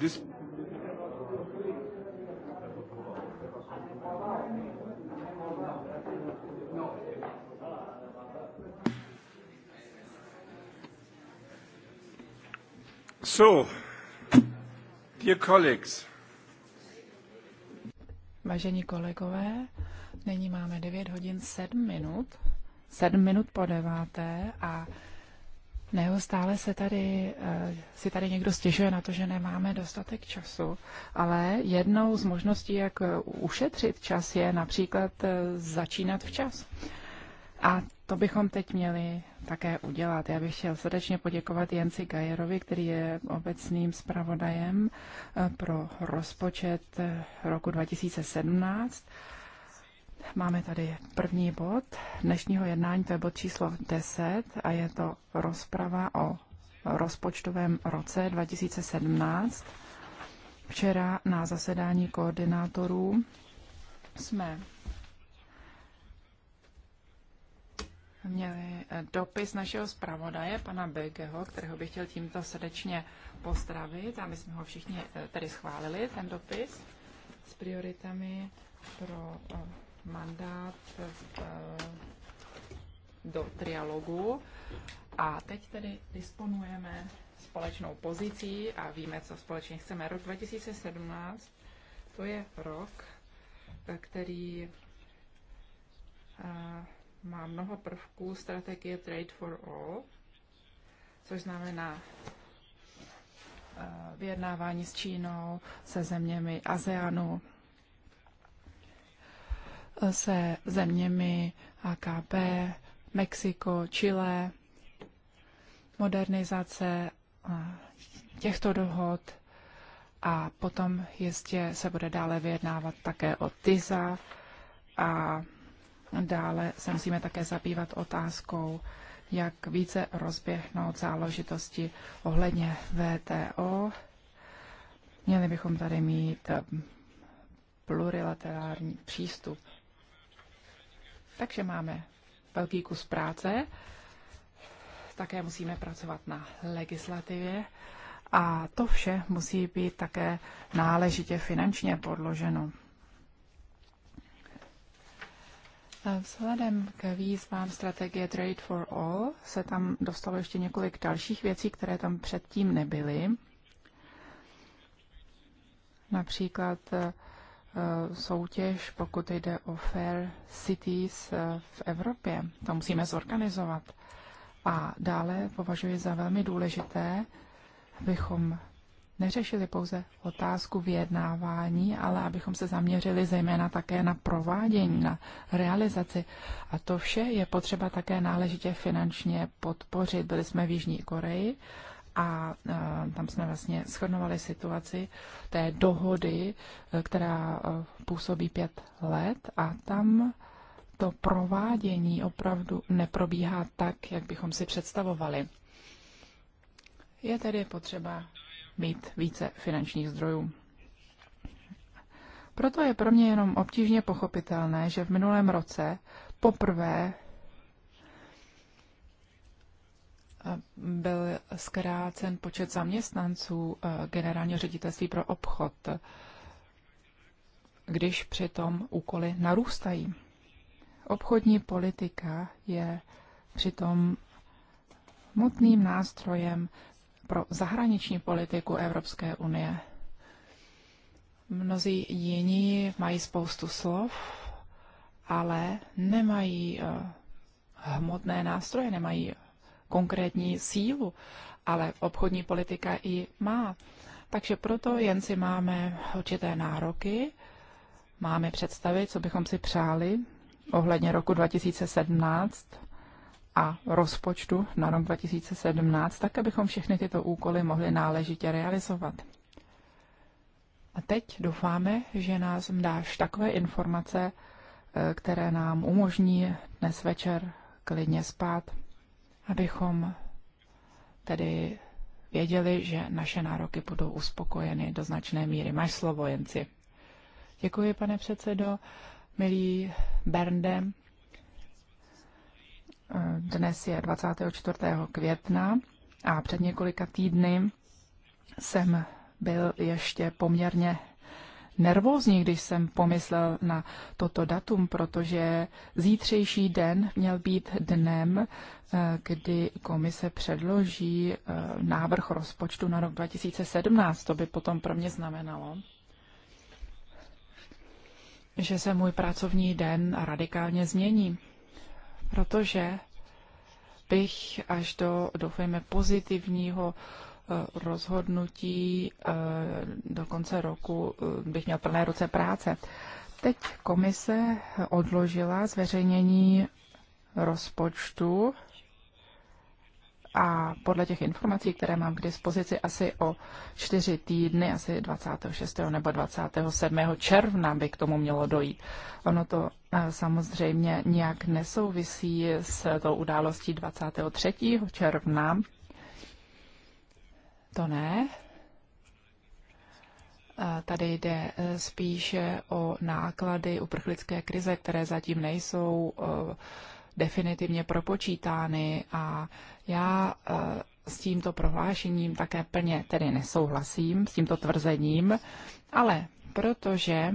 this So, dear colleagues. Vážení kolegové, nyní máme 9 hodin 7 minut, 7 minut po deváté a Neustále se tady, eh, si tady někdo stěžuje na to, že nemáme dostatek času, ale jednou z možností, jak ušetřit čas, je například eh, začínat včas. A to bychom teď měli také udělat. Já bych chtěl srdečně poděkovat Jenci Gajerovi, který je obecným zpravodajem eh, pro rozpočet roku 2017 Máme tady první bod dnešního jednání, to je bod číslo 10 a je to rozprava o rozpočtovém roce 2017. Včera na zasedání koordinátorů jsme měli dopis našeho zpravodaje, pana Begeho, kterého bych chtěl tímto srdečně pozdravit a my jsme ho všichni eh, tedy schválili, ten dopis s prioritami pro eh, mandát eh, do trialogu a teď tedy disponujeme společnou pozicí a víme, co společně chceme. Rok 2017 to je rok, eh, který eh, má mnoho prvků strategie Trade for All, což znamená vyjednávání s Čínou, se zeměmi ASEANu, se zeměmi AKP, Mexiko, Chile, modernizace těchto dohod a potom jistě se bude dále vyjednávat také o TISA a dále se musíme také zabývat otázkou, jak více rozběhnout záležitosti ohledně VTO. Měli bychom tady mít eh, plurilaterální přístup takže máme velký kus práce. Také musíme pracovat na legislativě. A to vše musí být také náležitě finančně podloženo. Vzhledem k výzvám strategie Trade for All se tam dostalo ještě několik dalších věcí, které tam předtím nebyly. Například eh, Eh, soutěž, pokud jde o Fair Cities eh, v Evropě. To musíme zorganizovat. A dále považuji za velmi důležité, abychom neřešili pouze otázku vyjednávání, ale abychom se zaměřili zejména také na provádění, na realizaci. A to vše je potřeba také náležitě finančně podpořit. Byli jsme v Jižní Koreji a e, tam jsme vlastně shodnovali situaci té dohody, e, která e, působí pět let a tam to provádění opravdu neprobíhá tak, jak bychom si představovali. Je tedy potřeba mít více finančních zdrojů. Proto je pro mě jenom obtížně pochopitelné, že v minulém roce poprvé byl zkrácen počet zaměstnanců eh, generálního ředitelství pro obchod, když přitom úkoly narůstají. Obchodní politika je přitom mutným nástrojem pro zahraniční politiku Evropské unie. Mnozí jiní mají spoustu slov, ale nemají eh, hmotné nástroje, nemají konkrétní sílu, ale obchodní politika i má. Takže proto jen si máme určité nároky, máme představy, co bychom si přáli ohledně roku 2017 a rozpočtu na rok 2017, tak abychom všechny tyto úkoly mohli náležitě realizovat. A teď doufáme, že nás dáš takové informace, eh, které nám umožní dnes večer klidně spát abychom tedy věděli, že naše nároky budou uspokojeny do značné míry. Máš slovo, Jenci. Děkuji, pane předsedo. Milí Bernde, dnes je 24. května a před několika týdny jsem byl ještě poměrně nervózní, když jsem pomyslel na toto datum, protože zítřejší den měl být dnem, eh, kdy komise předloží eh, návrh rozpočtu na rok 2017. To by potom pro mě znamenalo, že se můj pracovní den radikálně změní, protože bych až do, doufejme, pozitivního Eh, rozhodnutí eh, do konce roku eh, bych měl plné ruce práce. Teď komise odložila zveřejnění rozpočtu a podle těch informací, které mám k dispozici, asi o čtyři týdny, asi 26. nebo 27. června by k tomu mělo dojít. Ono to samozřejmě nějak nesouvisí s tou událostí 23. června, to ne. Tady jde e, spíše o náklady uprchlické krize, které zatím nejsou e, definitivně propočítány a já e, s tímto prohlášením také plně tedy nesouhlasím, s tímto tvrzením, ale protože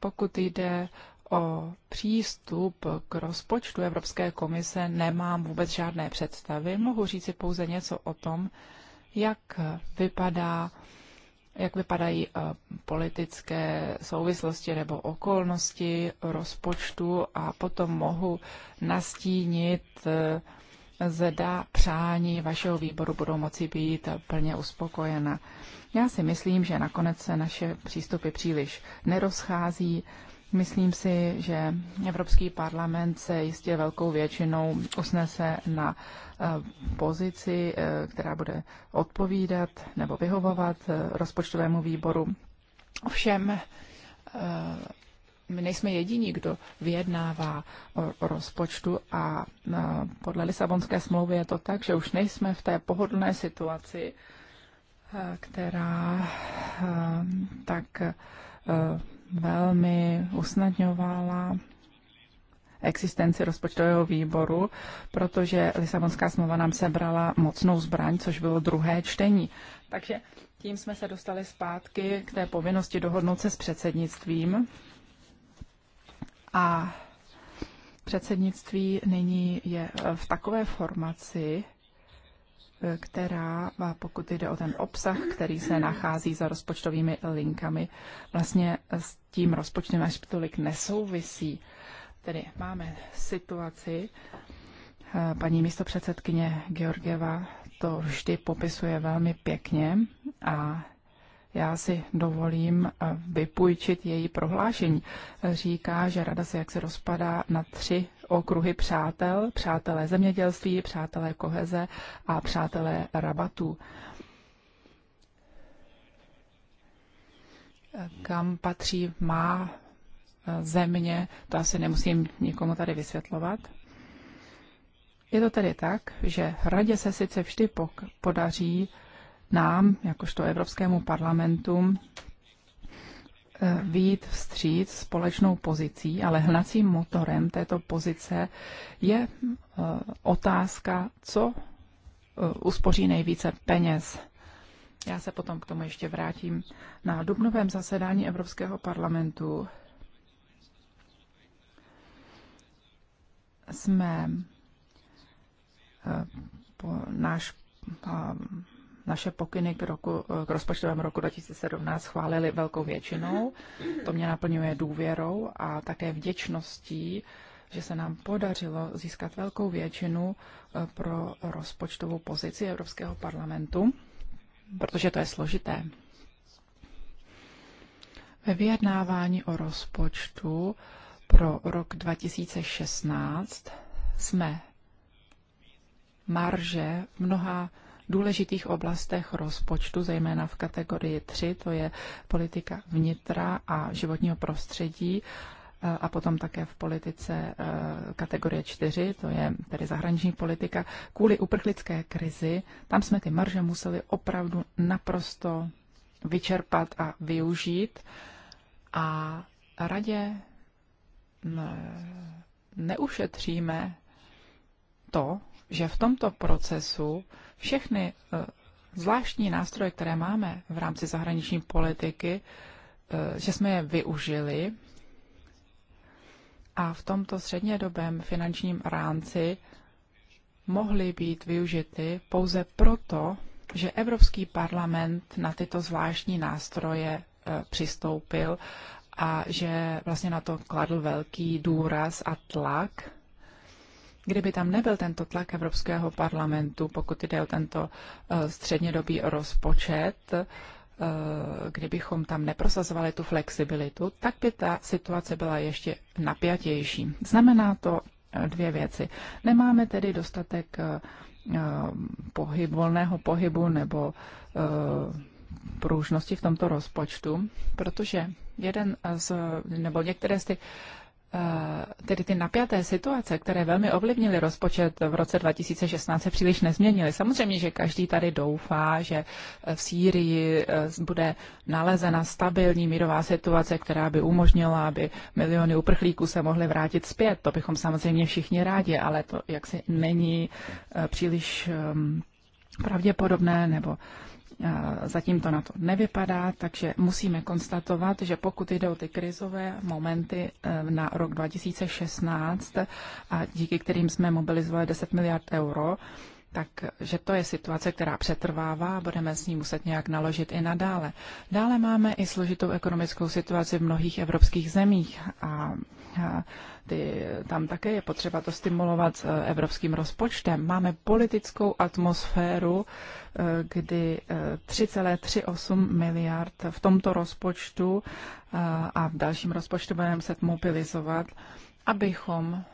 pokud jde o přístup k rozpočtu Evropské komise, nemám vůbec žádné představy. Mohu říci pouze něco o tom, jak vypadá jak vypadají eh, politické souvislosti nebo okolnosti rozpočtu a potom mohu nastínit, eh, zda přání vašeho výboru budou moci být plně uspokojena. Já si myslím, že nakonec se naše přístupy příliš nerozchází. Myslím si, že Evropský parlament se jistě velkou většinou usnese na eh, pozici, eh, která bude odpovídat nebo vyhovovat eh, rozpočtovému výboru. Ovšem, my nejsme jediní, kdo vyjednává o rozpočtu a podle Lisabonské smlouvy je to tak, že už nejsme v té pohodlné situaci, která tak velmi usnadňovala existenci rozpočtového výboru, protože Lisabonská smlouva nám sebrala mocnou zbraň, což bylo druhé čtení. Takže tím jsme se dostali zpátky k té povinnosti dohodnout se s předsednictvím. A předsednictví nyní je v takové formaci, která, pokud jde o ten obsah, který se nachází za rozpočtovými linkami, vlastně s tím rozpočtem až tolik nesouvisí. Tedy máme situaci, eh, paní místopředsedkyně Georgieva to vždy popisuje velmi pěkně a já si dovolím eh, vypůjčit její prohlášení. Říká, že rada se jaksi rozpadá na tři okruhy přátel, přátelé zemědělství, přátelé koheze a přátelé rabatů. Kam patří má země, to asi nemusím nikomu tady vysvětlovat. Je to tedy tak, že radě se sice vždy podaří nám, jakožto Evropskému parlamentu, Eh, výjít vstříc společnou pozicí, ale hnacím motorem této pozice je eh, otázka, co eh, uspoří nejvíce peněz. Já se potom k tomu ještě vrátím. Na dubnovém zasedání Evropského parlamentu jsme po, náš naše pokyny k, roku, eh, k rozpočtovému roku 2017 schválili velkou většinou. To mě naplňuje důvěrou a také vděčností, že se nám podařilo získat velkou většinu eh, pro rozpočtovou pozici Evropského parlamentu, protože to je složité. Ve vyjednávání o rozpočtu pro rok 2016 jsme marže v mnoha důležitých oblastech rozpočtu, zejména v kategorii 3, to je politika vnitra a životního prostředí eh, a potom také v politice eh, kategorie 4, to je tedy zahraniční politika, kvůli uprchlické krizi, tam jsme ty marže museli opravdu naprosto vyčerpat a využít. A radě mm, neušetříme to, že v tomto procesu všechny eh, zvláštní nástroje, které máme v rámci zahraniční politiky, eh, že jsme je využili a v tomto střednědobém finančním rámci mohly být využity pouze proto, že Evropský parlament na tyto zvláštní nástroje eh, přistoupil a že vlastně na to kladl velký důraz a tlak Kdyby tam nebyl tento tlak Evropského parlamentu, pokud jde o tento eh, střednědobý rozpočet, eh, kdybychom tam neprosazovali tu flexibilitu, tak by ta situace byla ještě napjatější. Znamená to eh, dvě věci. Nemáme tedy dostatek pohyb, volného pohybu nebo pružnosti v tomto rozpočtu, protože jeden z, nebo některé z těch Eh, tedy ty napjaté situace, které velmi ovlivnily rozpočet v roce 2016, se příliš nezměnily. Samozřejmě, že každý tady doufá, že eh, v Sýrii eh, bude nalezena stabilní mírová situace, která by umožnila, aby miliony uprchlíků se mohly vrátit zpět. To bychom samozřejmě všichni rádi, ale to jaksi není příliš ehm, pravděpodobné nebo zatím to na to nevypadá, takže musíme konstatovat, že pokud jde o ty krizové momenty e, na rok 2016, a díky kterým jsme mobilizovali 10 miliard euro, takže to je situace, která přetrvává a budeme s ní muset nějak naložit i nadále. Dále máme i složitou ekonomickou situaci v mnohých evropských zemích a ty, tam také je potřeba to stimulovat eh, evropským rozpočtem. Máme politickou atmosféru, eh, kdy 3,38 eh, miliard v tomto rozpočtu a v dalším rozpočtu budeme muset mobilizovat, abychom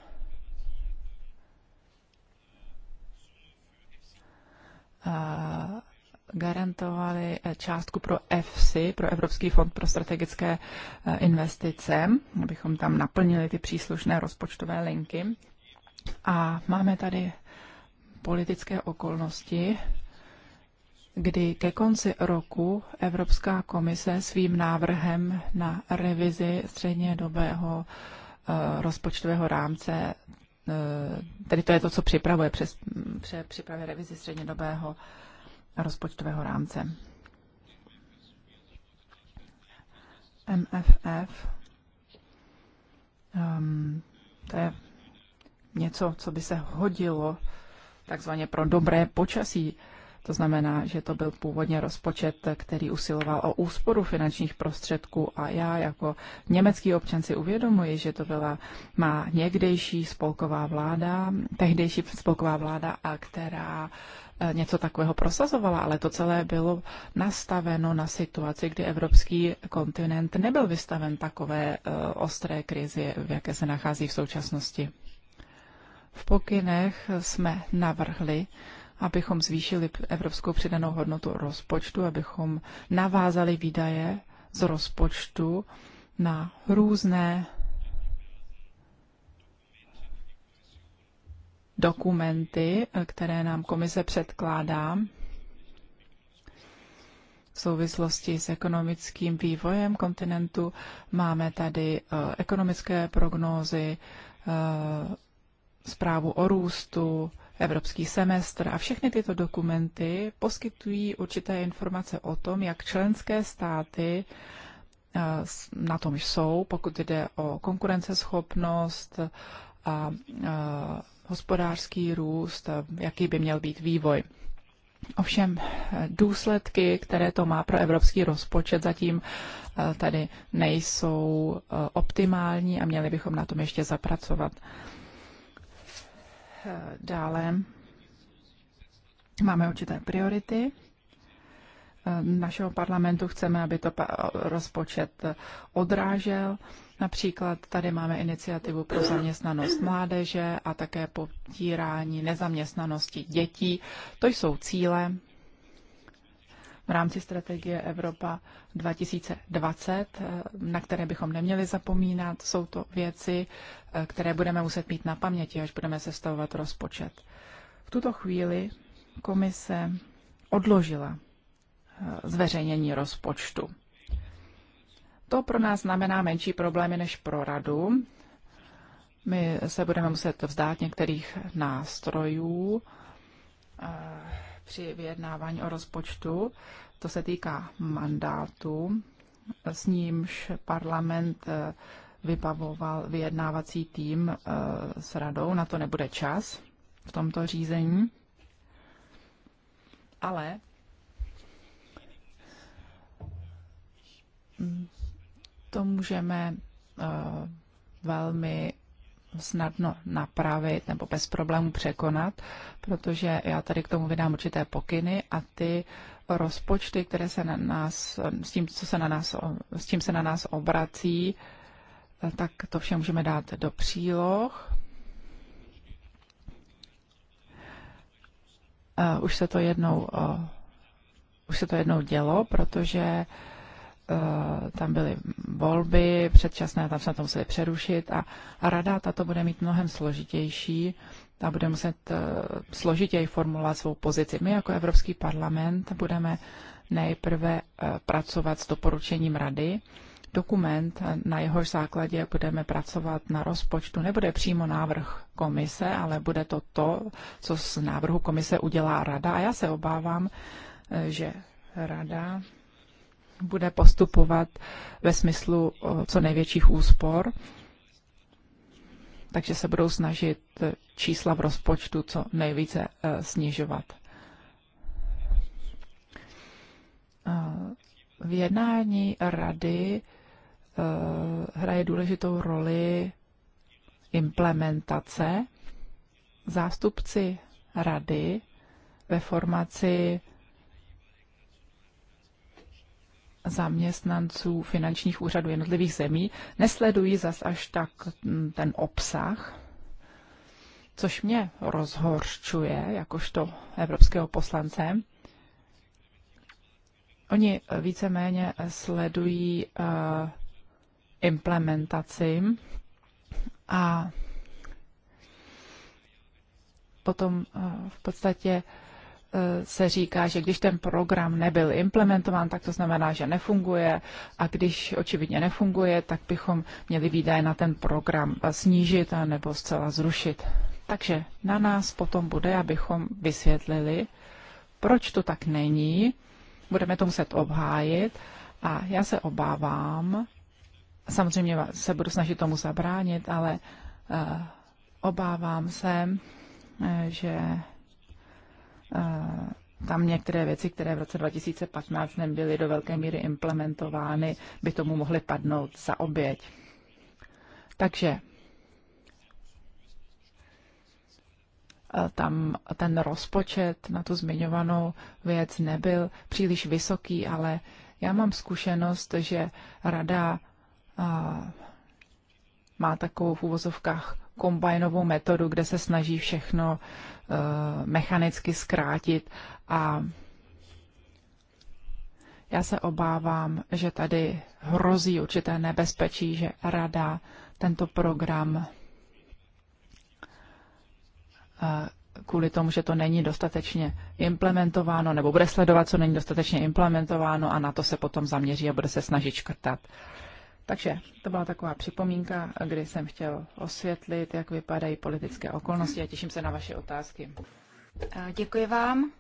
garantovali eh, částku pro EFSI, pro Evropský fond pro strategické eh, investice, abychom tam naplnili ty příslušné rozpočtové linky. A máme tady politické okolnosti, kdy ke konci roku Evropská komise svým návrhem na revizi střednědobého dobého eh, rozpočtového rámce Eh, tedy to je to, co připravuje přes, hm, pře, připravuje revizi střednědobého rozpočtového rámce. MFF, um, ehm, to je něco, co by se hodilo takzvaně pro dobré počasí. Uh, to znamená, že to byl původně rozpočet, který usiloval o úsporu finančních prostředků a já jako německý občan si uvědomuji, že to byla má někdejší spolková vláda, tehdejší spolková vláda, a která eh, něco takového prosazovala, ale to celé bylo nastaveno na situaci, kdy evropský kontinent nebyl vystaven takové eh, ostré krizi, v jaké se nachází v současnosti. V pokynech jsme navrhli, abychom zvýšili evropskou přidanou hodnotu rozpočtu, abychom navázali výdaje z rozpočtu na různé dokumenty, které nám komise předkládá v souvislosti s ekonomickým vývojem kontinentu. Máme tady eh, ekonomické prognózy, eh, zprávu o růstu, evropský semestr a všechny tyto dokumenty poskytují určité informace o tom, jak členské státy eh, na tom jsou, pokud jde o konkurenceschopnost a hospodářský růst, jaký by měl být vývoj. Ovšem důsledky, které to má pro evropský rozpočet, zatím eh, tady nejsou eh, optimální a měli bychom na tom ještě zapracovat. Dále máme určité priority našeho parlamentu. Chceme, aby to rozpočet odrážel. Například tady máme iniciativu pro zaměstnanost mládeže a také potírání nezaměstnanosti dětí. To jsou cíle, v rámci strategie Evropa 2020, eh, na které bychom neměli zapomínat. Jsou to věci, eh, které budeme muset mít na paměti, až budeme sestavovat rozpočet. V tuto chvíli komise odložila eh, zveřejnění rozpočtu. To pro nás znamená menší problémy než pro radu. My se budeme muset vzdát některých nástrojů, při vyjednávání o rozpočtu. To se týká mandátu, s nímž parlament eh, vybavoval vyjednávací tým eh, s radou. Na to nebude čas v tomto řízení. Ale to můžeme eh, velmi snadno napravit nebo bez problémů překonat, protože já tady k tomu vydám určité pokyny a ty rozpočty, které se na nás, s tím, co se na nás, s tím se na nás obrací, tak to vše můžeme dát do příloh. Eh, už se to jednou, eh, už se to jednou dělo, protože Eh, tam byly volby předčasné, tam se to museli přerušit a, a rada tato bude mít mnohem složitější a bude muset eh, složitěji formulovat svou pozici. My jako Evropský parlament budeme nejprve eh, pracovat s doporučením rady. Dokument, na jehož základě budeme pracovat na rozpočtu, nebude přímo návrh komise, ale bude to to, co z návrhu komise udělá rada. A já se obávám, že rada bude postupovat ve smyslu co největších úspor, takže se budou snažit e, čísla v rozpočtu co nejvíce e, snižovat. V jednání rady e, hraje důležitou roli implementace. Zástupci rady ve formaci zaměstnanců finančních úřadů jednotlivých zemí nesledují zas až tak mm, ten obsah, což mě rozhorčuje jakožto evropského poslance. Oni víceméně sledují eh, implementaci a potom eh, v podstatě se říká, že když ten program nebyl implementován, tak to znamená, že nefunguje a když očividně nefunguje, tak bychom měli výdaje na ten program snížit a nebo zcela zrušit. Takže na nás potom bude, abychom vysvětlili, proč to tak není, budeme to muset obhájit a já se obávám, samozřejmě se budu snažit tomu zabránit, ale eh, obávám se, eh, že tam některé věci, které v roce 2015 nebyly do velké míry implementovány, by tomu mohly padnout za oběť. Takže e, tam ten rozpočet na tu zmiňovanou věc nebyl příliš vysoký, ale já mám zkušenost, že rada e, má takovou v úvozovkách kombajnovou metodu, kde se snaží všechno eh, mechanicky zkrátit a já se obávám, že tady hrozí určité nebezpečí, že rada tento program eh, kvůli tomu, že to není dostatečně implementováno, nebo bude sledovat, co není dostatečně implementováno a na to se potom zaměří a bude se snažit škrtat. Takže to byla taková připomínka, kdy jsem chtěl osvětlit, jak vypadají politické okolnosti a těším se na vaše otázky. Děkuji vám.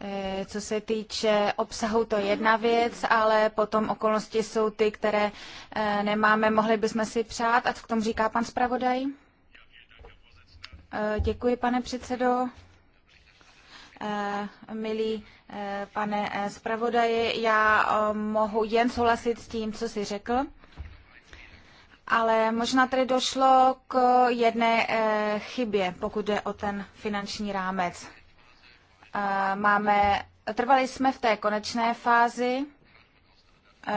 E, co se týče obsahu, to je jedna věc, ale potom okolnosti jsou ty, které e, nemáme, mohli bychom si přát. A co k tomu říká pan zpravodaj? E, děkuji, pane předsedo. Eh, milý eh, pane eh, zpravodaji, já mohu jen souhlasit s tím, co jsi řekl. Ale možná tady došlo k jedné chybě, pokud jde o ten finanční rámec. Máme, trvali jsme v té konečné fázi,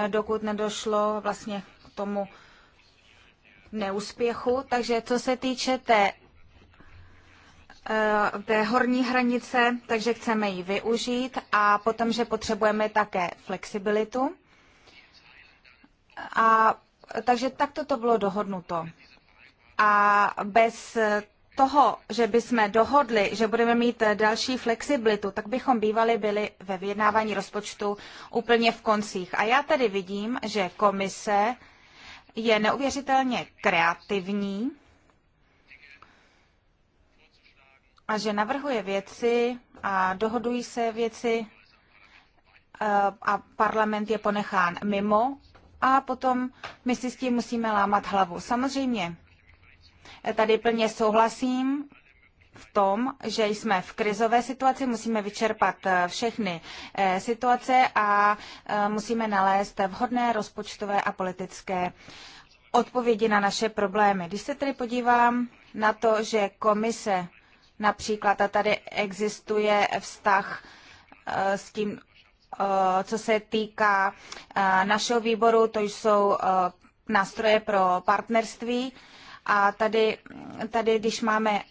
dokud nedošlo vlastně k tomu neúspěchu. Takže co se týče té Eh, té horní hranice, takže chceme ji využít a potom, že potřebujeme také flexibilitu. A, takže takto to bylo dohodnuto. A bez toho, že bychom dohodli, že budeme mít další flexibilitu, tak bychom bývali byli ve vyjednávání rozpočtu úplně v koncích. A já tedy vidím, že komise je neuvěřitelně kreativní a že navrhuje věci a dohodují se věci eh, a parlament je ponechán mimo a potom my si s tím musíme lámat hlavu. Samozřejmě, eh, tady plně souhlasím v tom, že jsme v krizové situaci, musíme vyčerpat eh, všechny situace a musíme nalézt vhodné rozpočtové a politické odpovědi na naše problémy. Když se tedy podívám na to, že komise například, a tady existuje vztah eh, s tím, eh, co se týká eh, našeho výboru, to jsou nástroje pro partnerství. A tady, tady když máme,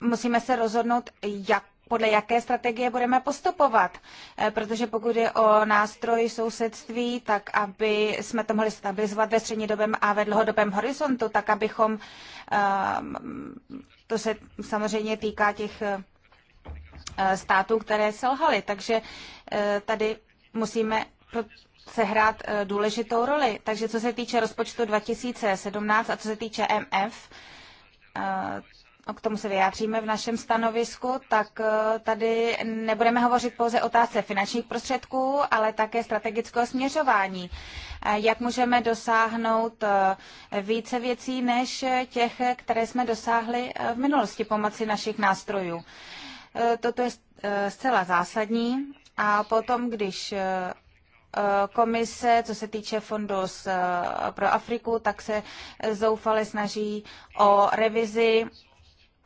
musíme se rozhodnout, jak podle jaké strategie budeme postupovat. Protože pokud je o nástroj sousedství, tak aby jsme to mohli stabilizovat ve střednědobém a ve dlouhodobém horizontu, tak abychom to se samozřejmě týká těch eh, států, které selhaly. Takže eh, tady musíme sehrát eh, důležitou roli. Takže co se týče rozpočtu 2017 a co se týče MF, k tomu se vyjádříme v našem stanovisku, tak eh, tady nebudeme hovořit pouze o otázce finančních prostředků, ale také strategického směřování. Eh, jak můžeme dosáhnout eh, více věcí než těch, které jsme dosáhli v minulosti pomocí našich nástrojů. Toto je zcela zásadní. A potom, když komise, co se týče fondu pro Afriku, tak se zoufale snaží o revizi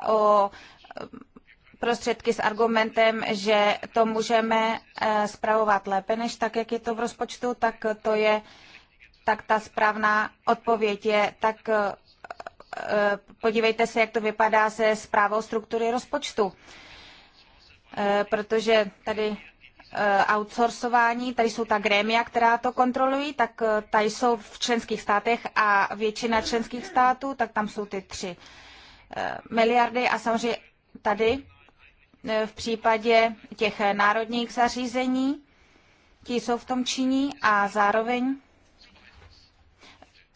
o eh, prostředky s argumentem, že to můžeme zpravovat eh, lépe, než tak, jak je to v rozpočtu, tak to je, tak ta správná odpověď je, tak eh, podívejte se, jak to vypadá se zprávou struktury rozpočtu. Protože tady outsourcování, tady jsou ta grémia, která to kontrolují, tak tady jsou v členských státech a většina členských států, tak tam jsou ty tři. Eh, miliardy a samozřejmě tady eh, v případě těch národních zařízení, ti jsou v tom činí a zároveň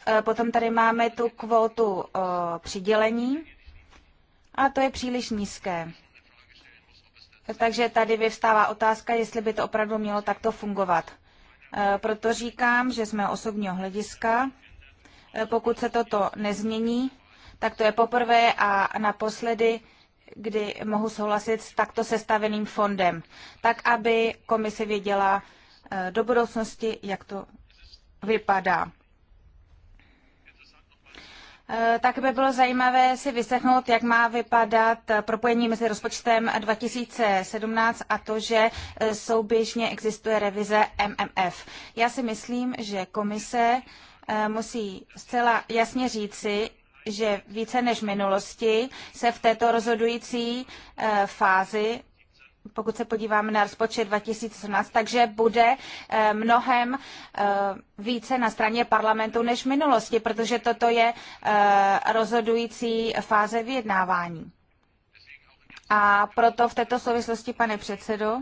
eh, potom tady máme tu kvotu přidělení a to je příliš nízké. Takže tady vyvstává otázka, jestli by to opravdu mělo takto fungovat. Proto říkám, že jsme osobního hlediska, pokud se toto nezmění, tak to je poprvé a naposledy, kdy mohu souhlasit s takto sestaveným fondem, tak aby komise věděla eh, do budoucnosti, jak to vypadá. Eh, tak by bylo zajímavé si vyslechnout, jak má vypadat propojení mezi rozpočtem 2017 a to, že eh, souběžně existuje revize MMF. Já si myslím, že komise musí zcela jasně říci, že více než v minulosti se v této rozhodující eh, fázi pokud se podíváme na rozpočet 2018, takže bude eh, mnohem eh, více na straně parlamentu než v minulosti, protože toto je rozhodující fáze vyjednávání. A proto v této souvislosti, pane předsedo,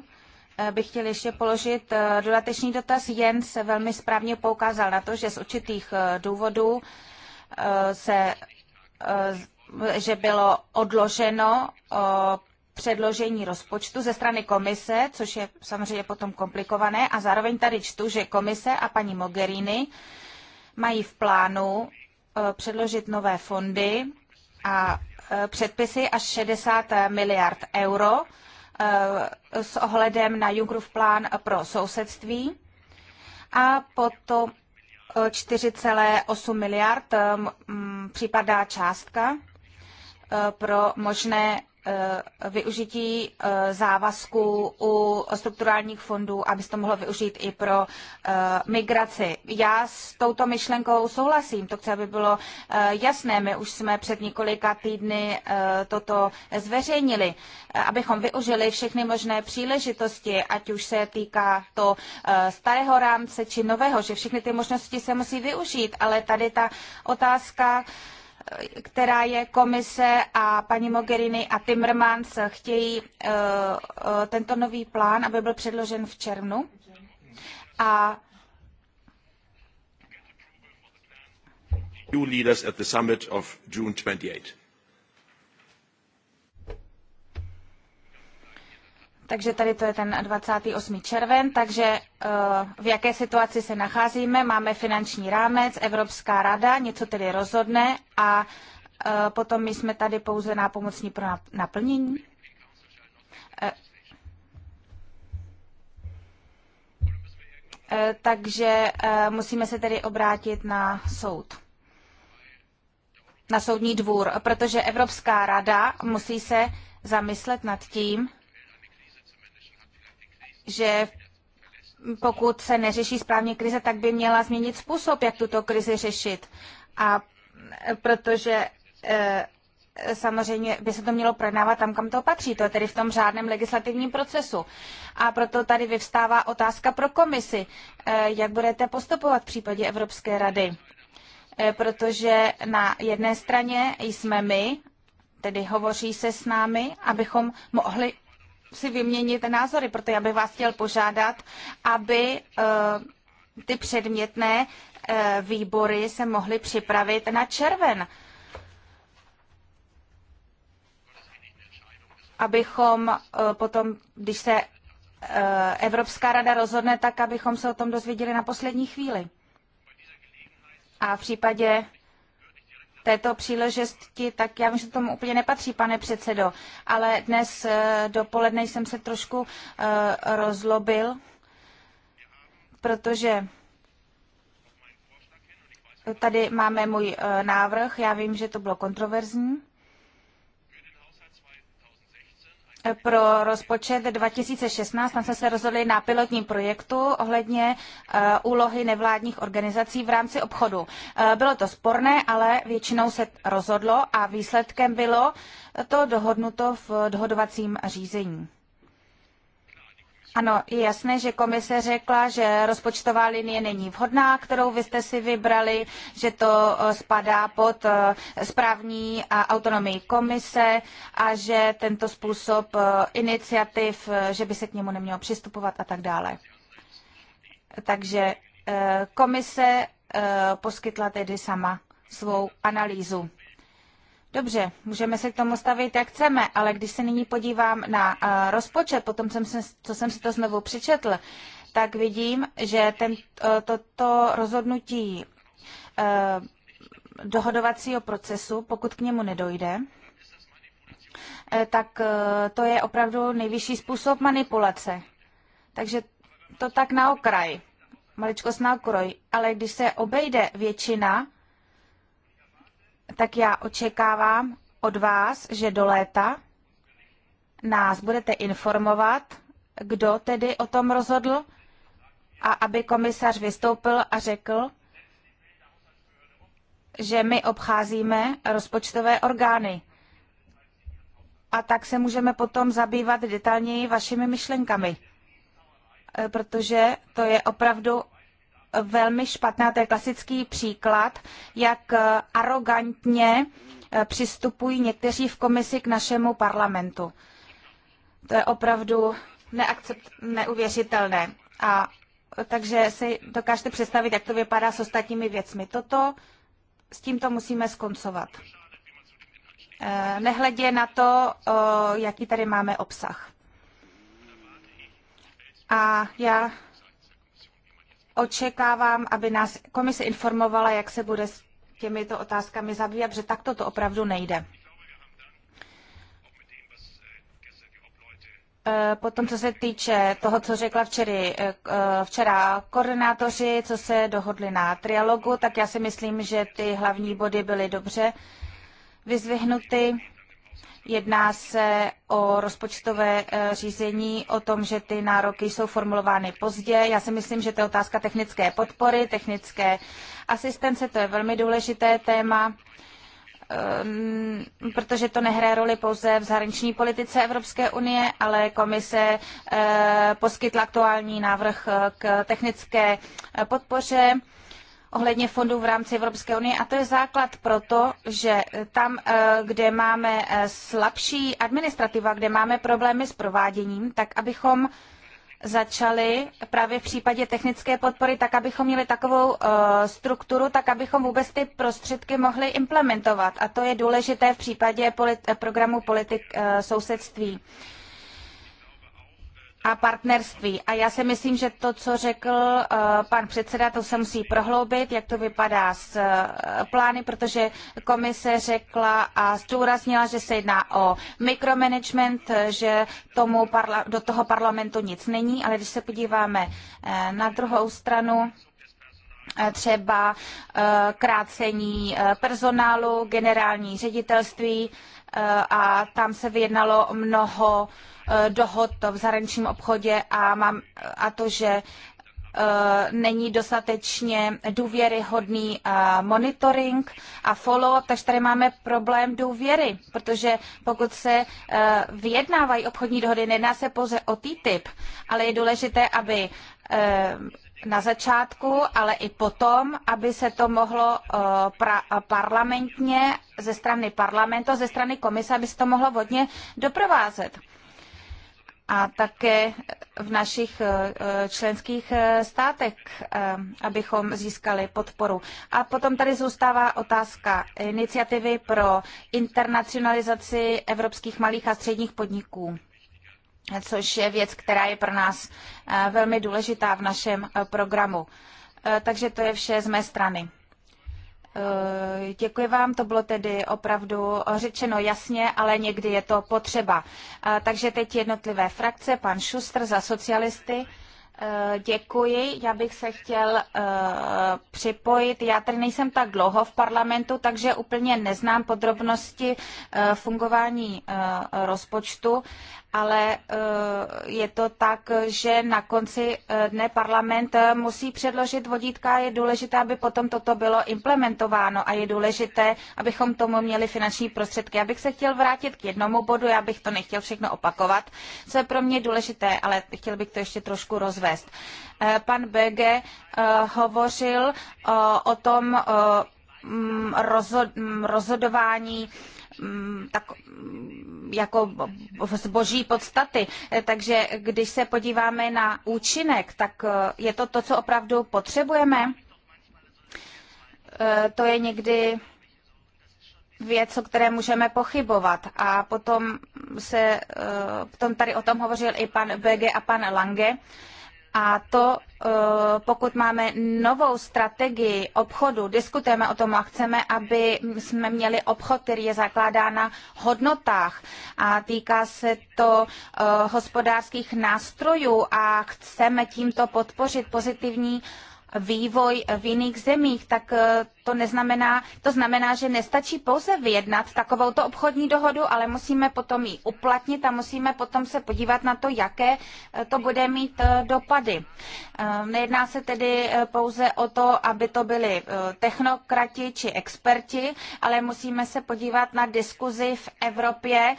bych chtěl ještě položit dodatečný dotaz. Jens velmi správně poukázal na to, že z určitých důvodů se, eh, že bylo odloženo eh, předložení rozpočtu ze strany komise, což je samozřejmě potom komplikované. A zároveň tady čtu, že komise a paní Mogherini mají v plánu eh, předložit nové fondy a předpisy až 60 miliard euro s ohledem na Junckerův plán pro sousedství. A potom 4,8 miliard připadá částka e, pro možné Eh, využití eh, závazků u strukturálních fondů, aby se to mohlo využít i pro eh, migraci. Já s touto myšlenkou souhlasím, to chci, aby bylo jasné. My už jsme před několika týdny toto zveřejnili, abychom využili všechny možné příležitosti, ať už se týká to starého rámce či nového, že všechny ty možnosti se musí využít, ale tady ta otázka, která je komise a paní Mogherini a Timmermans chtějí eh, eh, tento nový plán, aby byl předložen v červnu. A at the summit of June 28. Takže tady to je ten 28. červen, takže eh, v jaké situaci se nacházíme? Máme finanční rámec, Evropská rada něco tedy rozhodne a eh, potom my jsme tady pouze na pomocní pro naplnění. Eh, takže musíme se tedy obrátit na soud na soudní dvůr, protože Evropská rada musí se zamyslet nad tím, že pokud se neřeší správně krize, tak by měla změnit způsob, jak tuto krizi řešit. A e, protože e, samozřejmě by se to mělo projednávat tam, kam to patří, to je tedy v tom řádném legislativním procesu. A proto tady vyvstává otázka pro komisi, e, jak budete postupovat v případě Evropské rady. Protože na jedné straně jsme my, tedy hovoří se s námi, abychom mohli si vyměnit názory, proto já bych vás chtěl požádat, aby eh, ty předmětné eh, výbory se mohly připravit na červen. Abychom eh, potom, když se Evropská rada rozhodne, tak abychom se o tom dozvěděli na poslední chvíli. A v případě této příležitosti, tak já vím, že tomu úplně nepatří, pane předsedo, ale dnes eh, dopoledne jsem se trošku eh, rozlobil, protože tady máme můj eh, návrh, já vím, že to bylo kontroverzní. pro rozpočet 2016, tam jsme se rozhodli na pilotním projektu ohledně eh, úlohy nevládních organizací v rámci obchodu. Eh, bylo to sporné, ale většinou se rozhodlo a výsledkem bylo to dohodnuto v dohodovacím řízení. Ano, je jasné, že komise řekla, že rozpočtová linie není vhodná, kterou vy jste si vybrali, že to eh, spadá pod eh, správní a autonomii komise a že tento způsob eh, iniciativ, že by se k němu nemělo přistupovat a tak dále. Takže komise poskytla tedy sama svou analýzu. Dobře, můžeme se k tomu stavit, jak chceme, ale když se nyní podívám na eh, rozpočet, potom jsem se, co jsem si to znovu přečetl, tak vidím, že ten, eh, to rozhodnutí eh, dohodovacího procesu, pokud k němu nedojde, tak to je opravdu nejvyšší způsob manipulace. Takže to tak na okraj, maličkost na okraj. Ale když se obejde většina, tak já očekávám od vás, že do léta nás budete informovat, kdo tedy o tom rozhodl a aby komisař vystoupil a řekl, že my obcházíme rozpočtové orgány. A tak se můžeme potom zabývat detailněji vašimi myšlenkami, protože to je opravdu velmi špatné. To je klasický příklad, jak arrogantně eh, přistupují někteří v komisi k našemu parlamentu. To je opravdu neakcept, neuvěřitelné. A takže si dokážete představit, jak to vypadá s ostatními věcmi. Toto, s tímto musíme skoncovat. Eh, nehledě na to, jaký tady máme obsah. A já očekávám, aby nás komise informovala, jak se bude s těmito otázkami zabývat, protože takto to opravdu nejde. E, potom, co se týče toho, co řekla včery, e, e, včera koordinátoři, co se dohodli na trialogu, tak já si myslím, že ty hlavní body byly dobře vyzvihnuty. Jedná se o rozpočtové eh, řízení, o tom, že ty nároky jsou formulovány pozdě. Já si myslím, že to je otázka technické podpory, technické asistence, to je velmi důležité téma ehm, protože to nehraje roli pouze v zahraniční politice Evropské unie, ale komise eh, poskytla aktuální návrh eh, k technické podpoře ohledně fondů v rámci Evropské unie a to je základ pro to, že tam, eh, kde máme eh, slabší administrativa, kde máme problémy s prováděním, tak abychom začali právě v případě technické podpory, tak abychom měli takovou eh, strukturu, tak abychom vůbec ty prostředky mohli implementovat. A to je důležité v případě polit, programu politik sousedství. Uh, a partnerství. A já si myslím, že to, co řekl eh, pan předseda, to se musí prohloubit, jak to vypadá s eh, plány, protože komise řekla a zdůraznila, že se jedná o mikromanagement, že tomu do toho parlamentu nic není, ale když se podíváme eh, na druhou stranu, třeba krácení personálu, generální ředitelství, a tam se vyjednalo mnoho e, dohod v zahraničním obchodě a, mám, a to, že e, není dostatečně důvěryhodný e, monitoring a follow-up, takže tady máme problém důvěry, protože pokud se vyjednávají obchodní dohody, nejedná se pouze o TTIP, ale je důležité, aby na začátku, ale i potom, aby se to mohlo eh, pra, eh, parlamentně, ze strany parlamentu, ze strany komise, aby se to mohlo vodně doprovázet. A také v našich eh, členských státech, abychom získali podporu. A potom tady zůstává otázka iniciativy pro internacionalizaci evropských malých a středních podniků což je věc, která je pro nás eh, velmi důležitá v našem eh, programu. Eh, takže to je vše z mé strany. Děkuji vám, to bylo tedy opravdu řečeno jasně, ale někdy je to potřeba. Takže teď jednotlivé frakce, pan Šustr za socialisty. Eh, děkuji, já bych se chtěl eh, připojit. Já tady nejsem tak dlouho v parlamentu, takže úplně neznám podrobnosti eh, fungování rozpočtu, ale je to tak, že na konci dne parlament musí předložit vodítka. Je důležité, aby potom toto bylo implementováno a je důležité, abychom tomu měli finanční prostředky. Já bych se chtěl vrátit k jednomu bodu, já bych to nechtěl všechno opakovat, co je pro mě důležité, ale chtěl bych to ještě trošku rozvést provést. Eh, pan Bege eh, hovořil eh, o tom mm, mm, rozhodování mm, tak, jako zboží podstaty. Takže když se podíváme na účinek, tak je to to, co opravdu potřebujeme. To je někdy věc, o které můžeme pochybovat. A potom, se, potom tady o tom hovořil i pan Bege a pan Lange. A to, eh, pokud máme novou strategii obchodu, diskutujeme o tom a chceme, aby jsme měli obchod, který je zakládán na hodnotách a týká se to eh, hospodářských nástrojů a chceme tímto podpořit pozitivní vývoj v jiných zemích, tak eh, to neznamená, to znamená, že nestačí pouze vyjednat to obchodní dohodu, ale musíme potom ji uplatnit a musíme potom se podívat na to, jaké eh, to bude mít eh, dopady. Nejedná se tedy pouze o to, aby to byli technokrati či experti, ale musíme se podívat na diskuzi v Evropě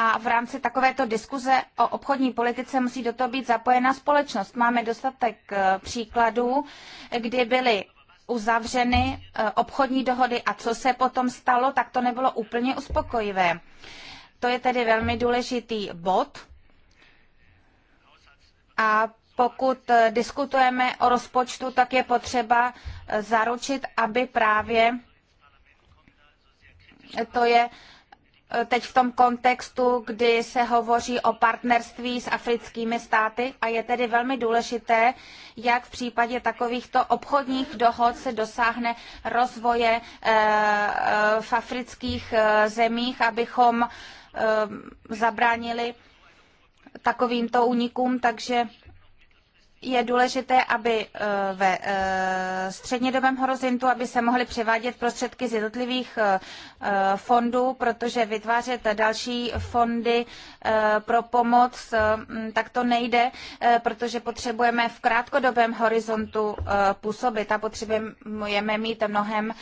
a v rámci takovéto diskuze o obchodní politice musí do toho být zapojena společnost. Máme dostatek eh, příkladů, kdy byly uzavřeny eh, obchodní dohody a co se potom stalo, tak to nebylo úplně uspokojivé. To je tedy velmi důležitý bod. A pokud eh, diskutujeme o rozpočtu, tak je potřeba zaručit, aby právě to je Eh, teď v tom kontextu, kdy se hovoří o partnerství s africkými státy a je tedy velmi důležité, jak v případě takovýchto obchodních dohod se dosáhne rozvoje eh, eh, v afrických zemích, abychom zabránili takovýmto únikům, takže je důležité, aby eh, ve eh, střednědobém horizontu, aby se mohly převádět prostředky z jednotlivých eh, fondů, protože vytvářet další fondy pro pomoc, tak to nejde, protože potřebujeme v krátkodobém horizontu působit a potřebujeme mít mnohem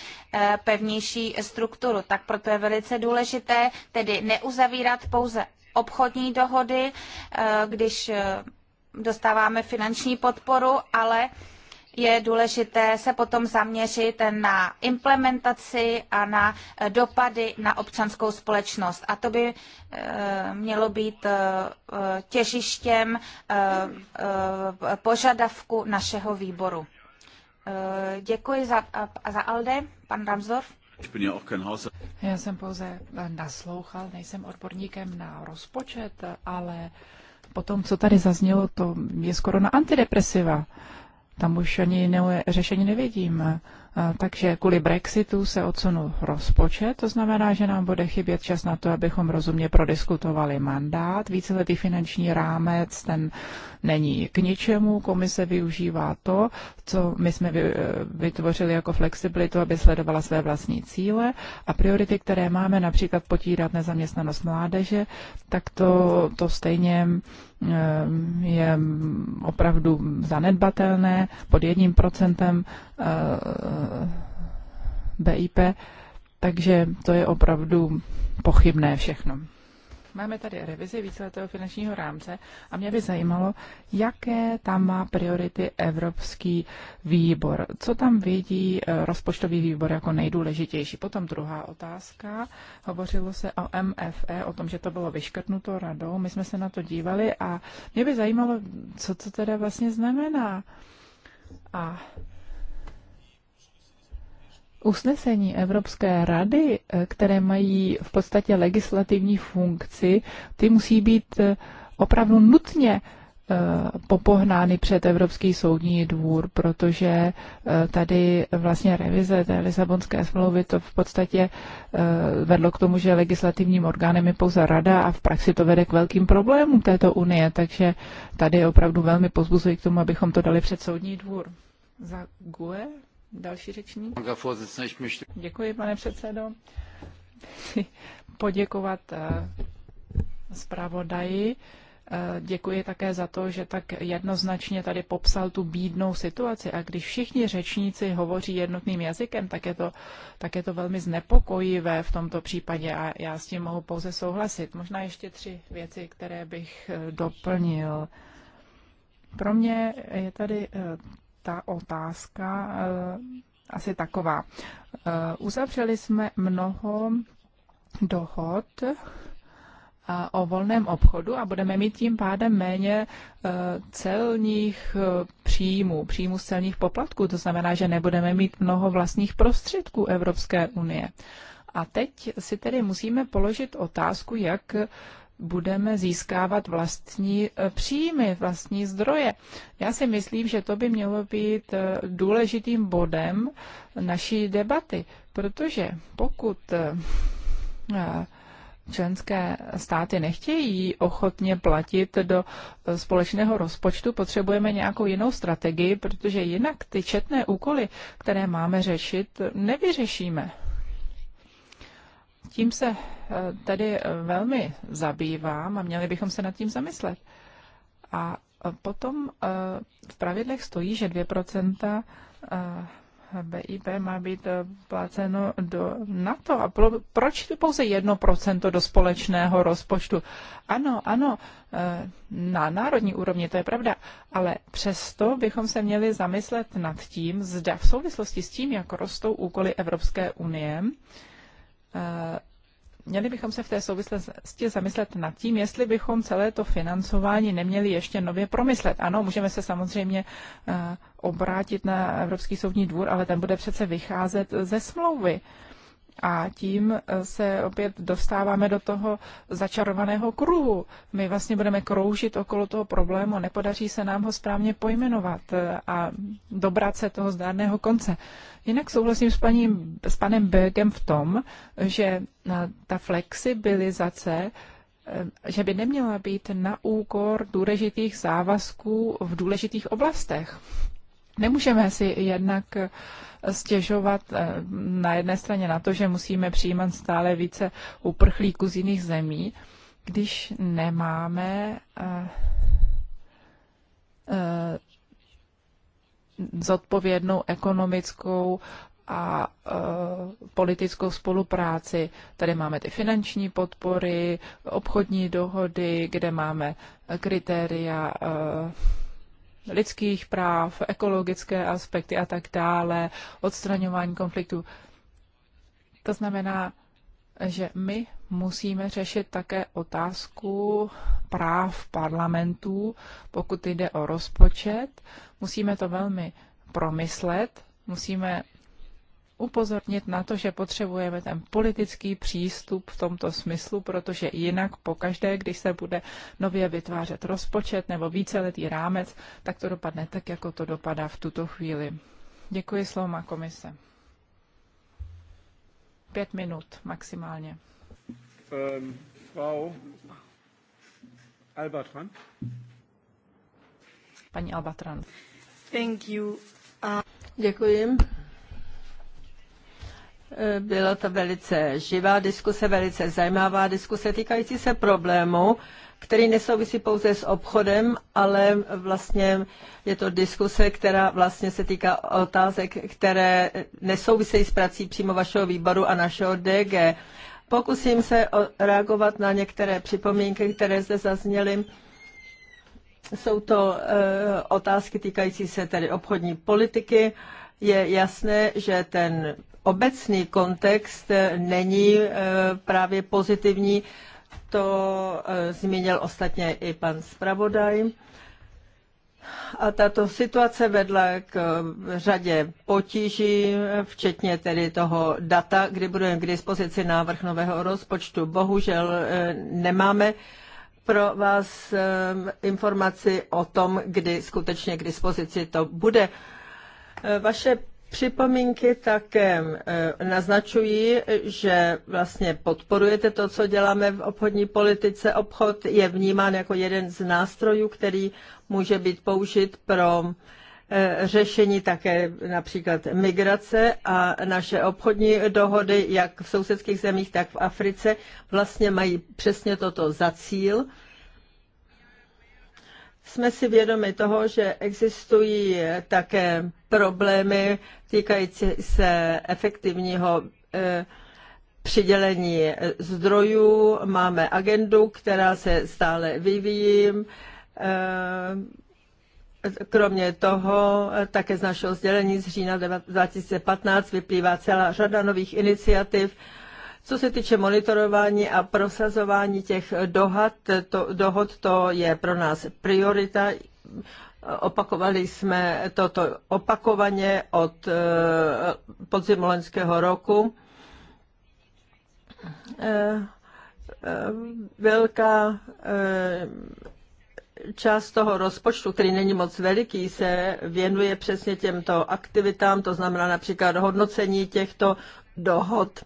pevnější strukturu. Tak proto je velice důležité tedy neuzavírat pouze obchodní dohody, když dostáváme finanční podporu, ale je důležité se potom zaměřit na implementaci a na eh, dopady na občanskou společnost. A to by eh, mělo být eh, těžištěm požadavku našeho výboru. Děkuji za, za Alde, pan Ramsdorf. Já jsem pouze naslouchal, nejsem odborníkem na rozpočet, ale tom, co tady zaznělo, to je skoro na antidepresiva. Tam už ani ne, řešení nevidím. Takže kvůli Brexitu se odsunul rozpočet, to znamená, že nám bude chybět čas na to, abychom rozumně prodiskutovali mandát. Víceletý finanční rámec, ten není k ničemu, komise využívá to, co my jsme vytvořili jako flexibilitu, aby sledovala své vlastní cíle a priority, které máme, například potírat nezaměstnanost mládeže, tak to, to stejně Ehm, je opravdu zanedbatelné pod jedním procentem eh, BIP, takže to je opravdu pochybné všechno. Máme tady revizi víceletého finančního rámce a mě by zajímalo, jaké tam má priority Evropský výbor. Co tam vidí eh, rozpočtový výbor jako nejdůležitější? Potom druhá otázka. Hovořilo se o MFE, o tom, že to bylo vyškrtnuto radou. My jsme se na to dívali a mě by zajímalo, co to teda vlastně znamená. A usnesení Evropské rady, eh, které mají v podstatě legislativní funkci, ty musí být eh, opravdu nutně eh, popohnány před Evropský soudní dvůr, protože tady vlastně revize té Lisabonské smlouvy to v podstatě vedlo k tomu, že legislativním orgánem je pouze rada a v praxi to vede k velkým problémům této unie, takže tady opravdu velmi pozbuzují k tomu, abychom to dali před soudní dvůr. Za GUE? Další řečník. Děkuji, pane předsedo. Chci poděkovat eh, zpravodaji. Eh, děkuji také za to, že tak jednoznačně tady popsal tu bídnou situaci. A když všichni řečníci hovoří jednotným jazykem, tak je to, tak je to velmi znepokojivé v tomto případě a já s tím mohu pouze souhlasit. Možná ještě tři věci, které bych eh, doplnil. Pro mě je tady ta otázka eh, asi taková. Eh, uzavřeli jsme mnoho dohod eh, o volném obchodu a budeme mít tím pádem méně celních příjmů, příjmů z celních poplatků. To znamená, že nebudeme mít mnoho vlastních prostředků Evropské unie. A teď si tedy musíme položit otázku, jak budeme získávat vlastní e, příjmy, vlastní zdroje. Já si myslím, že to by mělo být e, důležitým bodem naší debaty, protože pokud e, členské státy nechtějí ochotně platit do společného rozpočtu, potřebujeme nějakou jinou strategii, protože jinak ty četné úkoly, které máme řešit, nevyřešíme. Tím se eh, tady eh, velmi zabývám a měli bychom se nad tím zamyslet. A eh, potom v pravidlech stojí, že 2% BIP má být pláceno do NATO. A pro, proč pouze 1% do společného rozpočtu? Ano, ano, na národní úrovni, to je pravda, ale přesto bychom se měli zamyslet nad tím, zda v souvislosti s tím, jak rostou úkoly Evropské unie, Eh, měli bychom se v té souvislosti zamyslet nad tím, jestli bychom celé to financování neměli ještě nově promyslet. Ano, můžeme se samozřejmě eh, obrátit na Evropský soudní dvůr, ale ten bude přece vycházet ze smlouvy. A tím eh, se opět dostáváme do toho začarovaného kruhu. My vlastně budeme kroužit okolo toho problému, nepodaří se nám ho správně pojmenovat eh, a dobrat se toho zdárného konce. Jinak souhlasím s, paní, s panem Bergem v tom, že eh, ta flexibilizace že by neměla být na úkor důležitých závazků v důležitých oblastech. Nemůžeme si jednak stěžovat eh, na jedné straně na to, že musíme přijímat stále více uprchlíků z jiných zemí, když nemáme eh, eh, zodpovědnou ekonomickou a politickou spolupráci. Tady máme ty finanční podpory, obchodní dohody, kde máme kritéria lidských práv, ekologické aspekty a tak dále, odstraňování konfliktů. To znamená, že my musíme řešit také otázku práv parlamentů, pokud jde o rozpočet. Musíme to velmi promyslet, musíme upozornit na to, že potřebujeme ten politický přístup v tomto smyslu, protože jinak pokaždé, když se bude nově vytvářet rozpočet nebo víceletý rámec, tak to dopadne tak, jako to dopadá v tuto chvíli. Děkuji, slovo má komise. Pět minut maximálně. Um, Albatran. Paní Albatran. Thank you. Uh... Děkuji. Byla to velice živá diskuse, velice zajímavá diskuse týkající se problému, který nesouvisí pouze s obchodem, ale vlastně je to diskuse, která vlastně se týká otázek, které nesouvisejí s prací přímo vašeho výboru a našeho DG. Pokusím se reagovat na některé připomínky, které zde zazněly. Jsou to e, otázky týkající se tedy obchodní politiky. Je jasné, že ten obecný kontext eh, není eh, právě pozitivní. To eh, zmínil ostatně i pan zpravodaj. A tato situace vedla k řadě potíží, včetně tedy toho data, kdy budeme k dispozici návrh nového rozpočtu. Bohužel nemáme pro vás informaci o tom, kdy skutečně k dispozici to bude. Vaše Připomínky také eh, naznačují, že vlastně podporujete to, co děláme v obchodní politice. Obchod je vnímán jako jeden z nástrojů, který může být použit pro eh, řešení také například migrace a naše obchodní dohody, jak v sousedských zemích, tak v Africe, vlastně mají přesně toto za cíl – jsme si vědomi toho, že existují také problémy týkající se efektivního eh, přidělení zdrojů. Máme agendu, která se stále vyvíjí. Eh, kromě toho, také z našeho sdělení z října 2015 vyplývá celá řada nových iniciativ, co se týče monitorování a prosazování těch dohad, to, dohod, to je pro nás priorita. Opakovali jsme toto opakovaně od eh, podzimu loňského roku. Eh, eh, velká část toho rozpočtu, který není moc veliký, se věnuje přesně těmto aktivitám, to znamená například hodnocení těchto dohod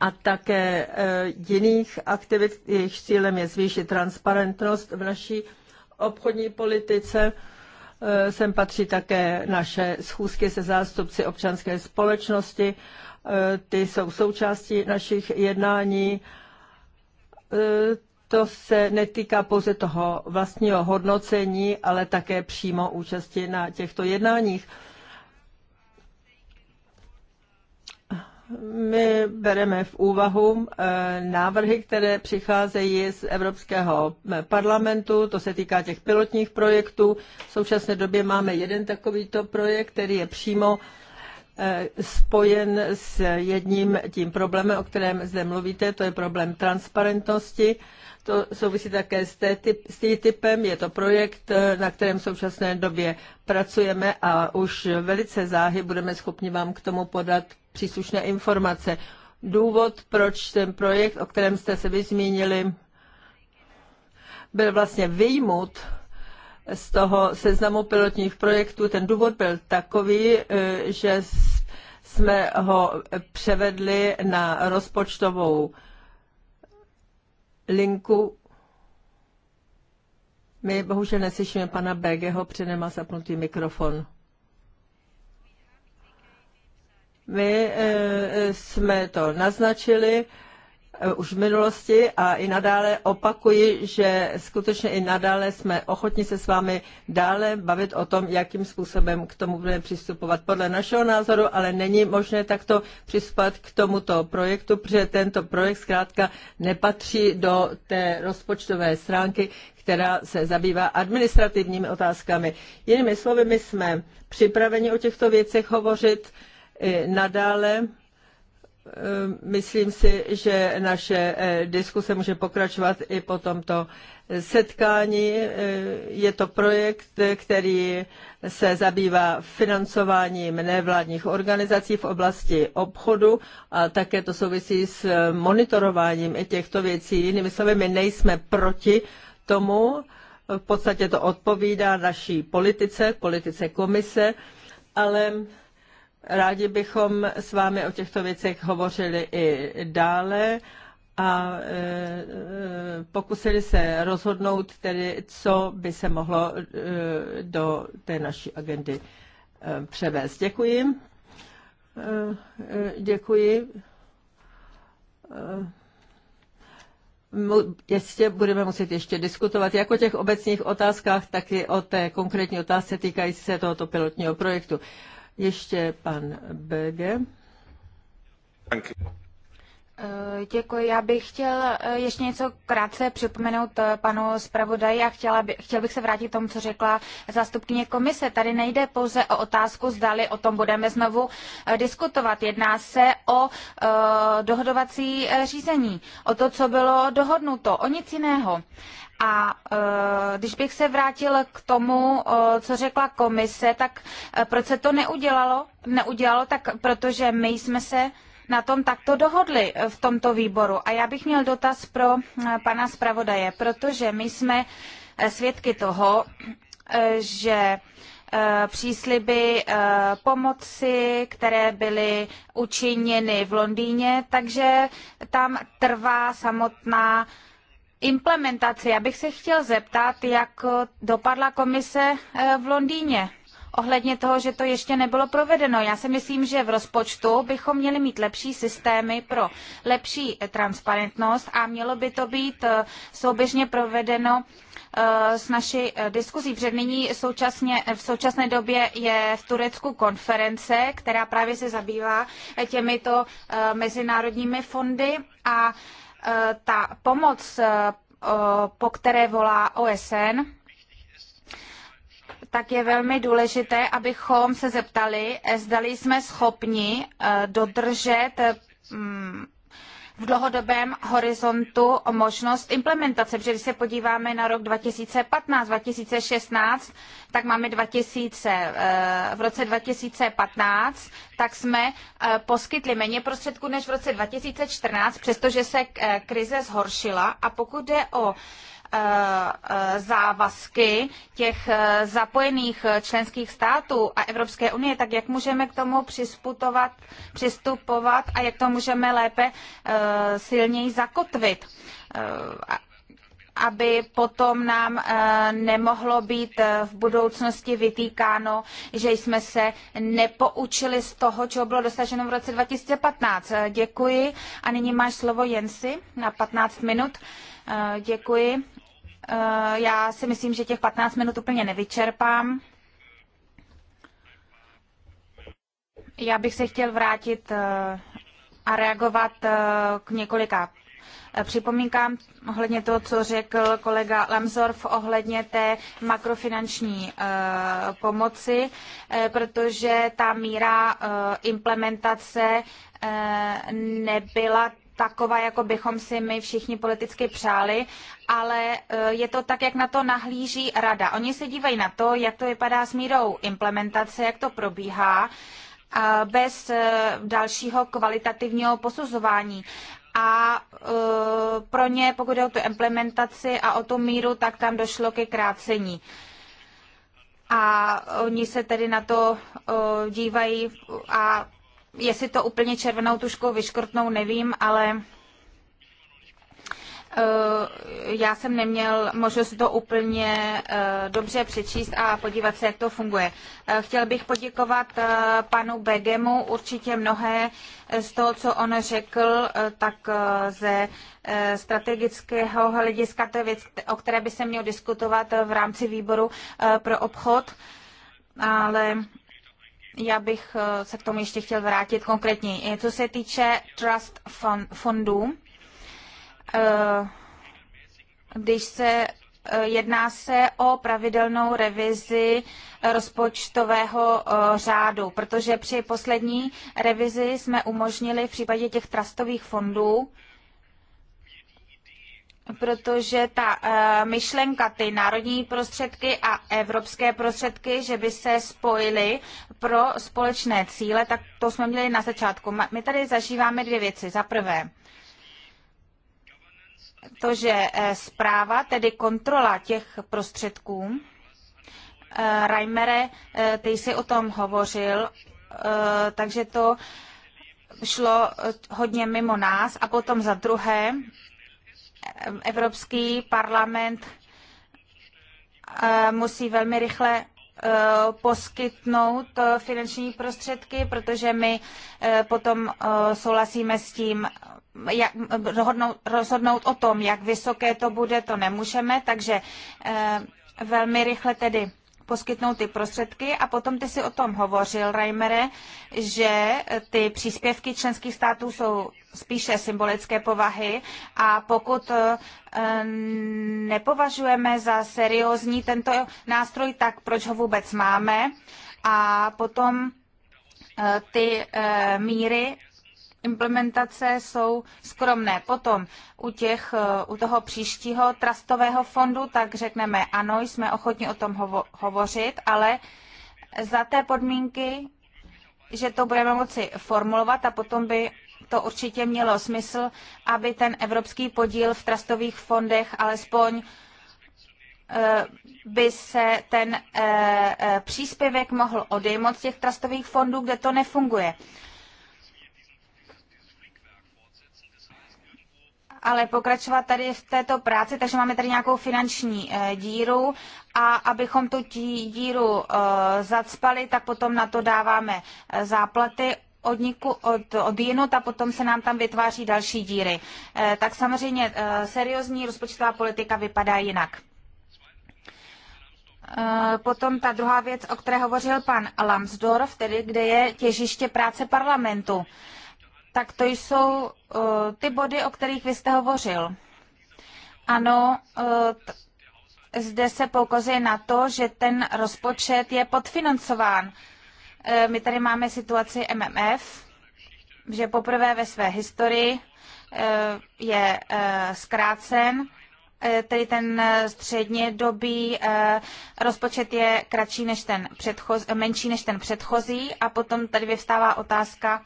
a také eh, jiných aktivit, jejich cílem je zvýšit transparentnost v naší obchodní politice. Eh, sem patří také naše schůzky se zástupci občanské společnosti. Eh, ty jsou součástí našich jednání. To se netýká pouze toho vlastního hodnocení, ale také přímo účasti na těchto jednáních. my bereme v úvahu eh, návrhy, které přicházejí z Evropského eh, parlamentu, to se týká těch pilotních projektů. V současné době máme jeden takovýto projekt, který je přímo eh, spojen s jedním tím problémem, o kterém zde mluvíte, to je problém transparentnosti. To souvisí také s, TTIP, TTIPem. Je to projekt, eh, na kterém v současné době pracujeme a už velice záhy budeme schopni vám k tomu podat příslušné informace. Důvod, proč ten projekt, o kterém jste se vyzmínili, byl vlastně vyjmut z toho seznamu pilotních projektů. Ten důvod byl takový, eh, že jsme ho převedli na rozpočtovou linku. My bohužel neslyšíme pana Bergeho, protože nemá zapnutý mikrofon. My e, jsme to naznačili. E, Eh, už v minulosti a i nadále opakuji, že skutečně i nadále jsme ochotni se s vámi dále bavit o tom, jakým způsobem k tomu budeme přistupovat. Podle našeho názoru ale není možné takto přispat k tomuto projektu, protože tento projekt zkrátka nepatří do té rozpočtové stránky, která se zabývá administrativními otázkami. Jinými slovy, my jsme připraveni o těchto věcech hovořit i nadále Ehm, myslím si, že naše eh, diskuse může pokračovat i po tomto setkání. Eh, je to projekt, který se zabývá financováním nevládních organizací v oblasti obchodu a také to souvisí s monitorováním i těchto věcí. Jinými slovy, my nejsme proti tomu, v podstatě to odpovídá naší politice, politice komise, ale Rádi bychom s vámi o těchto věcech hovořili i dále a e, e, pokusili se rozhodnout tedy, co by se mohlo e, do té naší agendy převést. Děkuji. Děkuji. Jistě budeme muset ještě diskutovat jak o těch obecných otázkách, tak i o té konkrétní otázce týkající se tohoto pilotního projektu. Ještě pan Bege. Děkuji. Já bych chtěl eh, ještě něco krátce připomenout eh, panu zpravodaji a chtěla by, chtěl bych se vrátit tomu, co řekla zástupkyně komise. Tady nejde pouze o otázku, zdali o tom budeme znovu eh, diskutovat. Jedná se o dohodovací řízení, o to, co bylo dohodnuto, o nic jiného. A e, když bych se vrátil k tomu, e, co řekla komise, tak e, proč se to neudělalo? Neudělalo tak, protože my jsme se na tom takto dohodli v tomto výboru. A já bych měl dotaz pro pana zpravodaje, protože my jsme svědky toho, že přísliby pomoci, které byly učiněny v Londýně, takže tam trvá samotná implementaci. Já bych se chtěl zeptat, jak dopadla komise eh, v Londýně ohledně toho, že to ještě nebylo provedeno. Já si myslím, že v rozpočtu bychom měli mít lepší systémy pro lepší eh, transparentnost a mělo by to být eh, souběžně provedeno s naší diskuzí, protože nyní současně, v současné době je v Turecku konference, která právě se zabývá těmito mezinárodními fondy a ta pomoc, eh, eh, po které volá OSN, tak je velmi důležité, abychom se zeptali, eh, zdali jsme schopni dodržet mm, v dlouhodobém horizontu možnost implementace, protože když se podíváme na rok 2015, 2016, tak máme 2000, eh, v roce 2015, tak jsme eh, poskytli méně prostředků než v roce 2014, přestože se eh, krize zhoršila a pokud jde o Eh, eh, závazky těch eh, zapojených členských států a Evropské unie, tak jak můžeme k tomu přistupovat a jak to můžeme lépe silněji zakotvit aby potom nám nemohlo být v budoucnosti vytýkáno, že jsme se nepoučili z toho, čeho bylo dosaženo v roce 2015. Děkuji a nyní máš slovo Jensi na 15 minut. Děkuji. Eh, já si myslím, že těch 15 minut úplně nevyčerpám. Já bych se chtěl vrátit eh, a reagovat eh, k několika připomínkám ohledně toho, co řekl kolega Lamsorf ohledně té makrofinanční pomoci, protože ta míra implementace nebyla taková, jako bychom si my všichni politicky přáli, ale e, je to tak, jak na to nahlíží rada. Oni se dívají na to, jak to vypadá s mírou implementace, jak to probíhá, e, bez e, dalšího kvalitativního posuzování a pro ně, pokud jde o tu implementaci a o tu míru, tak tam došlo ke krácení. A oni se tedy na to dívají a jestli to úplně červenou tuškou vyškrtnou, nevím, ale eh, já jsem neměl možnost to úplně eh, dobře přečíst a podívat se, jak to funguje. Eh, chtěl bych poděkovat panu Begemu, určitě mnohé z toho, co on řekl, tak ze strategického hlediska, to je věc, o které by se měl diskutovat v rámci výboru pro obchod, ale já bych eh, se k tomu ještě chtěl vrátit konkrétně. Eh, co se týče trust fondů, eh, když se jedná se o pravidelnou revizi rozpočtového řádu, protože při poslední revizi jsme umožnili v případě těch trustových fondů Protože ta myšlenka, ty národní prostředky a evropské prostředky, že by se spojily pro společné cíle, tak to jsme měli na začátku. My tady zažíváme dvě věci. Za prvé, to, že eh, zpráva, tedy kontrola těch prostředků, eh, Reimere, eh, ty jsi o tom hovořil, takže to šlo hodně mimo nás. A potom za druhé, Evropský parlament musí velmi rychle Eh, poskytnout eh, finanční prostředky, protože my eh, potom souhlasíme s tím, jak rozhodnout, rozhodnout o tom, jak vysoké to bude, to nemůžeme, takže velmi rychle tedy poskytnout ty prostředky a potom ty si o tom hovořil, Reimere, že ty příspěvky členských států jsou spíše symbolické povahy a pokud eh, nepovažujeme za seriózní tento nástroj, tak proč ho vůbec máme? A potom eh, ty eh, míry implementace jsou skromné. Potom u, těch, eh, u toho příštího trastového fondu, tak řekneme ano, jsme ochotni o tom hovo- hovořit, ale za té podmínky, že to budeme moci formulovat a potom by to určitě mělo smysl, aby ten evropský podíl v trastových fondech alespoň eh, by se ten eh, příspěvek mohl odejmout z těch trastových fondů, kde to nefunguje. ale pokračovat tady v této práci, takže máme tady nějakou finanční eh, díru a abychom tu díru eh, zacpali, tak potom na to dáváme eh, záplaty od, niku, od, od jinot a potom se nám tam vytváří další díry. Tak samozřejmě seriózní rozpočtová politika vypadá jinak. Potom ta druhá věc, o které hovořil pan Lambsdorff, tedy kde je těžiště práce parlamentu tak to jsou eh, ty body, o kterých vy jste hovořil. Ano, eh, zde se poukazuje na to, že ten rozpočet je podfinancován. Eh, my tady máme situaci MMF, že poprvé ve své historii je zkrácen, tedy ten středně dobý rozpočet je kratší než ten předchozí, menší než ten předchozí a potom tady vyvstává otázka,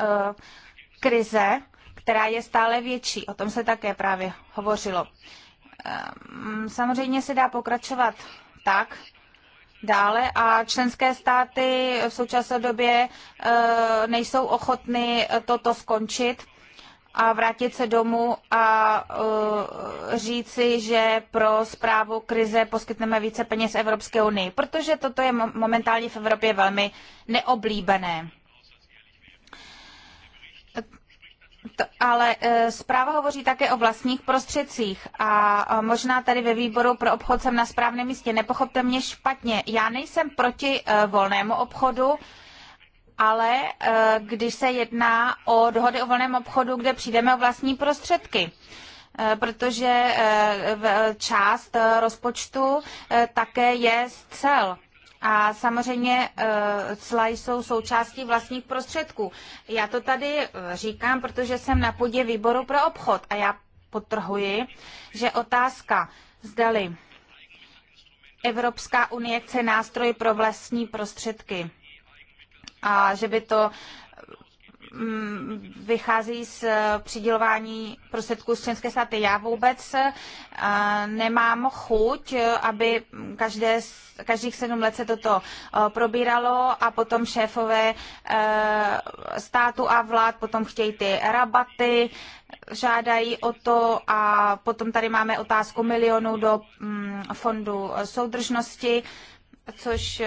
Eh, krize, která je stále větší. O tom se také právě hovořilo. Ehm, samozřejmě se dá pokračovat tak, dále a členské státy v současné době eh, nejsou ochotny toto skončit a vrátit se domů a eh, říci, že pro zprávu krize poskytneme více peněz Evropské unii, protože toto je momentálně v Evropě velmi neoblíbené. to, ale e, zpráva hovoří také o vlastních prostředcích a možná tady ve výboru pro obchod jsem na správném místě. Nepochopte mě špatně. Já nejsem proti e, volnému obchodu, ale e, když se jedná o dohody o volném obchodu, kde přijdeme o vlastní prostředky e, protože e, e, část rozpočtu také je z cel. A samozřejmě eh, cla jsou součástí vlastních prostředků. Já to tady eh, říkám, protože jsem na podě výboru pro obchod a já potrhuji, že otázka, zdali Evropská unie chce nástroj pro vlastní prostředky a že by to Mm, vychází z eh, přidělování prostředků z členské státy. Já vůbec eh, nemám chuť, eh, aby každé, každých sedm let se toto probíralo a potom šéfové státu a vlád potom chtějí ty rabaty, žádají o to a potom tady máme otázku milionů do mm, fondu soudržnosti, což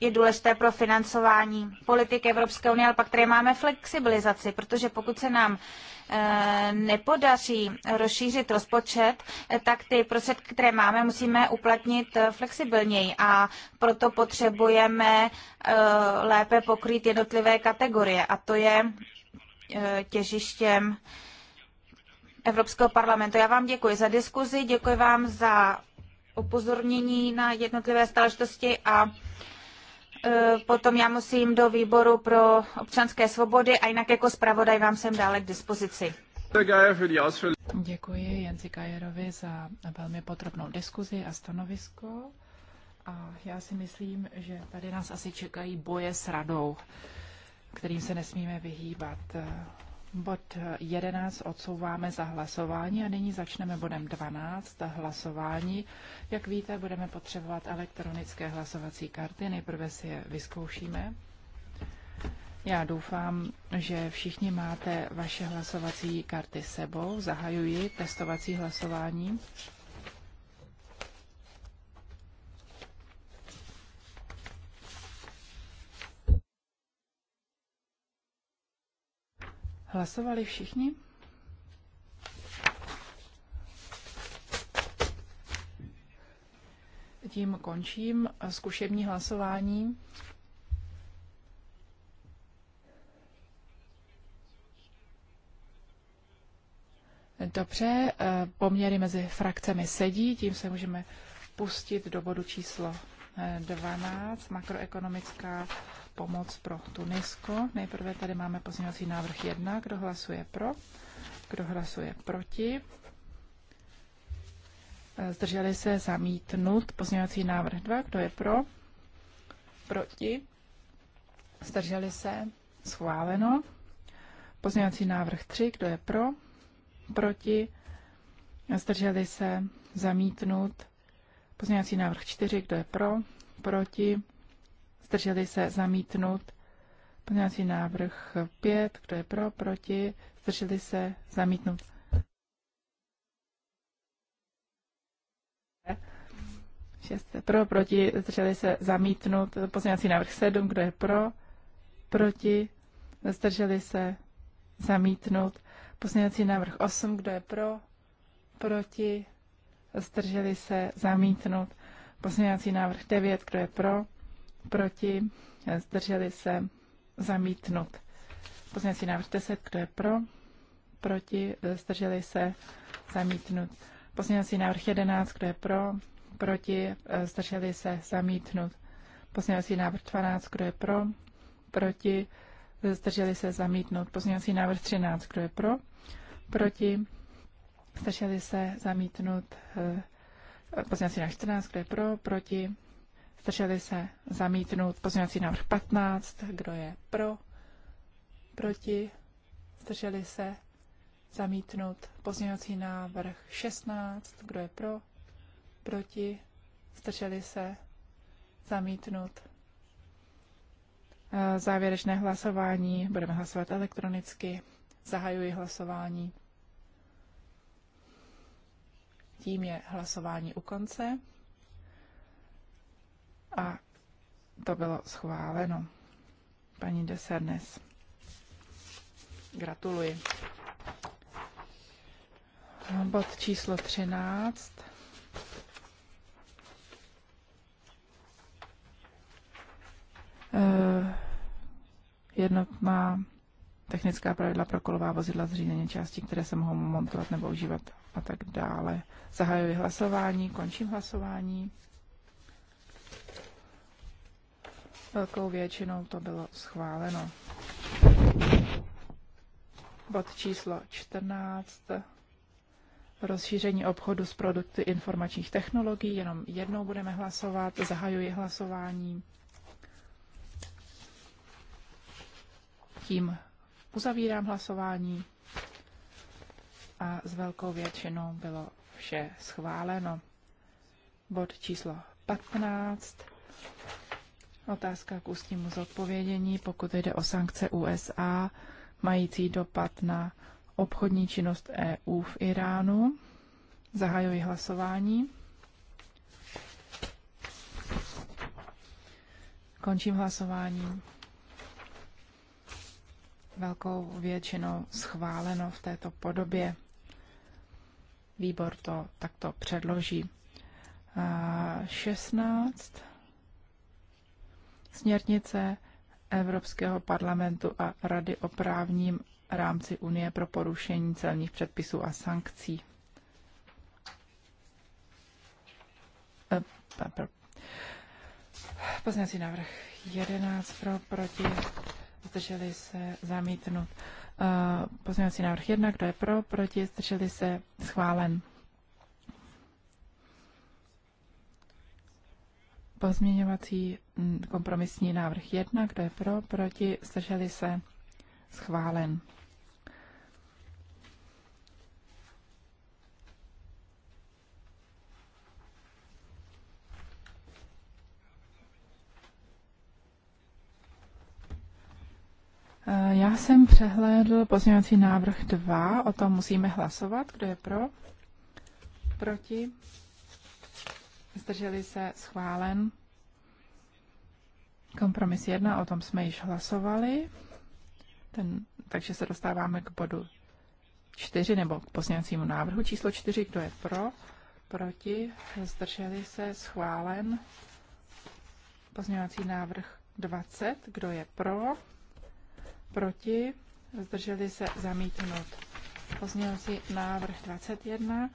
je důležité pro financování politik Evropské unie, ale pak tady máme flexibilizaci, protože pokud se nám eh, nepodaří rozšířit rozpočet, eh, tak ty prostředky, které máme, musíme uplatnit eh, flexibilněji a proto potřebujeme lépe pokrýt jednotlivé kategorie a to je těžištěm Evropského parlamentu. Já vám děkuji za diskuzi, děkuji vám za upozornění na jednotlivé záležitosti a Eh, potom já musím do výboru pro občanské svobody a jinak jako zpravodaj vám jsem dále k dispozici. Děkuji Jenci Kajerovi za velmi podrobnou diskuzi a stanovisko. A já si myslím, že tady nás asi čekají boje s radou, kterým se nesmíme vyhýbat. Bod 11 odsouváme za hlasování a nyní začneme bodem 12 hlasování. Jak víte, budeme potřebovat elektronické hlasovací karty. Nejprve si je vyzkoušíme. Já doufám, že všichni máte vaše hlasovací karty sebou. Zahajuji testovací hlasování. Hlasovali všichni? Tím končím zkušební hlasování. Dobře, eh, poměry mezi frakcemi sedí, tím se můžeme pustit do bodu číslo 12, makroekonomická pomoc pro Tunisko. Nejprve tady máme pozměňovací návrh 1, kdo hlasuje pro, kdo hlasuje proti. Zdrželi se zamítnut pozměňovací návrh 2, kdo je pro, proti. Zdrželi se schváleno. Pozměňovací návrh 3, kdo je pro, proti. Zdrželi se zamítnut Pozměňovací návrh 4, kdo je pro, proti, zdrželi se zamítnut. Pozměňovací návrh 5, kdo je pro, proti, zdrželi se zamítnut. Šesté pro, proti, zdrželi se zamítnut. Pozměňovací návrh 7, kdo je pro, proti, zdrželi se zamítnut. Pozměňovací návrh 8, kdo je pro, proti, zdrželi se, zamítnout. Pozměňovací návrh 9, kdo je pro, proti, zdrželi se, zamítnout. Pozměňovací návrh 10, kdo je pro, proti, zdrželi se, zamítnout. Pozměňovací návrh 11, kdo je pro, proti, zdrželi se, zamítnout. Pozměňovací návrh 12, kdo je pro, proti, zdrželi se, zamítnout. Pozměňovací návrh 13, kdo je pro, proti, Zdrželi se zamítnout eh, pozměňovací návrh 14, kdo je pro, proti. Zdrželi se zamítnout pozměňovací návrh 15, kdo je pro, proti. Zdrželi se zamítnout pozměňovací návrh 16, kdo je pro, proti. Zdrželi se zamítnout eh, závěrečné hlasování. Budeme hlasovat elektronicky. Zahajuji hlasování. Tím je hlasování u konce a to bylo schváleno. Paní Desernes, gratuluji. Bod číslo 13. Eh, jednotná technická pravidla pro kolová vozidla zřízení částí, které se mohou montovat nebo užívat a tak dále. Zahajuji hlasování, končím hlasování. Velkou většinou to bylo schváleno. Bod číslo 14. Rozšíření obchodu s produkty informačních technologií. Jenom jednou budeme hlasovat. Zahajuji hlasování. Tím uzavírám hlasování a s velkou většinou bylo vše schváleno. Bod číslo 15. Otázka k ústnímu zodpovědění, pokud jde o sankce USA mající dopad na obchodní činnost EU v Iránu. Zahajuji hlasování. Končím hlasování. Velkou většinou schváleno v této podobě výbor to takto předloží. 16. Směrnice Evropského parlamentu a Rady o právním rámci Unie pro porušení celních předpisů a sankcí. E, Poznací návrh 11 pro, proti, zdrželi se, zamítnut. Eh, pozměňovací návrh 1, kdo je pro, proti, zdrželi se, schválen. Pozměňovací mm, kompromisní návrh 1, kdo je pro, proti, zdrželi se, schválen. Eh, já jsem přehlédl pozměňovací návrh 2, o tom musíme hlasovat. Kdo je pro? Proti? Zdrželi se schválen. Kompromis 1, o tom jsme již hlasovali. Ten, takže se dostáváme k bodu 4 nebo k pozměňovacímu návrhu číslo 4. Kdo je pro? Proti? Zdrželi se schválen. Pozměňovací návrh 20. Kdo je pro? proti, zdrželi se zamítnout. Pozměňovací návrh 21,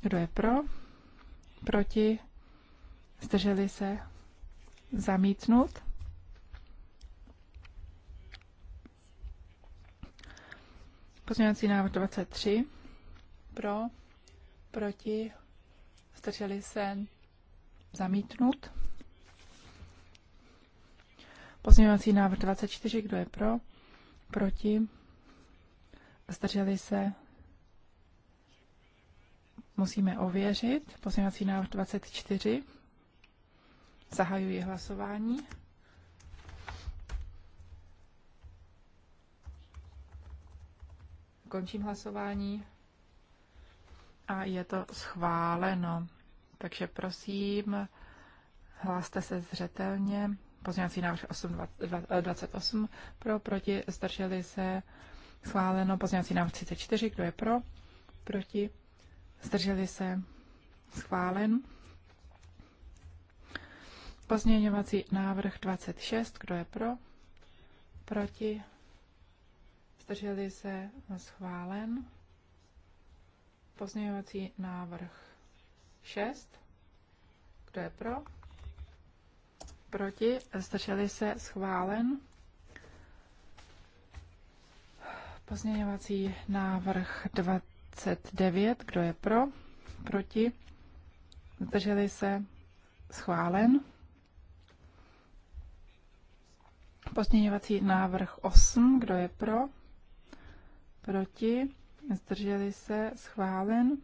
kdo je pro, proti, zdrželi se zamítnout. Pozměňovací návrh 23, pro, proti, zdrželi se zamítnout. Pozměňovací návrh 24, kdo je pro, proti, zdrželi se, musíme ověřit, pozměňovací návrh 24, zahajuji hlasování. Končím hlasování a je to schváleno. Takže prosím, hlaste se zřetelně. Pozměňovací návrh 8, 28 pro, proti, zdrželi se, schváleno. Pozměňovací návrh 34, kdo je pro, proti, zdrželi se, schválen. Pozměňovací návrh 26, kdo je pro, proti, zdrželi se, schválen. Pozměňovací návrh 6, kdo je pro, proti, zdrželi se schválen. Pozměňovací návrh 29, kdo je pro, proti, zdrželi se schválen. Pozměňovací návrh 8, kdo je pro, proti, zdrželi se schválen.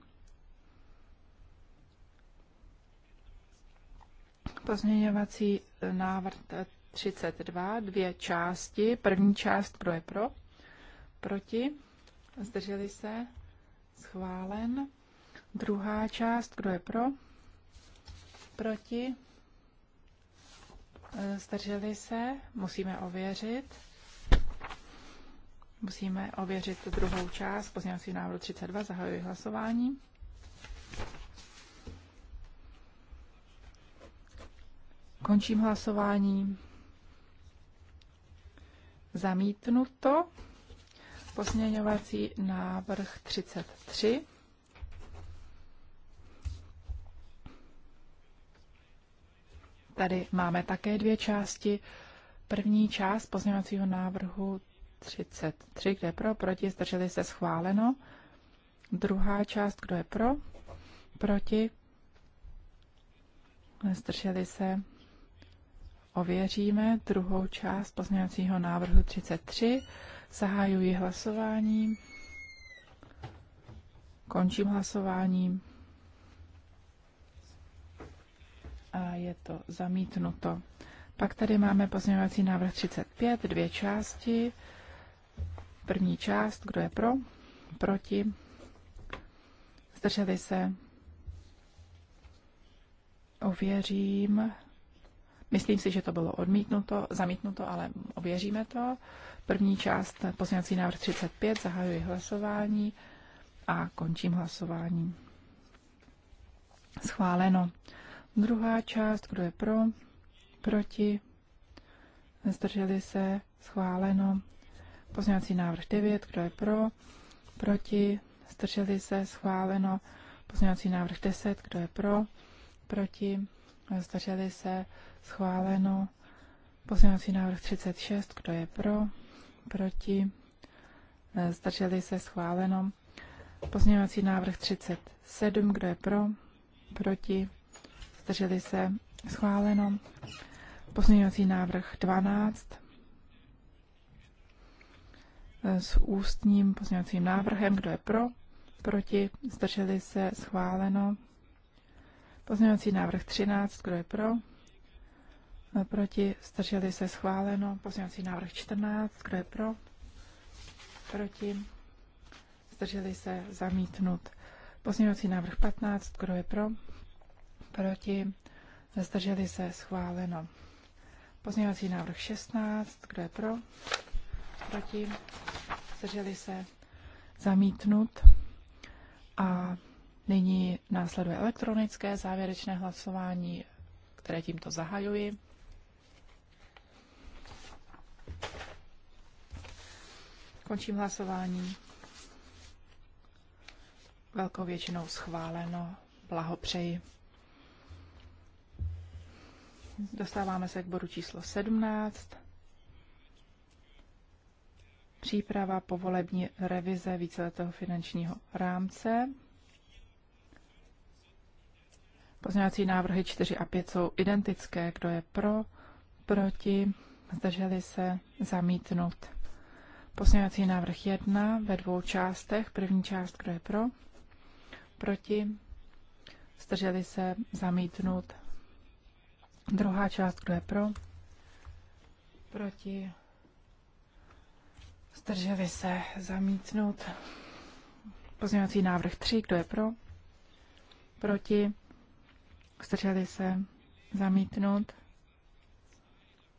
Pozměňovací návrh 32, dvě části. První část pro je pro, proti, zdrželi se, schválen. Druhá část, kdo je pro, proti, zdrželi se, musíme ověřit. Musíme ověřit druhou část, pozměňovací návrh 32, zahajuji hlasování. Končím hlasování. Zamítnuto. Posměňovací návrh 33. Tady máme také dvě části. První část pozměňovacího návrhu 33, kde je pro, proti, zdrželi se schváleno. Druhá část, kdo je pro, proti, zdrželi se ověříme druhou část pozměňovacího návrhu 33. Zahajuji hlasování. Končím hlasování. A je to zamítnuto. Pak tady máme pozměňovací návrh 35, dvě části. První část, kdo je pro, proti, zdrželi se, ověřím. Myslím si, že to bylo odmítnuto, zamítnuto, ale ověříme to. První část poslanecí návrh 35, zahajuji hlasování a končím hlasování. Schváleno. Druhá část, kdo je pro, proti, zdrželi se, schváleno. Pozměňovací návrh 9, kdo je pro, proti, zdrželi se, schváleno. Pozměňovací návrh 10, kdo je pro, proti, zdrželi se, Schváleno. Pozměňovací návrh 36. E, Kdo je pro? Proti? Zdrželi se? Schváleno. Pozměňovací návrh 37. Kdo je pro? Proti? Zdrželi se? Schváleno. Pozměňovací návrh 12 s ústním pozměňovacím návrhem. Kdo je pro? Proti? Zdrželi se? Schváleno. Pozměňovací návrh 13. Kdo je pro? Proti strželi se schváleno. Pozměňovací návrh 14. Kdo je pro? Proti. Strželi se zamítnut. Pozměňovací návrh 15. Kdo je pro? Proti. Zdrželi se schváleno. Pozměňovací návrh 16. Kdo je pro? Proti. Zdrželi se zamítnut. A nyní následuje elektronické závěrečné hlasování, které tímto zahajuji. Končím hlasování. Velkou většinou schváleno. Blahopřeji. Dostáváme se k bodu číslo 17. Příprava povolební revize víceletého finančního rámce. Pozměňovací návrhy 4 a 5 jsou identické. Kdo je pro, proti, zdrželi se, zamítnut. Pozměňovací návrh 1 ve dvou částech. První část, kdo je pro? Proti? Zdrželi se zamítnout. Druhá část, kdo je pro? Proti? Zdrželi se zamítnout. Pozměňovací návrh 3, kdo je pro? Proti? Zdrželi se zamítnout.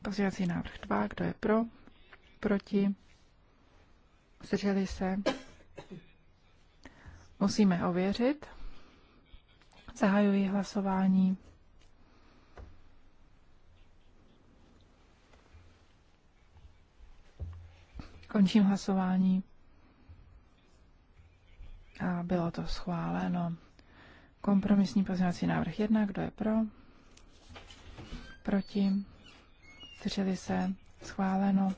Pozměňovací návrh 2, kdo je pro? Proti? zřeli se. Musíme ověřit. Zahajuji hlasování. Končím hlasování. A bylo to schváleno. Kompromisní pozměňovací návrh 1. Kdo je pro? Proti? Zdrželi se? Schváleno.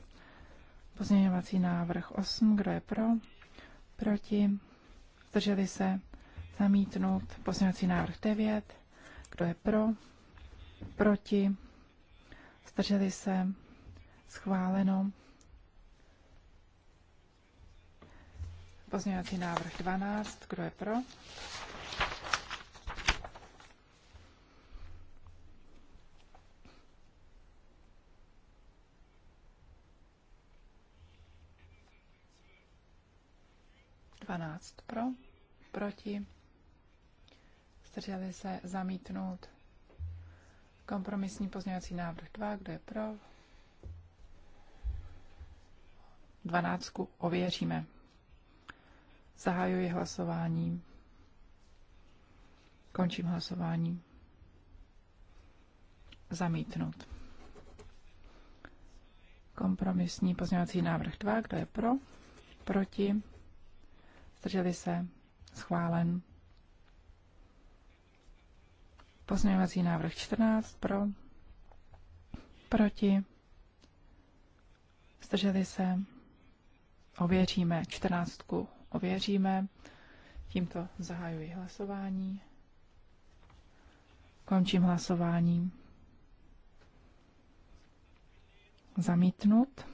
Pozměňovací návrh 8, kdo je pro? Proti? Zdrželi se? Zamítnut. Pozměňovací návrh 9, kdo je pro? Proti? Zdrželi se? Schváleno. Pozměňovací návrh 12, kdo je pro? 12 pro, proti, zdrželi se zamítnout. Kompromisní pozměňovací návrh 2, kdo je pro? 12 ověříme. Zahajuji hlasování. Končím hlasování. Zamítnout. Kompromisní pozměňovací návrh 2, kdo je pro? Proti? zdrželi se, schválen. Pozměňovací návrh 14 pro, proti, zdrželi se, ověříme, 14 ověříme, tímto zahajuji hlasování, končím hlasování, Zamítnout.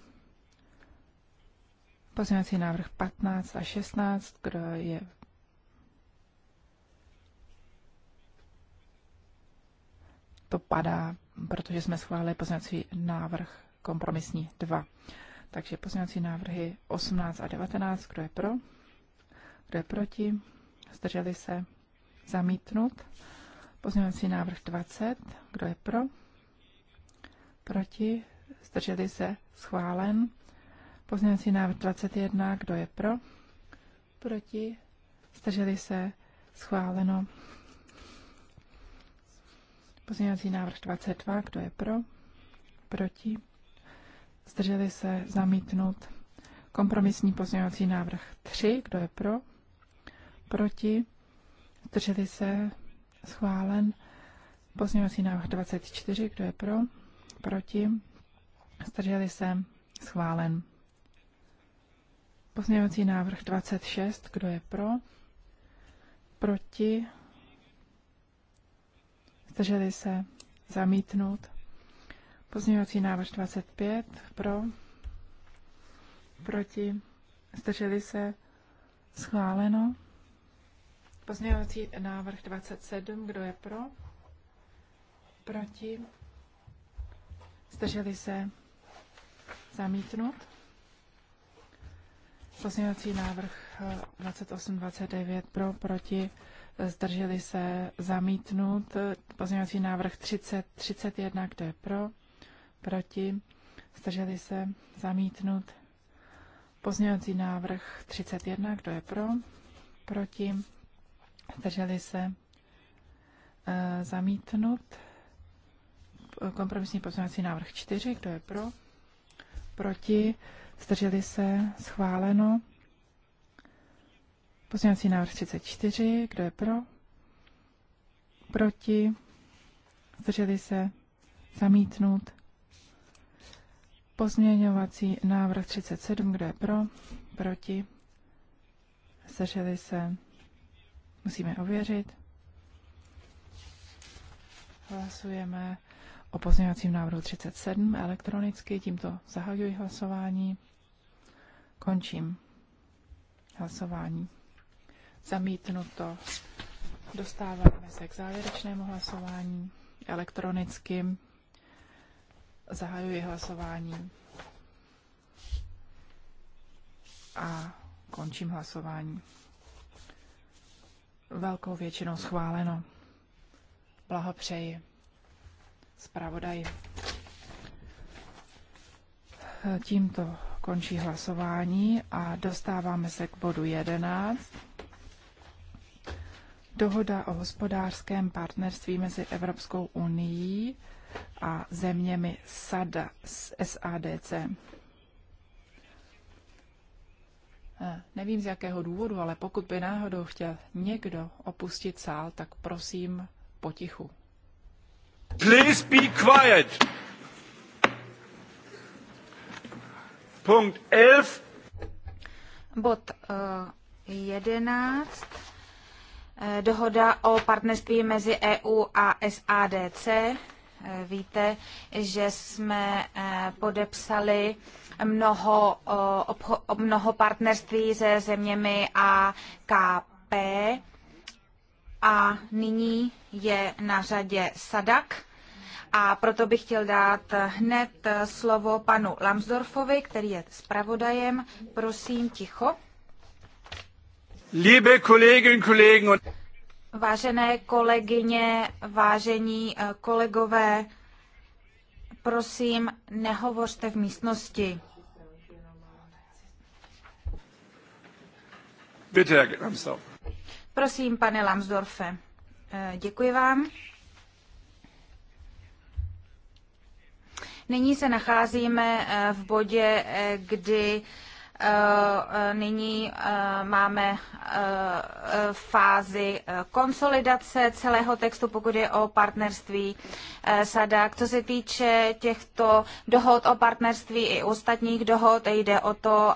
Pozměňovací návrh 15 a 16, kdo je to padá, protože jsme schválili pozměňovací návrh kompromisní 2. Takže pozměňovací návrhy 18 a 19, kdo je pro, kdo je proti, zdrželi se, zamítnut. Pozměňovací návrh 20, kdo je pro, proti, zdrželi se, schválen. Pozměňovací návrh 21, kdo je pro? Proti? Zdrželi se? Schváleno. Pozměňovací návrh 22, kdo je pro? Proti? Zdrželi se? Zamítnut. Kompromisní pozměňovací návrh 3, kdo je pro? Proti? Zdrželi se? Schválen. Pozměňovací návrh 24, kdo je pro? Proti? Zdrželi se? Schválen. Pozměňovací návrh 26, kdo je pro? Proti? Zdrželi se? Zamítnout. Pozměňovací návrh 25, pro? Proti? Zdrželi se? Schváleno. Pozměňovací návrh 27, kdo je pro? Proti? Zdrželi se? Zamítnout. Pozměňovací návrh 2829 eh, pro, proti, zdrželi se zamítnout. Pozměňovací návrh 3031 kdo je pro, proti, zdrželi se zamítnout. Pozměňovací návrh 31, kdo je pro, proti, zdrželi se e, eh, zamítnout. Kompromisní pozměňovací návrh 4, kdo je pro, proti, zdrželi se, schváleno. Pozměňovací návrh 34, kdo je pro? Proti, zdrželi se, zamítnut. Pozměňovací návrh 37, kdo je pro? Proti, zdrželi se, musíme ověřit. Hlasujeme o pozměňovacím návrhu 37 elektronicky. Tímto zahajuji hlasování. Končím hlasování. Zamítnuto. Dostáváme se k závěrečnému hlasování elektronicky. Zahajuji hlasování a končím hlasování. Velkou většinou schváleno. Blahopřeji zpravodaji. Tímto končí hlasování a dostáváme se k bodu 11. Dohoda o hospodářském partnerství mezi Evropskou unii a zeměmi SADA, SADC. Eh, nevím z jakého důvodu, ale pokud by náhodou chtěl někdo opustit sál, tak prosím potichu. Please be quiet. Punkt 11. Bod uh, Dohoda o partnerství mezi EU a SADC. Eh, víte, že jsme podepsali mnoho, mnoho partnerství se zeměmi AKP a nyní je na řadě Sadak. A proto bych chtěl dát hned slovo panu Lamsdorfovi, který je zpravodajem. Prosím, ticho. Liebe Kolleginnen Kollegen Vážené kolegyně, vážení eh, kolegové, prosím, nehovořte v místnosti. Bitte, Herr Lambsdorff. Prosím, pane Lambsdorfe, eh, děkuji vám. Nyní se nacházíme eh, v bodě, eh, kdy Eh, nyní eh, máme eh, fázi konsolidace celého textu, pokud je o partnerství Sada, Co se týče těchto dohod o partnerství i ostatních dohod, jde o to,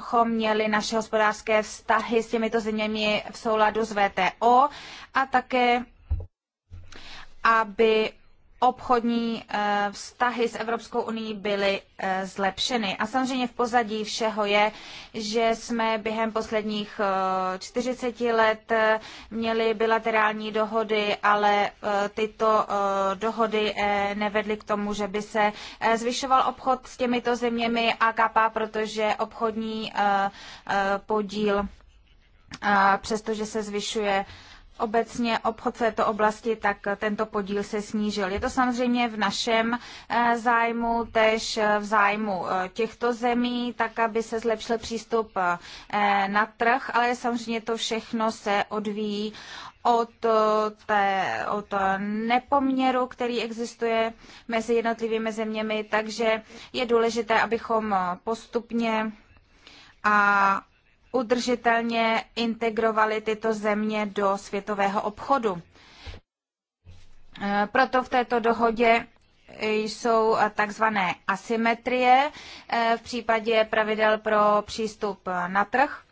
chom měli naše hospodářské vztahy s těmito zeměmi v souladu s VTO a také aby obchodní eh, vztahy s Evropskou unii byly eh, zlepšeny. A samozřejmě v pozadí všeho je, že jsme během posledních 40 eh, let měli bilaterální dohody, ale tyto dohody nevedly k tomu, že by se zvyšoval obchod s těmito zeměmi AKP, protože obchodní podíl, přestože se zvyšuje, obecně obchod v této oblasti, tak tento podíl se snížil. Je to samozřejmě v našem eh, zájmu, tež eh, v zájmu eh, těchto zemí, tak aby se zlepšil přístup na trh, ale samozřejmě to všechno se odvíjí od, té, od nepoměru, který existuje mezi jednotlivými zeměmi, takže je důležité, abychom postupně a udržitelně integrovaly tyto země do světového obchodu. Eh, proto v této dohodě jsou eh, takzvané asymetrie eh, v případě pravidel pro přístup na trh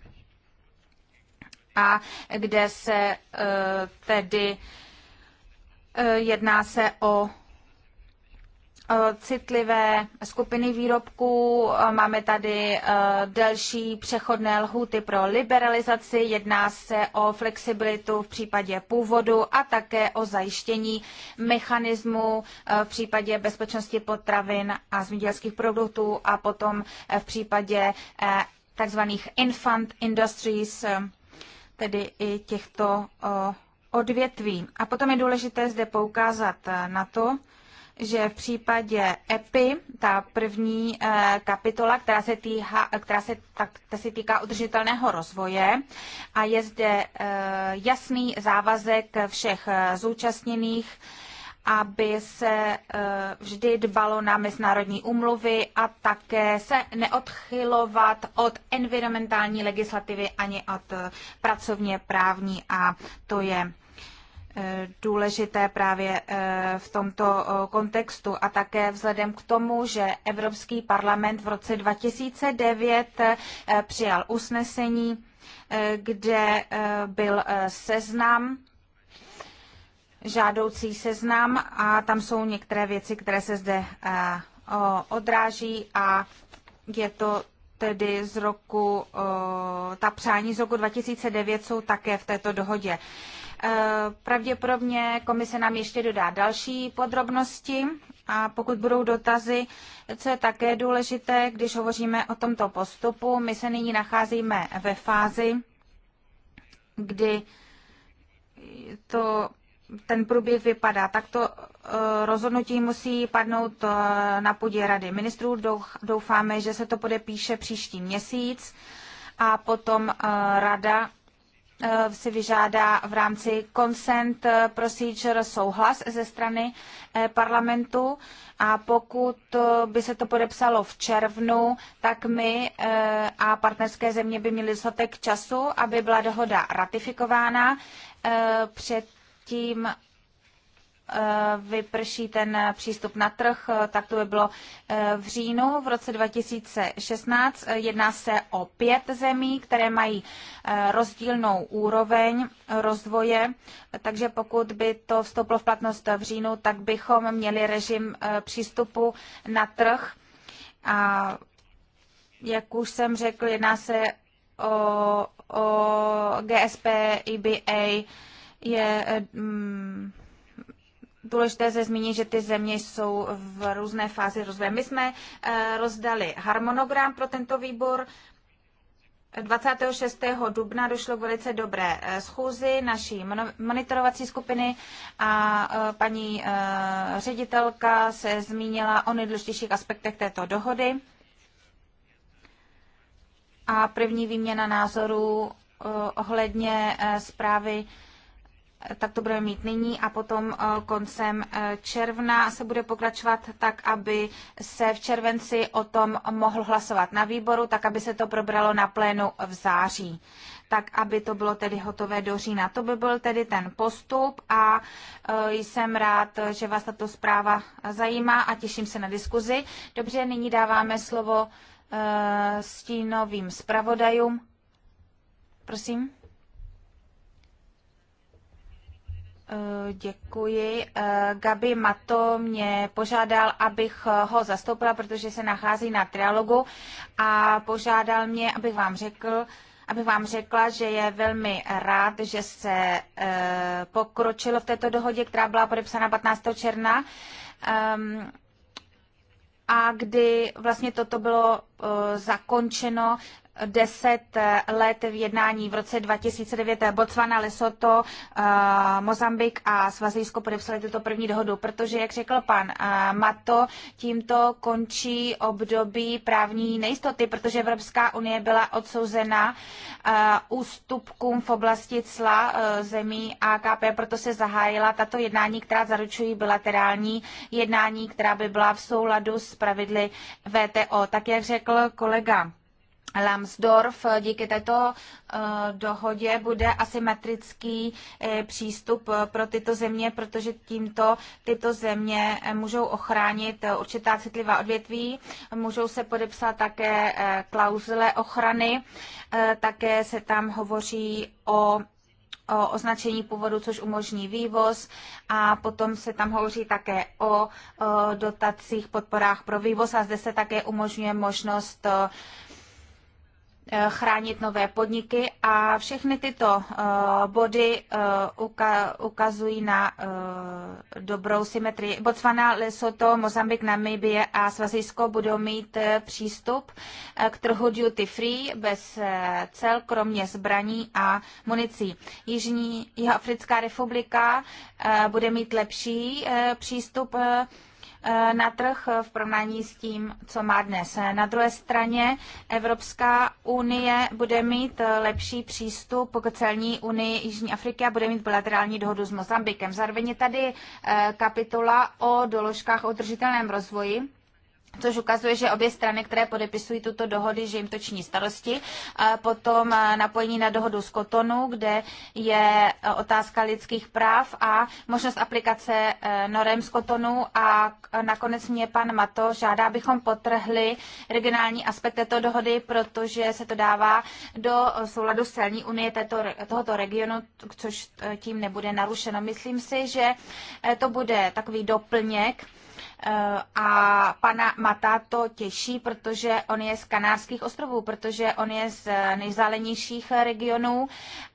a kde se tedy jedná se o Eh, citlivé skupiny výrobků. Eh, máme tady eh, delší přechodné lhuty pro liberalizaci, jedná se o flexibilitu v případě původu a také o zajištění mechanismu v případě bezpečnosti potravin a zemědělských produktů a potom v případě takzvaných infant industries, tedy i těchto odvětví. A potom je důležité zde poukázat na to, že v případě EPI, ta první eh, kapitola, která se, týha, která se, tak, ta se týká udržitelného rozvoje a je zde eh, jasný závazek všech eh, zúčastněných, aby se vždy dbalo na mezinárodní umluvy a také se neodchylovat od environmentální legislativy ani od pracovně právní a to je Eh, důležité právě eh, v tomto eh, kontextu a také vzhledem k tomu, že Evropský parlament v roce 2009 přijal usnesení, kde byl seznam žádoucí seznam a tam jsou některé věci, které se zde odráží a je to tedy z roku, ta přání z roku 2009 jsou také v této dohodě. Pravděpodobně komise nám ještě dodá další podrobnosti a pokud budou dotazy, co je také důležité, když hovoříme o tomto postupu, my se nyní nacházíme ve fázi, kdy to, ten průběh vypadá. Takto e, rozhodnutí musí padnout e, na půdě Rady ministrů. Doufáme, že se to podepíše příští měsíc a potom e, rada Eh, si vyžádá v rámci consent eh, procedure souhlas ze strany eh, parlamentu a pokud by se to podepsalo v červnu, tak my a partnerské země by měly dostatek času, aby byla dohoda ratifikována před tím Eh, vyprší ten přístup na trh, eh, tak to by bylo eh, v říjnu v roce 2016. Jedná se o pět zemí, které mají rozdílnou úroveň rozvoje, takže pokud by to vstoupilo v platnost v říjnu, tak bychom měli režim přístupu na trh. A jak už jsem řekl, jedná se o, o GSP, EBA, je mm, důležité se zmínit, že ty země jsou v různé fázi rozvoje. My jsme eh, rozdali harmonogram pro tento výbor. 26. dubna došlo k velice dobré eh, schůzi naší monitorovací skupiny a eh, paní ředitelka se zmínila o nejdůležitějších aspektech této dohody. A první výměna názorů ohledně zprávy tak to budeme mít nyní a potom eh, koncem eh, června se bude pokračovat tak, aby se v červenci o tom mohl hlasovat na výboru, tak aby se to probralo na plénu v září tak aby to bylo tedy hotové do října. To by byl tedy ten postup a eh, jsem rád, že vás tato zpráva zajímá a těším se na diskuzi. Dobře, nyní dáváme slovo stínovým zpravodajům. Prosím. Eh, děkuji. Eh, Gabi Mato mě požádal, abych eh, ho zastoupila, protože se nachází na trialogu a požádal mě, abych vám řekl, abych vám řekla, že je velmi rád, že se pokročilo v této dohodě, která byla podepsána 15. června ehm, a kdy vlastně toto bylo zakončeno deset let v jednání v roce 2009 Botswana, Lesotho, eh, Mozambik a Svazijsko podepsali tuto první dohodu, protože, jak řekl pan eh, Mato, tímto končí období právní nejistoty, protože Evropská unie byla odsouzena eh, ústupkům v oblasti cla zemí AKP, proto se zahájila tato jednání, která zaručují bilaterální jednání, která by byla v souladu s pravidly VTO. Tak, jak řekl kolega Lambsdorff díky této eh, dohodě bude asymetrický eh, přístup eh, pro tyto země, protože tímto tyto země můžou ochránit určitá citlivá odvětví, můžou se podepsat také klauzule ochrany, také se tam hovoří o o označení původu, což umožní vývoz a potom se tam hovoří také o dotacích, podporách pro vývoz a zde se také umožňuje možnost Eh, chránit nové podniky a všechny tyto eh, body eh, ukazují na dobrou symetrii. Botswana, Lesotho, Mozambik, Namibie a Svazisko budou mít přístup k trhu duty free bez cel, kromě zbraní a municí. Jižní Jihoafrická republika bude mít lepší přístup Eh, na trh v porovnání s tím, co má dnes. Na druhé straně Evropská unie bude mít eh, lepší přístup k celní unii Jižní Afriky a bude mít bilaterální dohodu s Mozambikem. Zároveň je tady eh, kapitola o doložkách o držitelném rozvoji což ukazuje, že obě strany, které podepisují tuto dohody, že jim to činí starosti. A potom e, napojení na dohodu z Kotonu, kde je e, otázka lidských práv a možnost aplikace e, norem z Kotonu a nakonec mě pan Mato žádá, abychom potrhli regionální aspekt této dohody, protože se to dává do souladu s celní unie této, tohoto regionu, což tím nebude narušeno. Myslím si, že to bude takový doplněk, Eh, a pana Mata to těší, protože on je z Kanárských ostrovů, protože on je z nejzálenějších regionů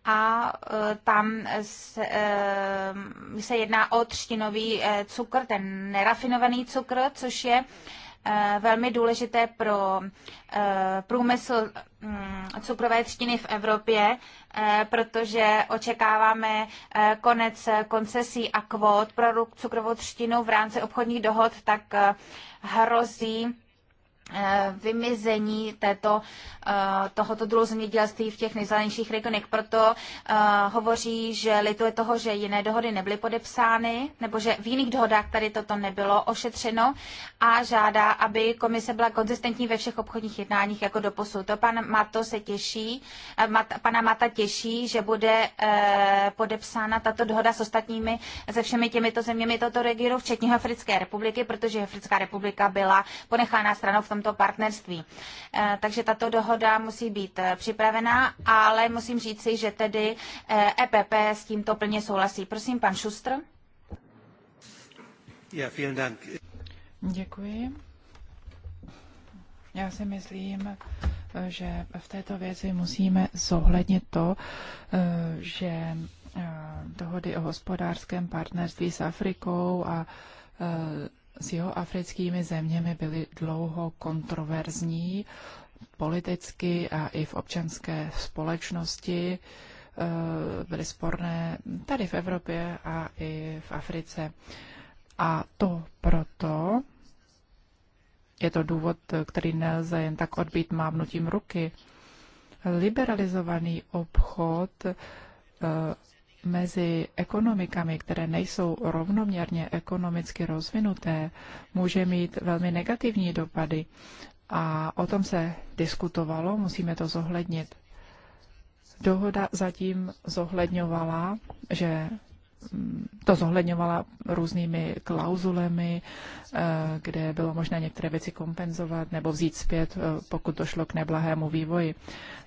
a eh, tam se, eh, se jedná o třtinový cukr, ten nerafinovaný cukr, což je Eh, velmi důležité pro eh, průmysl mm, cukrové třtiny v Evropě, eh, protože očekáváme konec koncesí a kvót pro cukrovou třtinu v rámci obchodních dohod, tak hrozí Eh, vymizení této, eh, tohoto druhu zemědělství v těch nejzelenějších regionech. Proto eh, hovoří, že lituje toho, že jiné dohody nebyly podepsány, nebo že v jiných dohodách tady toto nebylo ošetřeno a žádá, aby komise byla konzistentní ve všech obchodních jednáních jako do posud. To pan Mato se těší, mat, pana Mata těší, že bude podepsána tato dohoda s ostatními, se všemi těmito zeměmi toto regionu, včetně Africké republiky, protože Africká republika byla ponechána stranou v tom tomto partnerství. Eh, takže tato dohoda musí být eh, připravená, ale musím říci, že tedy EPP eh, e s tímto plně souhlasí. Prosím, pan Šustr. Ja, Dank. Děkuji. Já si myslím, že v této věci musíme zohlednit to, že dohody o hospodářském partnerství s Afrikou a s jeho africkými zeměmi byly dlouho kontroverzní politicky a i v občanské společnosti. Eh, byly sporné tady v Evropě a i v Africe. A to proto, je to důvod, který nelze jen tak odbít mávnutím ruky, liberalizovaný obchod eh, mezi ekonomikami, které nejsou rovnoměrně ekonomicky rozvinuté, může mít velmi negativní dopady. A o tom se diskutovalo, musíme to zohlednit. Dohoda zatím zohledňovala, že to zohledňovala různými klauzulemi, eh, kde bylo možné některé věci kompenzovat nebo vzít zpět, eh, pokud došlo k neblahému vývoji.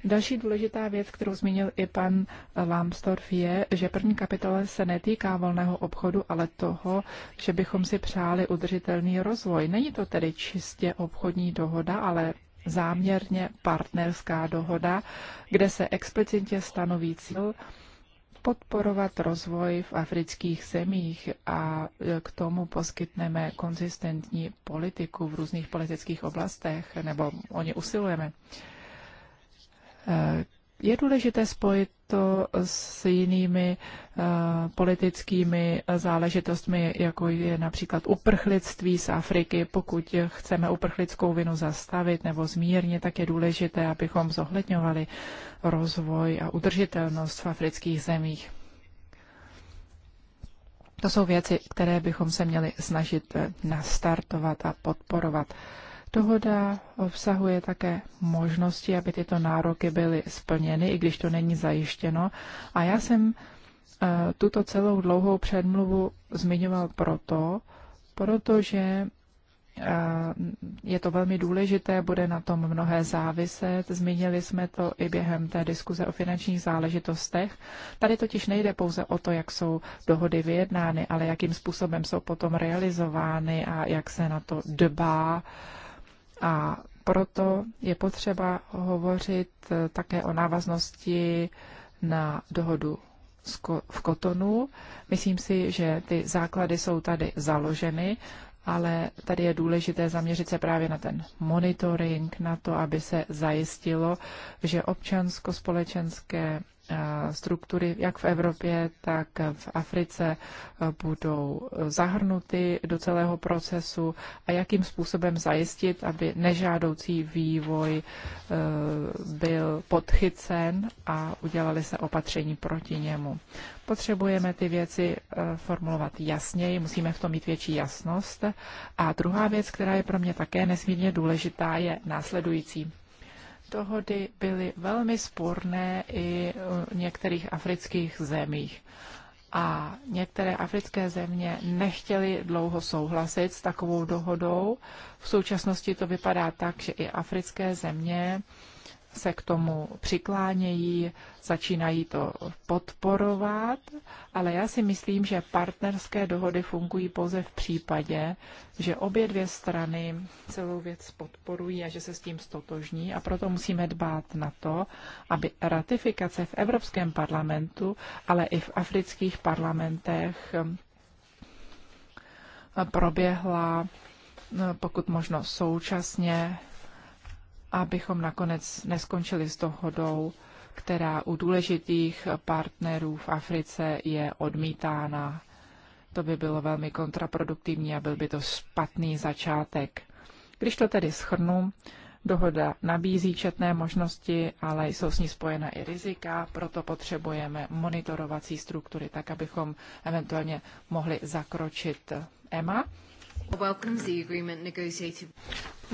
Další důležitá věc, kterou zmínil i pan Lambsdorff, je, že první kapitola se netýká volného obchodu, ale toho, že bychom si přáli udržitelný rozvoj. Není to tedy čistě obchodní dohoda, ale záměrně partnerská dohoda, kde se explicitně stanoví cíl, podporovat rozvoj v afrických zemích a e, k tomu poskytneme konzistentní politiku v různých politických oblastech, nebo o ně usilujeme. E, je důležité spojit to s jinými eh, politickými záležitostmi, jako je například uprchlictví z Afriky. Pokud chceme uprchlickou vinu zastavit nebo zmírnit, tak je důležité, abychom zohledňovali rozvoj a udržitelnost v afrických zemích. To jsou věci, které bychom se měli snažit eh, nastartovat a podporovat. Dohoda obsahuje také možnosti, aby tyto nároky byly splněny, i když to není zajištěno. A já jsem e, tuto celou dlouhou předmluvu zmiňoval proto, protože e, je to velmi důležité, bude na tom mnohé záviset. Zmínili jsme to i během té diskuze o finančních záležitostech. Tady totiž nejde pouze o to, jak jsou dohody vyjednány, ale jakým způsobem jsou potom realizovány a jak se na to dbá. A proto je potřeba hovořit eh, také o návaznosti na dohodu v Kotonu. Myslím si, že ty základy jsou tady založeny, ale tady je důležité zaměřit se právě na ten monitoring, na to, aby se zajistilo, že občansko-společenské Eh, struktury jak v Evropě, tak v Africe eh, budou zahrnuty do celého procesu a jakým způsobem zajistit, aby nežádoucí vývoj eh, byl podchycen a udělali se opatření proti němu. Potřebujeme ty věci formulovat jasněji, musíme v tom mít větší jasnost. A druhá věc, která je pro mě také nesmírně důležitá, je následující dohody byly velmi sporné i v některých afrických zemích. A některé africké země nechtěly dlouho souhlasit s takovou dohodou. V současnosti to vypadá tak, že i africké země se k tomu přiklánějí, začínají to podporovat, ale já si myslím, že partnerské dohody fungují pouze v případě, že obě dvě strany celou věc podporují a že se s tím stotožní a proto musíme dbát na to, aby ratifikace v Evropském parlamentu, ale i v afrických parlamentech proběhla no, pokud možno současně abychom nakonec neskončili s dohodou, která u důležitých partnerů v Africe je odmítána. To by bylo velmi kontraproduktivní a byl by to špatný začátek. Když to tedy schrnu, dohoda nabízí četné možnosti, ale jsou s ní spojena i rizika, proto potřebujeme monitorovací struktury, tak abychom eventuálně mohli zakročit EMA.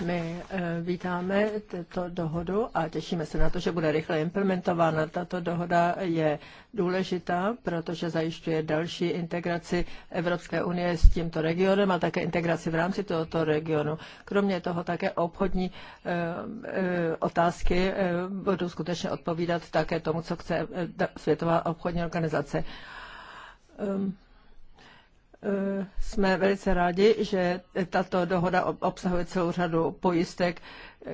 My eh, vítáme tuto dohodu a těšíme se na to, že bude rychle implementována. Tato dohoda je důležitá, protože zajišťuje další integraci Evropské unie s tímto regionem a také integraci v rámci tohoto regionu. Kromě toho také obchodní eh, eh, otázky budou skutečně odpovídat také tomu, co chce Světová obchodní organizace. Ehm, Eh, jsme velice rádi, že tato dohoda obsahuje celou řadu pojistek,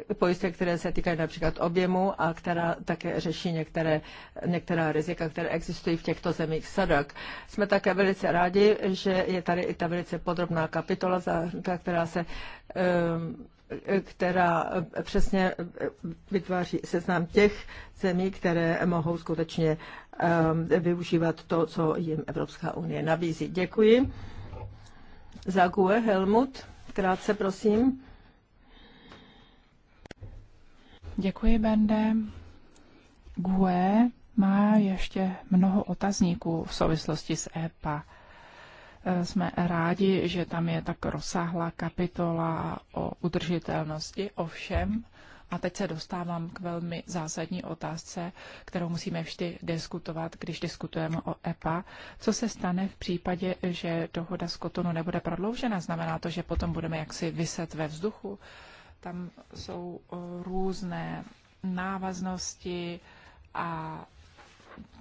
eh, pojistek, které se týkají například objemu a která také řeší některé, některá rizika, které existují v těchto zemích sadak. Jsme také velice rádi, že je tady i ta velice podrobná kapitola, která se eh, která přesně vytváří seznam těch zemí, které mohou skutečně Um, využívat to, co jim Evropská unie nabízí. Děkuji. Za Helmut, krátce prosím. Děkuji, Bende. GUE má ještě mnoho otazníků v souvislosti s EPA. Eh, jsme rádi, že tam je tak rozsáhlá kapitola o udržitelnosti, ovšem a teď se dostávám k velmi zásadní otázce, kterou musíme vždy diskutovat, když diskutujeme o EPA. Co se stane v případě, že dohoda z Kotonu nebude prodloužena? Znamená to, že potom budeme jaksi vyset ve vzduchu? Tam jsou eh, různé návaznosti a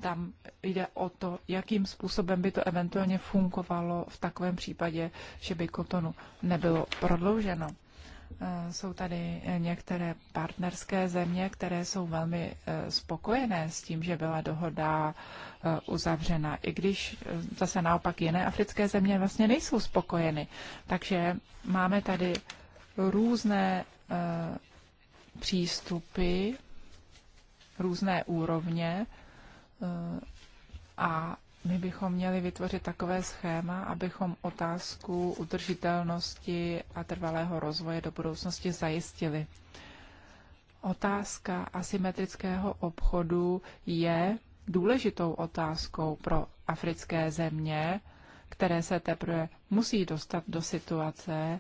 tam jde o to, jakým způsobem by to eventuálně fungovalo v takovém případě, že by kotonu nebylo prodlouženo. Eh, jsou tady eh, některé partnerské země, které jsou velmi eh, spokojené s tím, že byla dohoda uzavřena, i když zase naopak jiné africké země vlastně nejsou spokojeny. Takže máme tady různé přístupy, různé úrovně a my bychom měli vytvořit takové schéma, abychom otázku udržitelnosti a trvalého rozvoje do budoucnosti zajistili. Otázka asymetrického obchodu je důležitou otázkou pro africké země, které se teprve musí dostat do situace,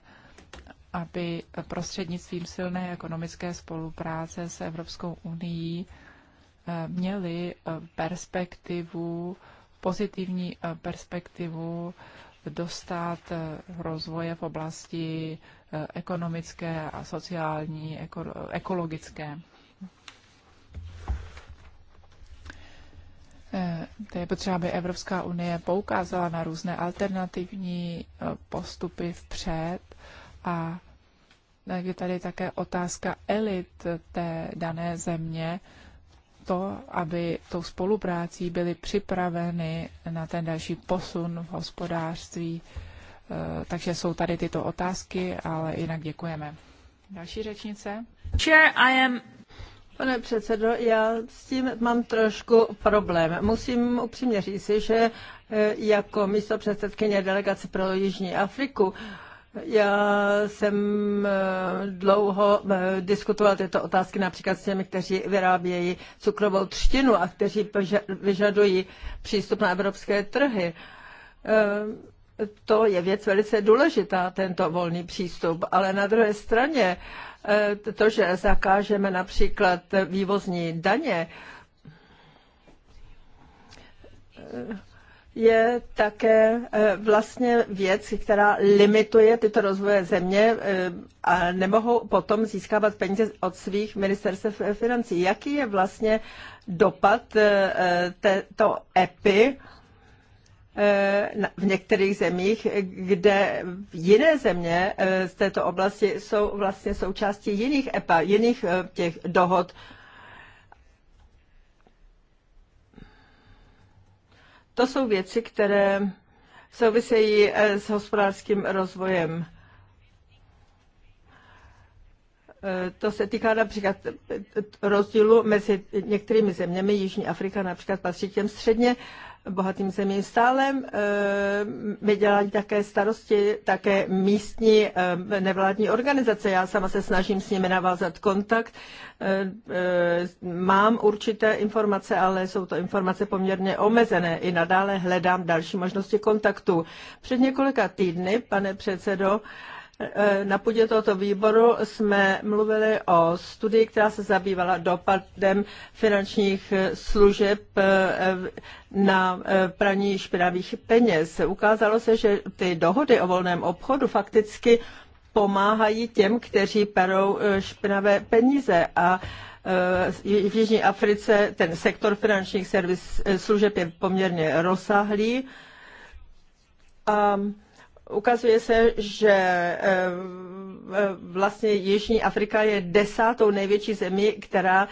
aby prostřednictvím silné ekonomické spolupráce s Evropskou unii eh, měli eh, perspektivu pozitivní eh, perspektivu dostat eh, rozvoje v oblasti eh, ekonomické a sociální, ekologické. To je potřeba, aby Evropská unie poukázala na různé alternativní postupy vpřed a je tady také otázka elit té dané země, to, aby tou spoluprácí byly připraveny na ten další posun v hospodářství. E, takže jsou tady tyto otázky, ale jinak děkujeme. Další řečnice. Chair, I am... Pane předsedo, já s tím mám trošku problém. Musím upřímně říct, že e, jako místo předsedkyně delegace pro Jižní Afriku já jsem eh, dlouho eh, diskutoval tyto otázky například s těmi, kteří vyrábějí cukrovou třtinu a kteří vyžadují přístup na evropské trhy. Eh, to je věc velice důležitá, tento volný přístup, ale na druhé straně to, že zakážeme například vývozní daně, je také eh, vlastně věc, která limituje tyto rozvoje země eh, a nemohou potom získávat peníze od svých ministerstev eh, financí. Jaký je vlastně dopad této EPI v některých zemích, kde jiné země z této oblasti jsou vlastně součástí jiných EPA, jiných těch dohod To jsou věci, které souvisejí eh, s hospodářským rozvojem. Eh, to se týká například eh, rozdílu mezi některými zeměmi. Jižní Afrika například patří těm středně bohatým zemím. stálem. Eh, My dělali také starosti také místní eh, nevládní organizace. Já sama se snažím s nimi navázat kontakt. Eh, mám určité informace, ale jsou to informace poměrně omezené. I nadále hledám další možnosti kontaktu. Před několika týdny, pane předsedo, E, na půdě tohoto výboru jsme mluvili o studii, která se zabývala dopadem finančních služeb e, na e, praní špinavých peněz. Ukázalo se, že ty dohody o volném obchodu fakticky pomáhají těm, kteří perou špinavé peníze a v Jižní Africe ten sektor finančních servis, služeb je poměrně rozsáhlý. A Ukazuje se, že eh, eh, vlastně Jižní Afrika je desátou největší zemí, která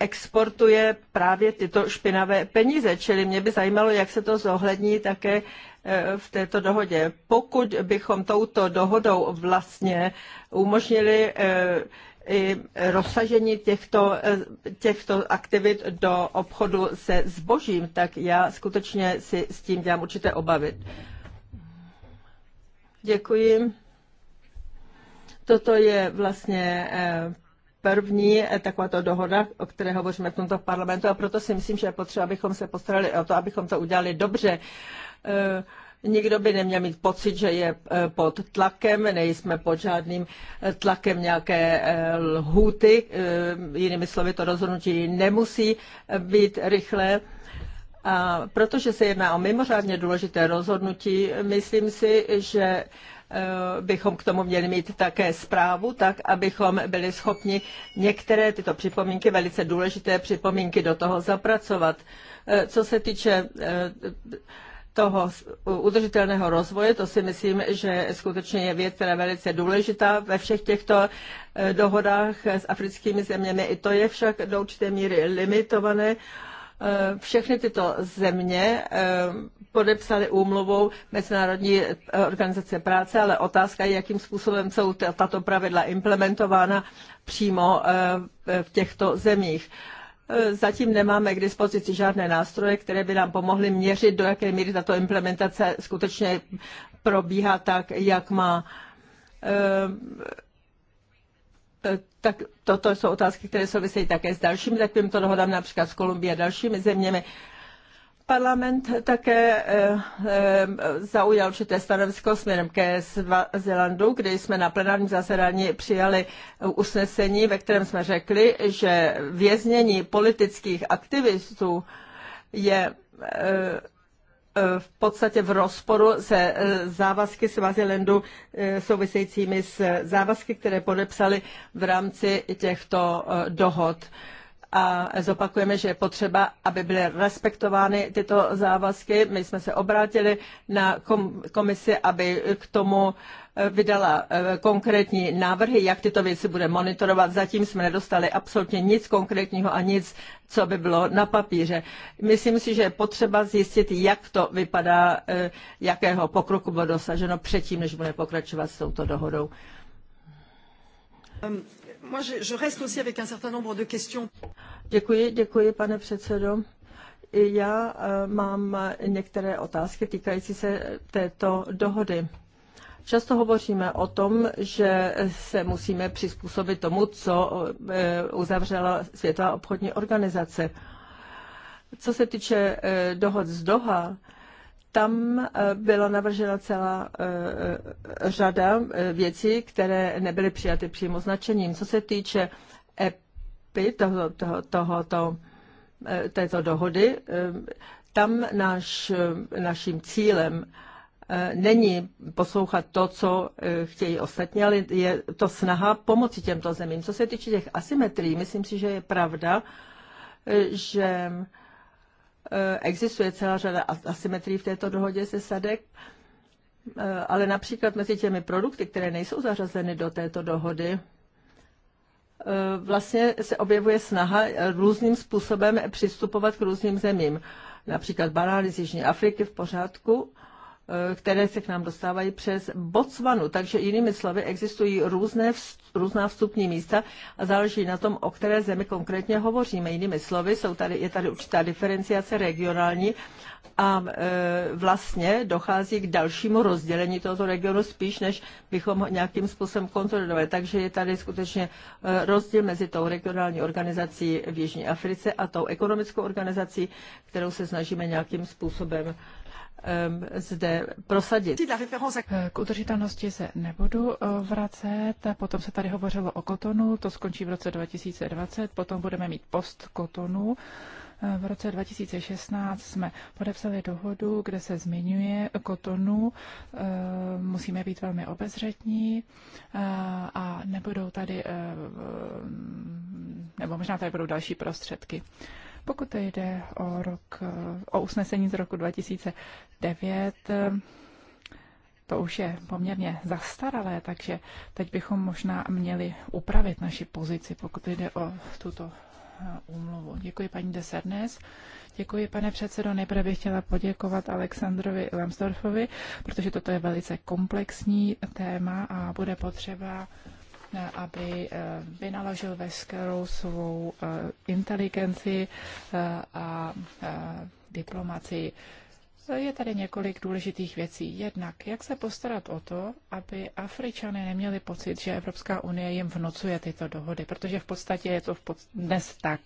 exportuje právě tyto špinavé peníze. Čili mě by zajímalo, jak se to zohlední také eh, v této dohodě. Pokud bychom touto dohodou vlastně umožnili i rozsažení těchto, těchto aktivit do obchodu se zbožím, tak já skutečně si s tím dělám určité obavy. Děkuji. Toto je vlastně eh, první eh, takováto dohoda, o které hovoříme v tomto parlamentu a proto si myslím, že je potřeba, abychom se postarali o to, abychom to udělali dobře. Eh, nikdo by neměl mít pocit, že je pod tlakem, nejsme pod žádným tlakem nějaké lhůty, jinými slovy to rozhodnutí nemusí být rychlé. A protože se jedná o mimořádně důležité rozhodnutí, myslím si, že e, bychom k tomu měli mít také zprávu, tak abychom byli schopni některé tyto připomínky, velice důležité připomínky, do toho zapracovat. E, co se týče e, toho udržitelného rozvoje, to si myslím, že skutečně je věc, která je velice důležitá ve všech těchto dohodách s africkými zeměmi. I to je však do určité míry limitované. Eh, všechny tyto země eh, podepsali úmluvou Mezinárodní eh, organizace práce, ale otázka je, jakým způsobem jsou tato pravidla implementována přímo v těchto zemích. Zatím nemáme k dispozici žádné nástroje, které by nám pomohly měřit, do jaké míry tato implementace skutečně probíhá tak, jak má tak toto jsou otázky, které souvisejí také s dalšími takovýmto dohodám, například s Kolumbií a dalšími zeměmi. Parlament také eh, eh, zaujal určité stanovisko směrem ke Zelandu, kde jsme na plenárním zasedání přijali eh, usnesení, ve kterém jsme řekli, že věznění politických aktivistů je v podstatě v rozporu se e, závazky Svazilendu e, souvisejícími s závazky, které podepsali v rámci těchto e, dohod a zopakujeme, že je potřeba, aby byly respektovány tyto závazky. My jsme se obrátili na komisi, aby k tomu eh, vydala eh, konkrétní návrhy, jak tyto věci bude monitorovat. Zatím jsme nedostali absolutně nic konkrétního a nic, co by bylo na papíře. Myslím si, že je potřeba zjistit, jak to vypadá, eh, jakého pokroku bylo dosaženo předtím, než bude pokračovat s touto dohodou. Euh, děkuji, děkuji, pane předsedo. Já eh, mám některé otázky týkající se této dohody. Často hovoříme o tom, že se musíme přizpůsobit tomu, co eh, uzavřela Světová obchodní organizace. Co se týče eh, dohod z Doha, tam eh, byla navržena celá eh, eh, řada věcí, které nebyly přijaty přímo značením. Co se týče EPI, toho, toho, tohoto, této dohody, tam náš, naším cílem není poslouchat to, co chtějí ostatní, ale je to snaha pomoci těmto zemím. Co se týče těch asymetrií, myslím si, že je pravda, že Eh, existuje celá řada asymetrií v této dohodě se SADEK, eh, ale například mezi těmi produkty, které nejsou zařazeny do této dohody, eh, vlastně se objevuje snaha různým způsobem přistupovat k různým zemím. Například banány z Jižní Afriky v pořádku, Eh, které se k nám dostávají přes Botswanu. Takže jinými slovy, existují různé, různá vstupní místa a záleží na tom, o které zemi konkrétně hovoříme. Jinými slovy, jsou tady, je tady určitá diferenciace regionální a e, vlastně dochází k dalšímu rozdělení tohoto regionu spíš, než bychom ho nějakým způsobem kontrolovali. Takže je tady skutečně e, rozdíl mezi tou regionální organizací v Jižní Africe a tou ekonomickou organizací, kterou se snažíme nějakým způsobem Ehm, zde prosadit. Eh, k udržitelnosti se nebudu eh, vracet, potom se tady hovořilo o kotonu, to skončí v roce 2020, potom budeme mít post kotonu. Eh, v roce 2016 jsme podepsali dohodu, kde se zmiňuje kotonu. Musíme být velmi obezřetní a nebudou tady, nebo možná tady budou další prostředky. Pokud to jde o, rok, o usnesení z roku 2009, to už je poměrně zastaralé, takže teď bychom možná měli upravit naši pozici, pokud jde o tuto eh, úmluvu. Děkuji paní Desernes. Děkuji, pane předsedo. Nejprve bych chtěla poděkovat Alexandrovi Lamsdorfovi, protože toto je velice komplexní téma a bude potřeba aby eh, vynaložil veškerou svou eh, inteligenci eh, a diplomacii je tady několik důležitých věcí. Jednak, jak se postarat o to, aby Afričané neměli pocit, že Evropská unie jim vnocuje tyto dohody, protože v podstatě je to v pod... dnes tak.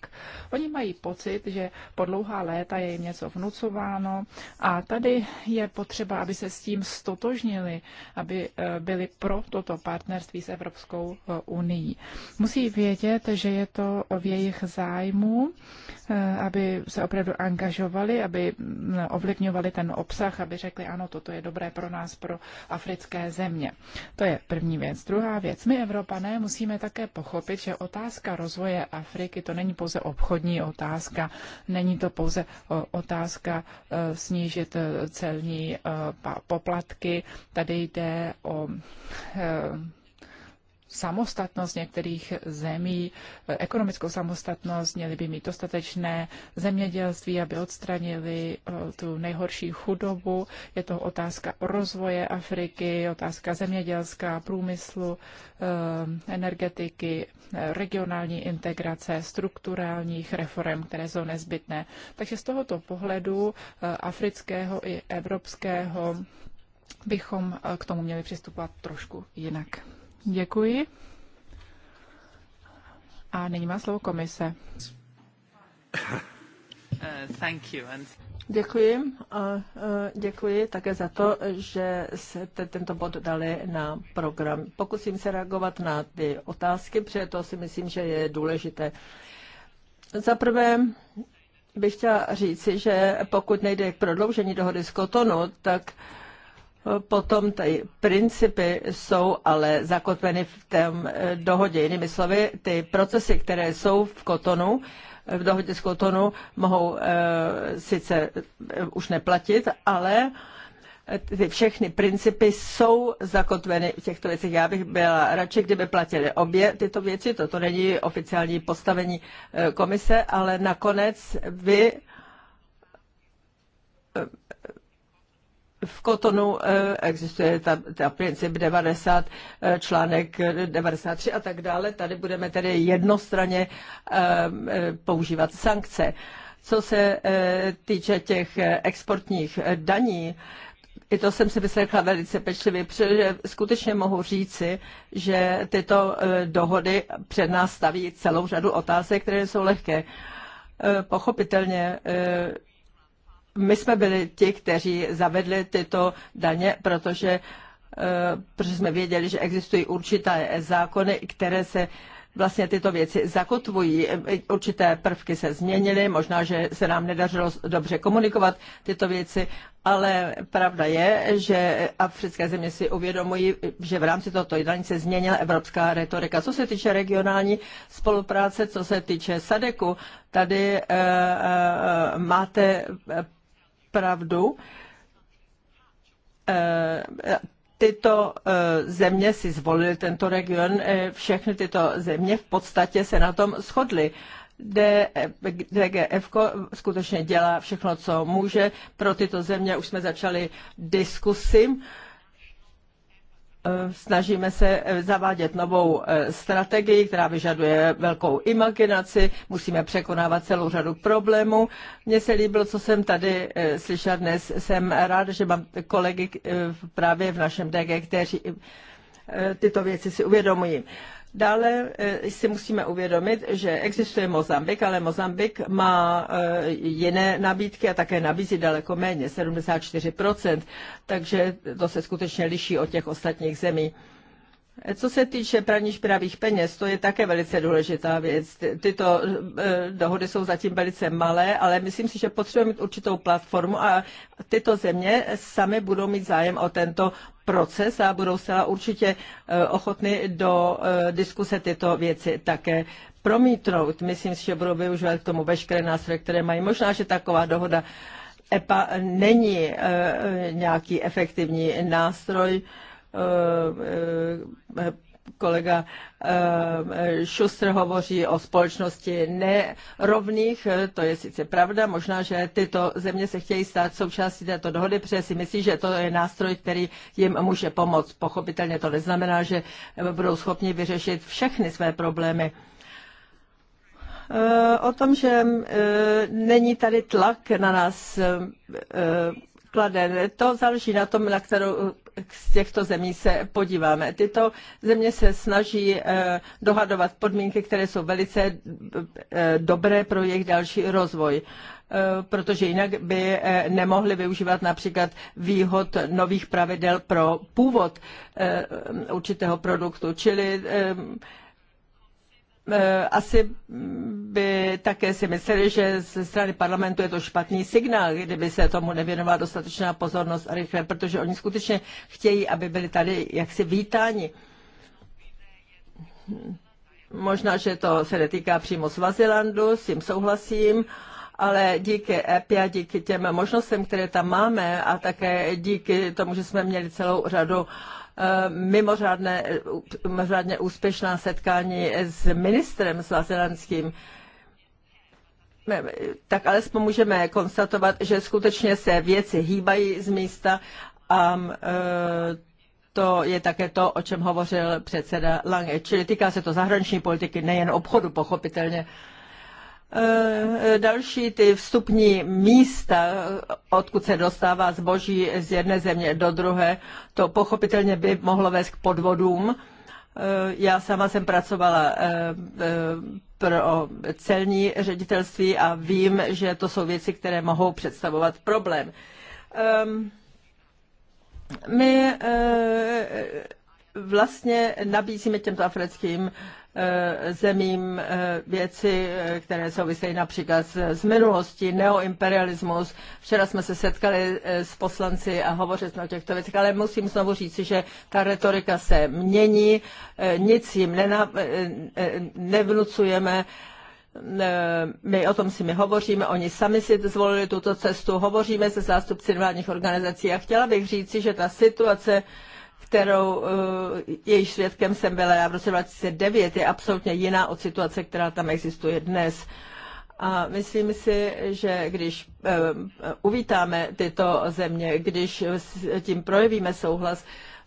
Oni mají pocit, že po dlouhá léta je jim něco vnucováno a tady je potřeba, aby se s tím stotožnili, aby eh, byli pro toto partnerství s Evropskou eh, unii. Musí vědět, že je to v jejich zájmu, eh, aby se opravdu angažovali, aby mm, ovlivňovali ten obsah, aby řekli, ano, toto je dobré pro nás, pro africké země. To je první věc. Druhá věc. My, Evropané, musíme také pochopit, že otázka rozvoje Afriky to není pouze obchodní otázka, není to pouze otázka e, snížit e, celní e, poplatky. Tady jde o samostatnost některých zemí, eh, ekonomickou samostatnost, měli by mít dostatečné zemědělství, aby odstranili eh, tu nejhorší chudobu. Je to otázka rozvoje Afriky, otázka zemědělská, průmyslu, eh, energetiky, regionální integrace, strukturálních reform, které jsou nezbytné. Takže z tohoto pohledu afrického i evropského bychom k tomu měli přistupovat trošku jinak. Děkuji. A nyní má slovo komise. Thank you. Děkuji. A děkuji také za to, že jste tento bod dali na program. Pokusím se reagovat na ty otázky, protože to si myslím, že je důležité. Za prvé bych chtěla říci, že pokud nejde k prodloužení dohody z Kotonu, tak Potom ty principy jsou ale zakotveny v té eh, dohodě. Jinými slovy, ty procesy, které jsou v Kotonu, v dohodě s Kotonu, mohou eh, sice eh, už neplatit, ale ty všechny principy jsou zakotveny v těchto věcech. Já bych byla radši, kdyby platily obě tyto věci. Toto není oficiální postavení komise, ale nakonec vy v Kotonu eh, existuje ta, ta princip 90, eh, článek 93 a tak dále. Tady budeme tedy jednostranně eh, používat sankce. Co se týče těch exportních daní, i to jsem si vyslechla velice pečlivě, protože skutečně mohu říci, že tyto dohody před nás staví celou řadu otázek, které jsou lehké. Pochopitelně my jsme byli ti, kteří zavedli tyto daně, protože, eh, protože jsme věděli, že existují určité zákony, které se vlastně tyto věci zakotvují. Určité prvky se změnily, možná, že se nám nedařilo dobře komunikovat tyto věci, ale pravda je, že africké země si uvědomují, že v rámci tohoto jednání se změnila evropská retorika. Co se týče regionální spolupráce, co se týče SADEKu, tady uh, máte pravdu, eh, tyto eh, země si zvolily tento region, eh, všechny tyto země v podstatě se na tom shodly. DGF skutečně dělá všechno, co může. Pro tyto země už jsme začali diskusy Eh, snažíme se eh, zavádět novou eh, strategii, která vyžaduje velkou imaginaci, musíme překonávat celou řadu problémů. Mně se líbilo, co jsem tady slyšela dnes. Jsem ráda, že mám kolegy právě v našem DG, kteří tyto věci si uvědomují. Dále eh, si musíme uvědomit, že existuje Mozambik, ale Mozambik má eh, jiné nabídky a také nabízí daleko méně, 74%, takže to se skutečně liší od těch ostatních zemí. Co se týče praní špinavých peněz, to je také velice důležitá věc. Tyto e, dohody jsou zatím velice malé, ale myslím si, že potřebujeme mít určitou platformu a tyto země sami budou mít zájem o tento proces a budou zcela určitě e, ochotny do e, diskuse tyto věci také promítnout. Myslím si, že budou využívat k tomu veškeré nástroje, které mají. Možná, že taková dohoda EPA není nějaký efektivní nástroj, Eh, eh, kolega Šustr eh, hovoří o společnosti nerovných, to je sice pravda, možná, že tyto země se chtějí stát součástí této dohody, protože si myslí, že to je nástroj, který jim může pomoct. Pochopitelně to neznamená, že budou schopni vyřešit všechny své problémy o tom, že není tady tlak na nás kladen. To záleží na tom, na kterou z těchto zemí se podíváme. Tyto země se snaží eh, dohadovat podmínky, které jsou velice eh, dobré pro jejich další rozvoj eh, protože jinak by nemohli využívat například výhod nových pravidel pro původ určitého produktu. Čili Eh, asi by také si mysleli, že ze strany parlamentu je to špatný signál, kdyby se tomu nevěnovala dostatečná pozornost a rychle, protože oni skutečně chtějí, aby byli tady jaksi vítáni. Možná, že to se netýká přímo Svazilandu, s tím souhlasím, ale díky e a díky těm možnostem, které tam máme a také díky tomu, že jsme měli celou řadu uh, Eh, mimořádné, eh, mimořádně úspěšná setkání s ministrem svazilandským, eh, tak alespoň můžeme konstatovat, že skutečně se věci hýbají z místa a to je také to, o čem hovořil předseda Lange. Čili týká se to zahraniční politiky, nejen obchodu, pochopitelně. Uh, Eh, eh, další ty vstupní místa, odkud se dostává zboží z jedné země do druhé, to pochopitelně by mohlo vést k podvodům. Eh, já sama jsem pracovala pro celní ředitelství a vím, že to jsou věci, které mohou představovat problém. Ehm, my vlastně nabízíme těmto africkým Eh, zemím eh, věci, eh, které souvisejí například s minulostí, neoimperialismus. Včera jsme se setkali s poslanci a hovořili jsme o těchto věcech, ale musím znovu říci, že ta retorika se mění, nic jim nena, nevnucujeme my o tom si my hovoříme, oni sami si zvolili tuto cestu, hovoříme se zástupci vládních organizací a chtěla bych říci, že ta situace kterou eh, jejíž svědkem jsem byla já v roce 2009, je absolutně jiná od situace, která tam existuje dnes. A myslím si, že když eh, uvítáme tyto země, když s tím projevíme souhlas,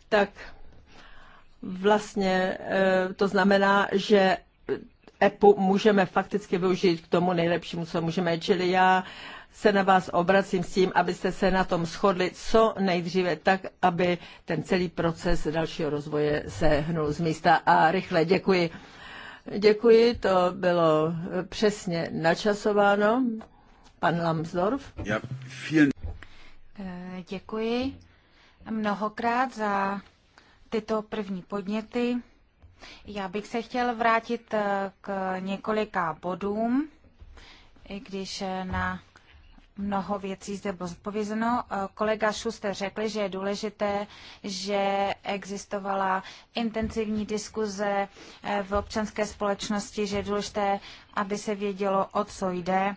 tak vlastně eh, to znamená, že EPU můžeme fakticky využít k tomu nejlepšímu, co můžeme. Čili já se na vás obracím s tím, abyste se na tom shodli co nejdříve tak, aby ten celý proces dalšího rozvoje se hnul z místa a rychle. Děkuji. Děkuji, to bylo přesně načasováno. Pan Lambsdorff. Ja, vielen... Eh, děkuji mnohokrát za tyto první podněty. Já bych se chtěl vrátit eh, k několika bodům, i když eh, na Mnoho věcí zde bylo zpovězeno. Eh, kolega Šuster řekl, že je důležité, že existovala intenzivní diskuze eh, v občanské společnosti, že je důležité, aby se vědělo, o co jde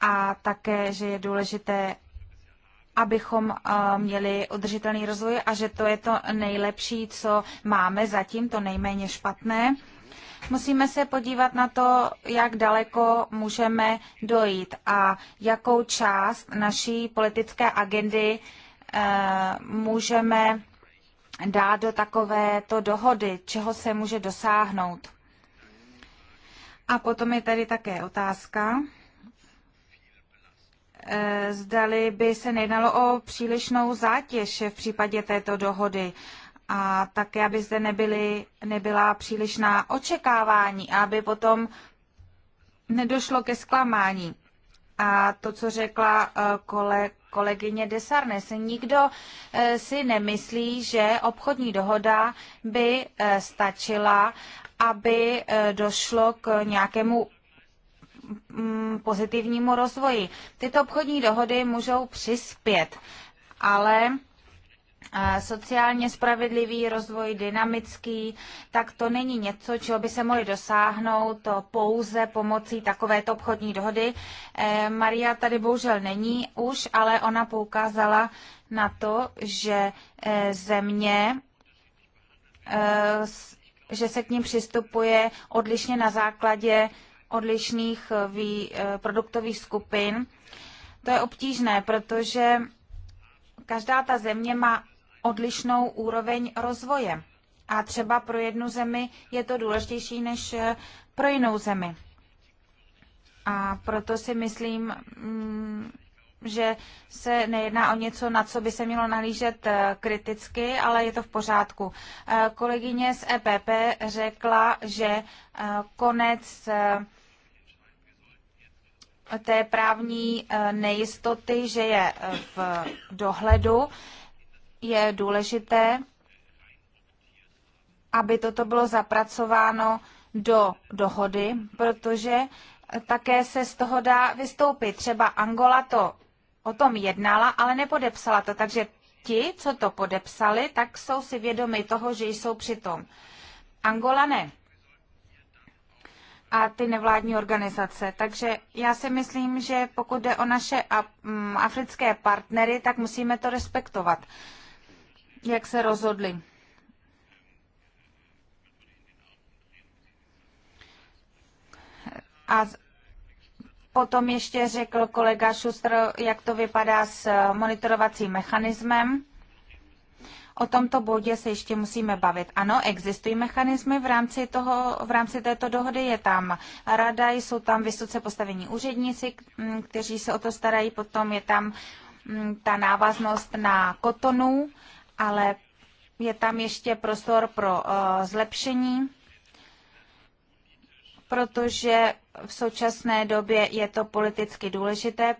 a také, že je důležité, abychom eh, měli udržitelný rozvoj a že to je to nejlepší, co máme zatím, to nejméně špatné. Musíme se podívat na to, jak daleko můžeme dojít a jakou část naší politické agendy eh, můžeme dát do takovéto dohody, čeho se může dosáhnout. A potom je tady také otázka, eh, zdali by se nejednalo o přílišnou zátěž v případě této dohody a také, aby zde nebyly, nebyla přílišná očekávání a aby potom nedošlo ke zklamání. A to, co řekla eh, kole, kolegyně Desarnes, nikdo eh, si nemyslí, že obchodní dohoda by eh, stačila, aby došlo k nějakému mm, pozitivnímu rozvoji. Tyto obchodní dohody můžou přispět, ale sociálně spravedlivý rozvoj, dynamický, tak to není něco, čeho by se mohli dosáhnout pouze pomocí takovéto obchodní dohody. Eh, Maria tady bohužel není už, ale ona poukázala na to, že eh, země eh, že se k ním přistupuje odlišně na základě odlišných produktových skupin. To je obtížné, protože každá ta země má odlišnou úroveň rozvoje. A třeba pro jednu zemi je to důležitější než eh, pro jinou zemi. A proto si myslím, mm, že se nejedná o něco, na co by se mělo nalížet eh, kriticky, ale je to v pořádku. Eh, kolegyně z EPP řekla, že konec té právní nejistoty, že je v dohledu je důležité, aby toto bylo zapracováno do dohody, protože také se z toho dá vystoupit. Třeba Angola to o tom jednala, ale nepodepsala to. Takže ti, co to podepsali, tak jsou si vědomi toho, že jsou přitom. Angola ne. A ty nevládní organizace. Takže já si myslím, že pokud jde o naše mm, africké partnery, tak musíme to respektovat jak se rozhodli. A potom ještě řekl kolega Šustr, jak to vypadá s monitorovacím mechanismem. O tomto bodě se ještě musíme bavit. Ano, existují mechanismy v rámci, toho, v rámci této dohody. Je tam rada, jsou tam vysoce postavení úředníci, mm, kteří se o to starají. Potom je tam mm, ta návaznost na kotonu ale je tam ještě prostor pro eh, zlepšení, protože v současné době je to politicky důležité,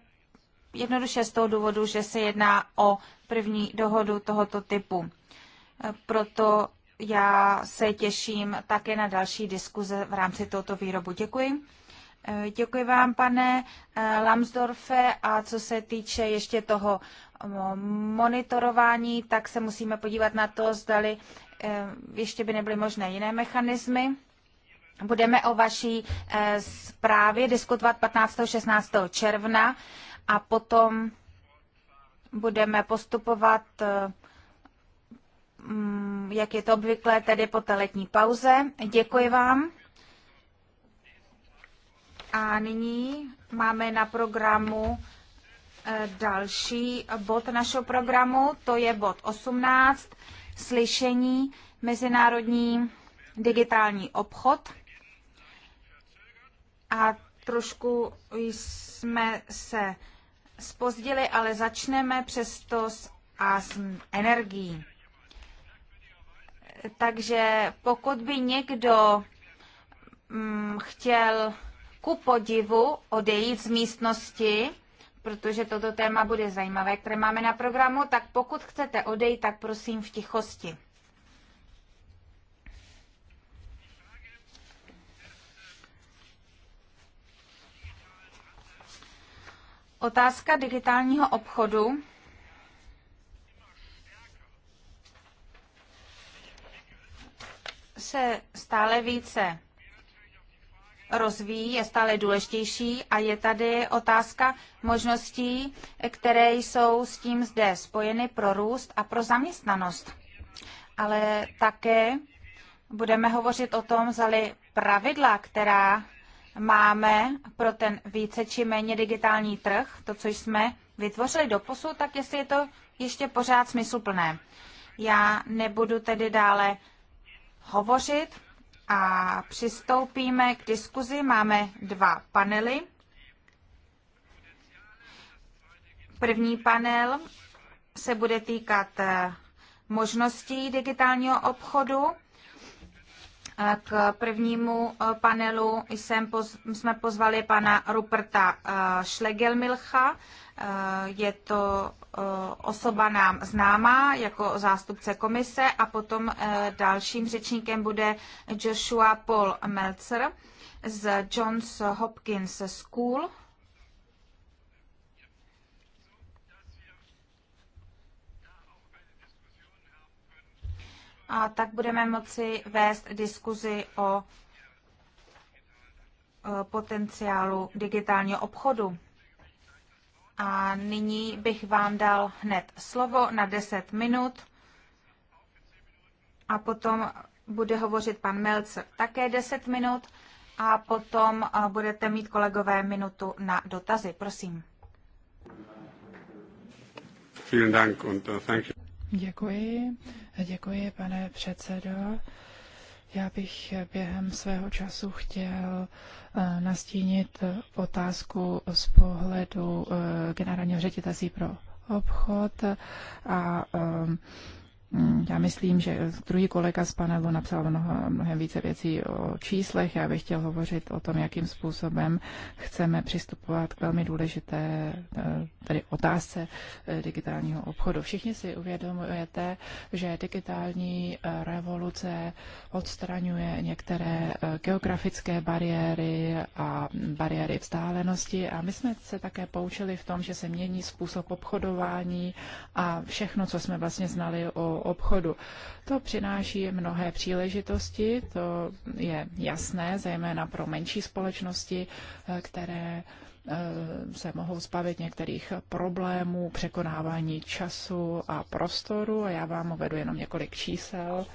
jednoduše z toho důvodu, že se jedná o první dohodu tohoto typu. Eh, proto já se těším také na další diskuze v rámci tohoto výrobu. Děkuji. Eh, děkuji vám, pane eh, Lambsdorfe. A co se týče ještě toho eh, monitorování, tak se musíme podívat na to, zdali ještě by nebyly možné jiné mechanismy. Budeme o vaší zprávě diskutovat 15. 16. června a potom budeme postupovat, mm, jak je to obvykle, tedy po té letní pauze. Děkuji vám. A nyní máme na programu eh, další bod našeho programu, to je bod 18, slyšení Mezinárodní digitální obchod. A trošku jsme se spozdili, ale začneme přesto s, a energií. Takže pokud by někdo mm, chtěl ku podivu odejít z místnosti, protože toto téma bude zajímavé, které máme na programu, tak pokud chcete odejít, tak prosím v tichosti. Otázka digitálního obchodu se stále více rozvíjí, je stále důležitější a je tady otázka možností, které jsou s tím zde spojeny pro růst a pro zaměstnanost. Ale také budeme hovořit o tom, zali pravidla, která máme pro ten více či méně digitální trh, to, co jsme vytvořili do posud, tak jestli je to ještě pořád smysluplné. Já nebudu tedy dále hovořit, a přistoupíme k diskuzi. Máme dva panely. První panel se bude týkat eh, možností digitálního obchodu. K prvnímu eh, panelu jsem poz, jsme pozvali pana Ruperta eh, Schlegelmilcha. Je to E, osoba nám známá jako zástupce komise a potom e, dalším řečníkem bude Joshua Paul Meltzer z Johns Hopkins School. A tak budeme moci vést diskuzi o e, potenciálu digitálního obchodu. A nyní bych vám dal hned slovo na 10 minut a potom bude hovořit pan Melcer také 10 minut a potom budete mít kolegové minutu na dotazy. Prosím. Uh, Děkuji. Děkuji, pane předsedo. Já bych během svého času chtěl eh, nastínit otázku z pohledu eh, generálního ředitelství pro obchod a eh, Hmm, já myslím, že eh, druhý kolega z panelu napsal mnoho, mnohem více věcí o číslech. Já bych chtěl hovořit o tom, jakým způsobem chceme přistupovat k velmi důležité eh, tedy otázce eh, digitálního obchodu. Všichni si uvědomujete, že digitální revoluce odstraňuje některé geografické bariéry a bariéry vzdálenosti. A my jsme se také poučili v tom, že se mění způsob obchodování a všechno, co jsme vlastně znali o obchodu. To přináší mnohé příležitosti, to je jasné, zejména pro menší společnosti, eh, které eh, se mohou zbavit některých problémů, překonávání času a prostoru. A já vám uvedu jenom několik čísel.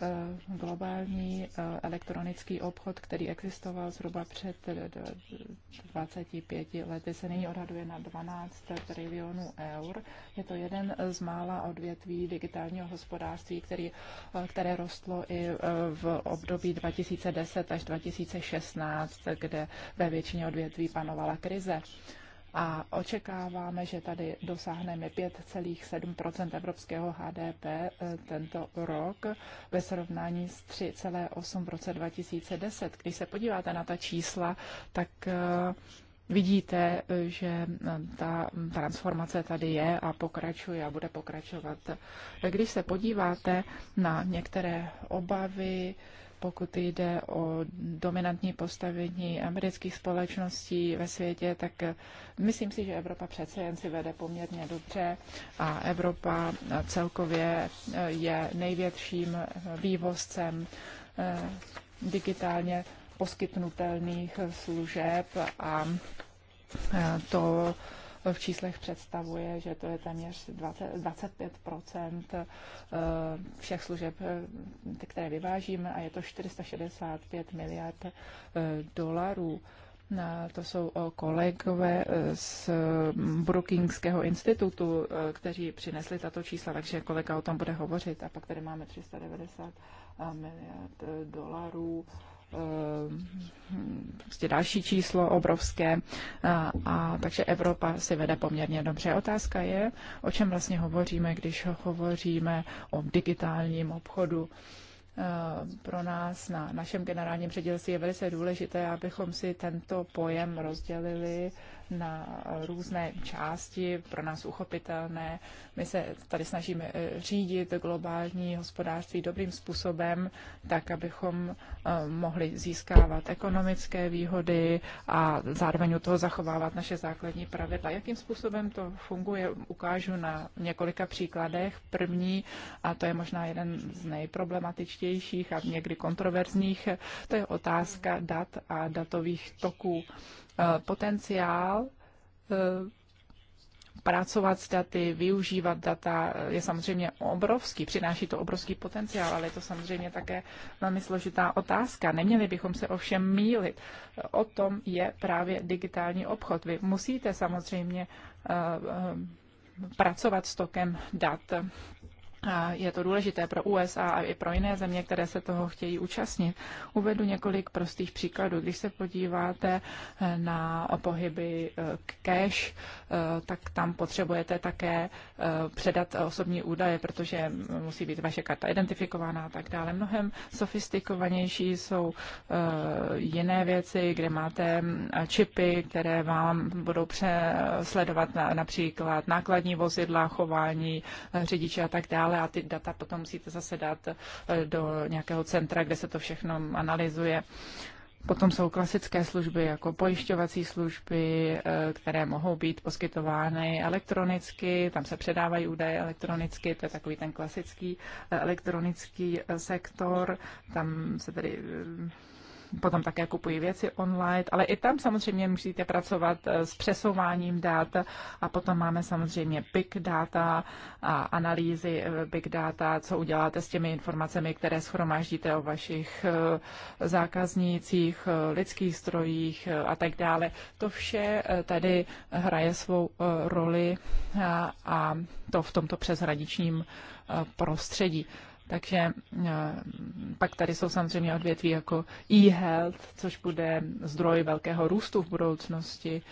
Eh, globální eh, elektronický obchod, který existoval zhruba před 25 eh, lety, se nyní odhaduje na 12 trilionů eur. Je to jeden z mála odvětví digitálního hospodářství, který, které rostlo i v období 2010 až 2016, kde ve většině odvětví panovala krize a očekáváme, že tady dosáhneme 5,7 evropského HDP eh, tento rok ve srovnání s 3,8 v roce 2010. Když se podíváte na ta čísla, tak eh, vidíte, eh, že ta transformace tady je a pokračuje a bude pokračovat. Když se podíváte na některé obavy, pokud jde o dominantní postavení amerických společností ve světě, tak myslím si, že Evropa přece jen si vede poměrně dobře a Evropa celkově je největším vývozcem eh, digitálně poskytnutelných služeb a eh, to v číslech představuje, že to je téměř 20, 25 eh, všech služeb, eh, které vyvážíme a je to 465 miliard eh, dolarů. To jsou kolegové z mm, Brookingského institutu, kteří přinesli tato čísla, takže kolega o tom bude hovořit. A pak tady máme 390 miliard dolarů prostě další číslo obrovské. A, a takže Evropa si vede poměrně dobře. Otázka je, o čem vlastně hovoříme, když hovoříme o digitálním obchodu pro nás na našem generálním ředitelství je velice důležité, abychom si tento pojem rozdělili na různé části, pro nás uchopitelné. My se tady snažíme eh, řídit globální hospodářství dobrým způsobem, tak, abychom eh, mohli získávat ekonomické výhody a zároveň u toho zachovávat naše základní pravidla. Jakým způsobem to funguje, ukážu na několika příkladech. První, a to je možná jeden z nejproblematičtějších a někdy kontroverzních, to je otázka dat a datových toků. Eh, potenciál eh, pracovat s daty, využívat data je samozřejmě obrovský, přináší to obrovský potenciál, ale je to samozřejmě také velmi složitá otázka. Neměli bychom se ovšem mílit. O tom je právě digitální obchod. Vy musíte samozřejmě eh, pracovat s tokem dat je to důležité pro USA a i pro jiné země, které se toho chtějí účastnit. Uvedu několik prostých příkladů. Když se podíváte eh, na pohyby k eh, cash, eh, tak tam potřebujete také předat osobní údaje, protože musí být vaše karta identifikována a tak dále. Mnohem sofistikovanější jsou jiné věci, kde máte mm, čipy, které vám budou sledovat například nákladní vozidla, chování řidiče a tak dále ale a ty data potom musíte zase dát eh, do nějakého centra, kde se to všechno analyzuje. Potom jsou klasické služby jako pojišťovací služby, eh, které mohou být poskytovány elektronicky, tam se předávají údaje elektronicky, to je takový ten klasický eh, elektronický sektor, tam se tedy potom také kupují věci online, ale i tam samozřejmě musíte pracovat eh, s přesouváním dat a potom máme samozřejmě big data a analýzy eh, big data, co uděláte s těmi informacemi, které schromáždíte o vašich eh, zákaznících, lidských strojích a tak dále. To vše tady hraje svou roli a to v tomto přeshraničním prostředí. Takže eh, pak tady jsou samozřejmě odvětví jako e-health, což bude zdroj velkého růstu v budoucnosti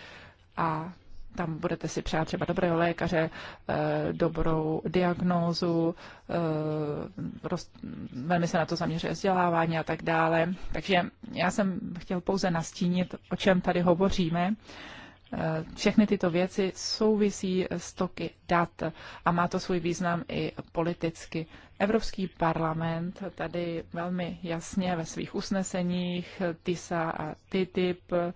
a tam budete si přát třeba dobrého lékaře, eh, dobrou diagnózu, eh, velmi se na to zaměřuje vzdělávání a tak dále. Takže já jsem chtěl pouze nastínit, o čem tady hovoříme Eh, všechny tyto věci souvisí s toky dat a má to svůj význam i politicky. Evropský parlament tady velmi jasně ve svých usneseních eh, TISA a TTIP eh,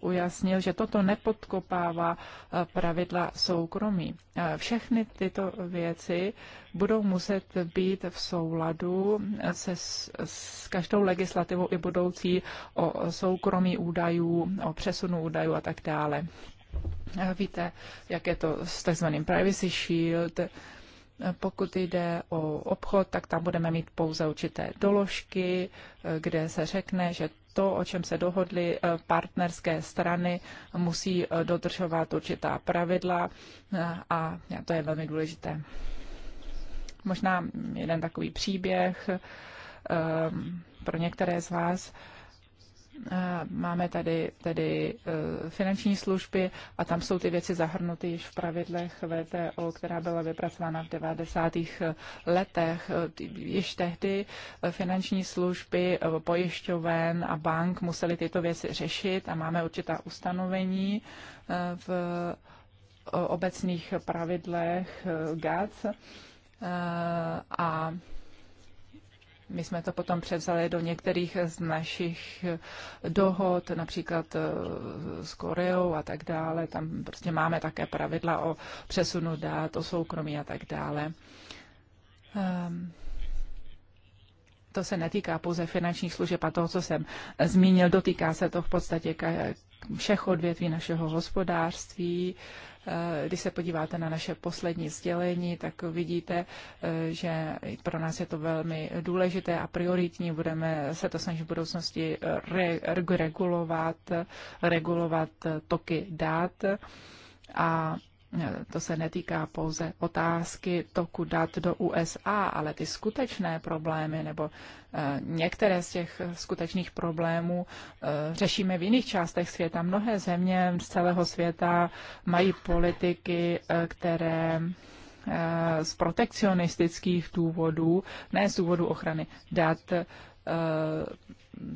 ujasnil, že toto nepodkopává eh, pravidla soukromí. Eh, všechny tyto věci budou muset být v souladu se s, s každou legislativou i budoucí o soukromí údajů, o přesunu údajů a tak dále. Eh, víte, jak je to s takzvaným privacy shield, pokud jde o obchod, tak tam budeme mít pouze určité doložky, kde se řekne, že to, o čem se dohodly eh, partnerské strany, musí eh, dodržovat určitá pravidla eh, a to je velmi důležité. Možná jeden takový příběh pro některé z vás Máme tady, tady e, finanční služby a tam jsou ty věci zahrnuty již v pravidlech VTO, která byla vypracována v 90. E, letech. E, již tehdy finanční služby pojišťoven a bank museli tyto věci řešit a máme určitá ustanovení v obecných pravidlech GATS a my jsme to potom převzali do některých z našich dohod, například eh, s Koreou a tak dále. Tam prostě máme také pravidla o přesunu dát, o soukromí a tak dále. Ehm, to se netýká pouze finančních služeb a toho, co jsem zmínil, dotýká se to v podstatě všech odvětví našeho hospodářství Eh, když se podíváte na naše poslední sdělení, tak vidíte, eh, že pro nás je to velmi důležité a prioritní. Budeme se to snažit v budoucnosti regulovat, regulovat toky dát a eh, to se netýká pouze otázky toku dat do USA, ale ty skutečné problémy nebo Eh, některé z těch skutečných problémů eh, řešíme v jiných částech světa. Mnohé země z celého světa mají politiky, eh, které z protekcionistických důvodů, ne z důvodu ochrany dat,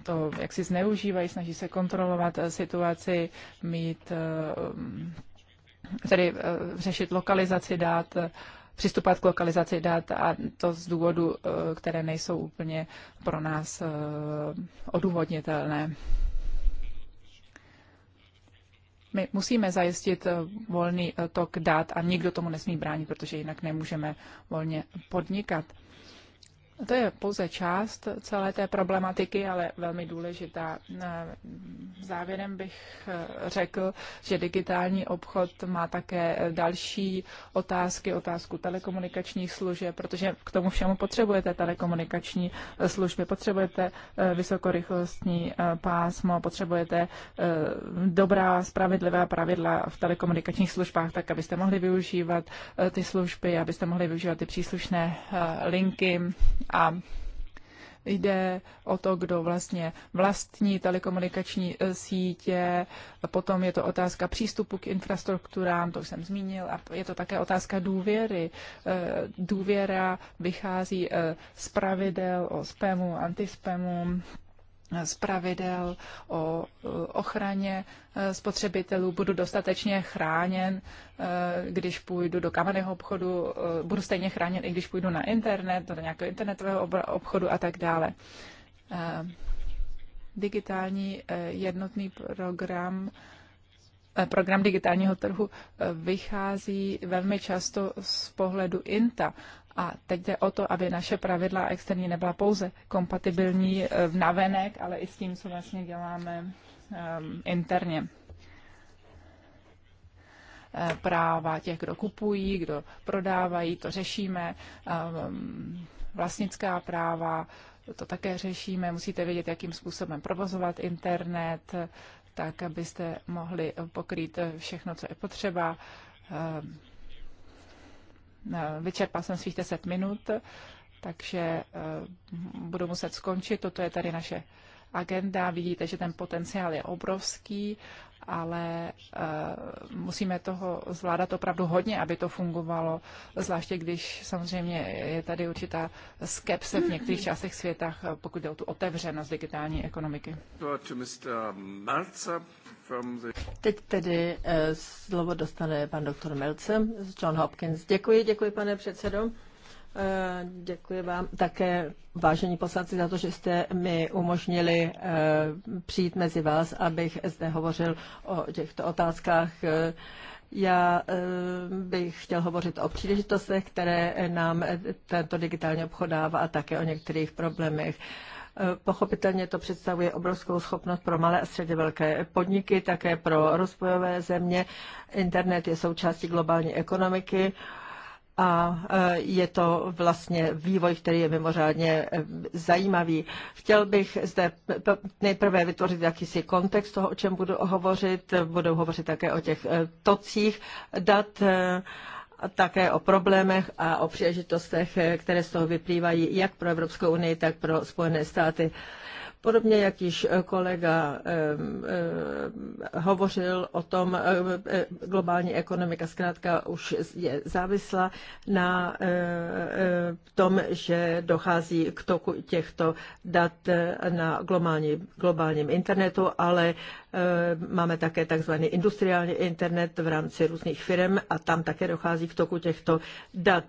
to jak si zneužívají, snaží se kontrolovat situaci, mít tedy řešit lokalizaci dát přistupovat k lokalizaci dat a to z důvodu, eh, které nejsou úplně pro nás eh, odůvodnitelné. My musíme zajistit eh, volný tok dat a nikdo tomu nesmí bránit, protože jinak nemůžeme volně podnikat. To je pouze část celé té problematiky, ale velmi důležitá. Závěrem bych eh, řekl, že digitální obchod má také eh, další otázky, otázku telekomunikačních služeb, protože k tomu všemu potřebujete telekomunikační eh, služby, potřebujete vysokorychlostní pásmo, potřebujete dobrá, spravedlivá pravidla v telekomunikačních službách, tak abyste mohli využívat ty služby, abyste mohli využívat ty příslušné linky a jde o to, kdo vlastně vlastní telekomunikační eh, sítě, potom je to otázka přístupu k infrastrukturám, to už jsem zmínil, a je to také otázka důvěry. Eh, důvěra vychází eh, z pravidel o spamu, antispamu, z pravidel o eh, ochraně eh, spotřebitelů, budu dostatečně chráněn, eh, když půjdu do kamenného obchodu, budu stejně chráněn, i když půjdu na internet, do nějakého internetového obchodu a tak dále. Digitální jednotný program program digitálního trhu vychází velmi často z pohledu INTA a teď jde o to, aby naše pravidla externí nebyla pouze kompatibilní eh, v navenek, ale i s tím, co vlastně děláme um, interně. Eh, práva těch, kdo kupují, kdo prodávají, to řešíme. Um, vlastnická práva, to také řešíme. Musíte vědět, jakým způsobem provozovat internet, tak abyste mohli pokrýt eh, všechno, co je potřeba. Um, Eh, vyčerpal jsem svých 10 minut, takže eh, budu muset skončit. Toto je tady naše agenda. Vidíte, že ten potenciál je obrovský ale eh, musíme toho zvládat opravdu hodně, aby to fungovalo, zvláště když samozřejmě je tady určitá skepse v některých částech světa, pokud jde o tu otevřenost digitální ekonomiky. Teď tedy eh, slovo dostane pan doktor Melce z John Hopkins. Děkuji, děkuji pane předsedo. Eh, děkuji vám také, vážení poslanci, za to, že jste mi umožnili eh, přijít mezi vás, abych zde hovořil o těchto otázkách. Eh, já bych chtěl hovořit o příležitostech, které nám tento digitální obchod dává a také o některých problémech. Pochopitelně to představuje obrovskou schopnost pro malé a středně velké podniky, také pro rozvojové země. Internet je součástí globální ekonomiky a e, je to vlastně vývoj, který je mimořádně e, zajímavý. Chtěl bych zde nejprve vytvořit jakýsi kontext toho, o čem budu hovořit. Budu hovořit také o těch e, tocích dat, také o problémech a o příležitostech, které z toho vyplývají jak pro Evropskou unii, tak pro Spojené státy. Podobně jak již eh, kolega eh, eh, hovořil o tom, globální ekonomika zkrátka už je závislá na tom, že dochází k toku těchto dat na globální, globálním internetu, ale máme také takzvaný industriální internet v rámci různých firm a tam také dochází k toku těchto dat.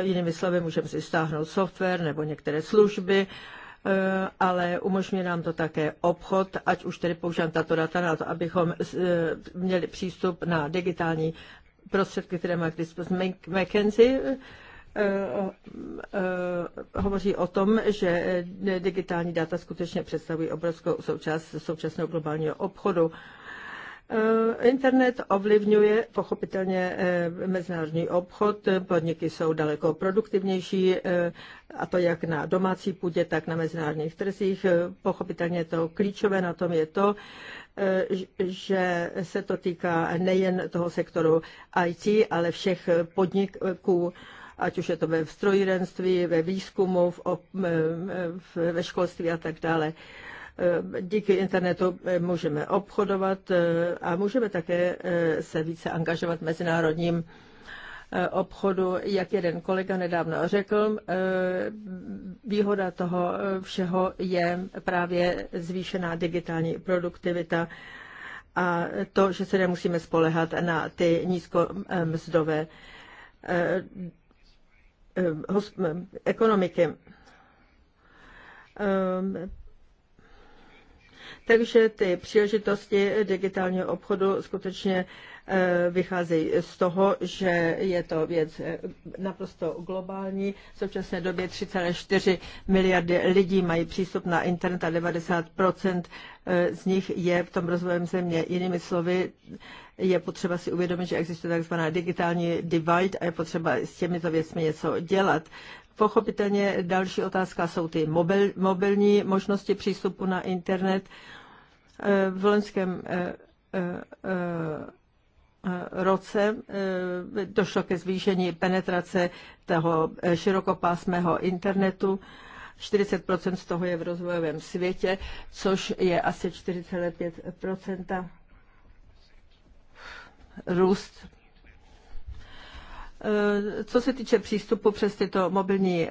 Jinými slovy, můžeme si stáhnout software nebo některé služby, Eh, ale umožňuje nám to také obchod, ať už tedy používám tato data na to, abychom eh, měli přístup na digitální prostředky, které má k dispozici McKenzie eh, hovoří o tom, že digitální data skutečně představují obrovskou součást současného globálního obchodu. Eh, internet ovlivňuje pochopitelně eh, mezinárodní obchod, podniky jsou daleko produktivnější, eh, a to jak na domácí půdě, tak na mezinárodních trzích. Pochopitelně to klíčové na tom je to, že se to týká nejen toho sektoru IT, ale všech podniků, ať už je to ve strojírenství, ve výzkumu, ve školství a tak dále. Eh, díky internetu eh, můžeme obchodovat eh, a můžeme také se více angažovat v mezinárodním obchodu, jak jeden kolega nedávno řekl, výhoda toho všeho je právě zvýšená digitální produktivita a to, že se nemusíme spolehat na ty nízkomzdové ekonomiky takže ty příležitosti digitálního obchodu skutečně eh, vycházejí z toho, že je to věc eh, naprosto globální. V současné době 3,4 miliardy lidí mají přístup na internet a 90 eh, z nich je v tom rozvojem země. Jinými slovy, je potřeba si uvědomit, že existuje takzvaná digitální divide a je potřeba s těmito věcmi něco dělat. Pochopitelně další otázka jsou ty mobil, mobilní možnosti přístupu na internet. Uh, v loňském eh, eh, eh, roce došlo ke zvýšení penetrace toho širokopásmého internetu. 40 z toho je v rozvojovém světě, což je asi 4,5 růst. Co se týče přístupu přes tyto mobilní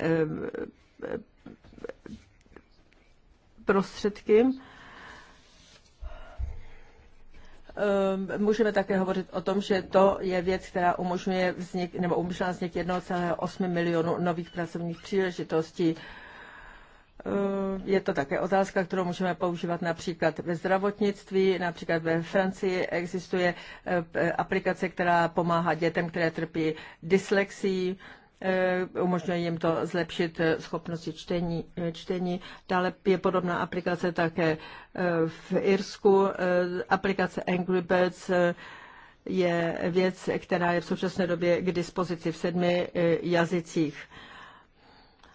prostředky, Ehm, můžeme také hovořit o tom, že to je věc, která umožňuje vznik, nebo umožňuje vznik 1,8 milionu nových pracovních příležitostí. Ehm, je to také otázka, kterou můžeme používat například ve zdravotnictví. Například ve Francii existuje eh, aplikace, která pomáhá dětem, které trpí dyslexií. Eh, umožňuje jim to zlepšit eh, schopnosti čtení. Eh, čtení. Dále je podobná aplikace také v Irsku. Aplikace Angry Birds je věc, která je v současné době k dispozici v sedmi jazycích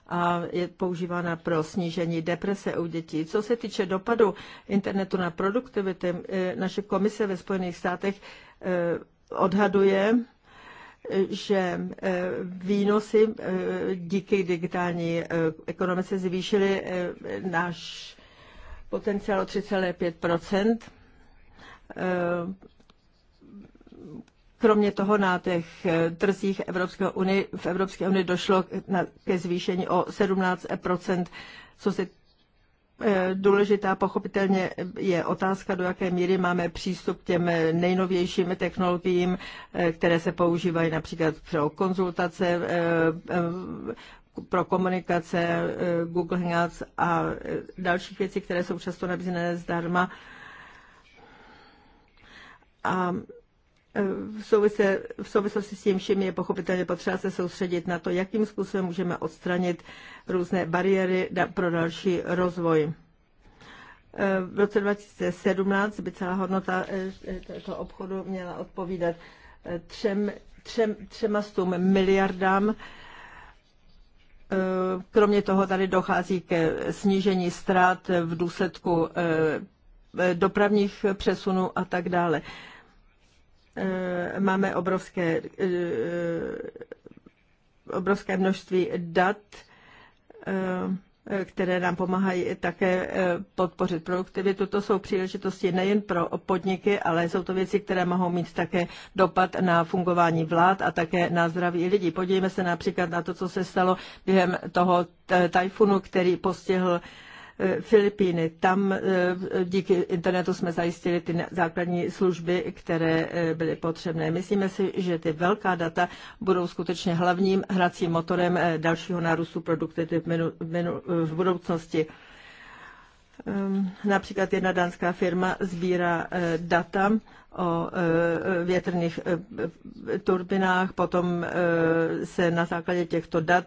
a je používána pro snížení deprese u dětí. Co se týče dopadu internetu na produktivitu, naše komise ve Spojených státech odhaduje, že eh, výnosy eh, díky digitální eh, ekonomice zvýšily náš potenciál o 3,5 Kromě toho na těch trzích Evropské unie, v Evropské unii došlo ke zvýšení o 17 co se Eh, důležitá pochopitelně je otázka, do jaké míry máme přístup k těm nejnovějším technologiím, eh, které se používají například pro konzultace, eh, pro komunikace, Google Hangouts a dalších věcí, které jsou často nabízené zdarma. A v, souvisle, v souvislosti s tím všem je pochopitelně potřeba se soustředit na to, jakým způsobem můžeme odstranit různé bariéry pro další rozvoj. E, v roce 2017 by celá hodnota e, toho obchodu měla odpovídat e, třem, třem, třema stům miliardám. Kromě toho tady dochází ke snížení ztrát v důsledku dopravních přesunů a tak dále. Eh, máme obrovské, eh, obrovské množství dat, eh, které nám pomáhají také podpořit produktivitu. To jsou příležitosti nejen pro podniky, ale jsou to věci, které mohou mít také dopad na fungování vlád a také na zdraví lidí. Podívejme se například na to, co se stalo během toho tajfunu, který postihl uh, Eh, Filipíny. Tam eh, díky internetu jsme zajistili ty základní služby, které eh, byly potřebné. Myslíme si, že ty velká data budou skutečně hlavním hracím motorem dalšího nárůstu produktivity v, v budoucnosti. Ehm, například jedna dánská firma sbírá data o e, větrných e, turbinách, potom e, se na základě těchto dat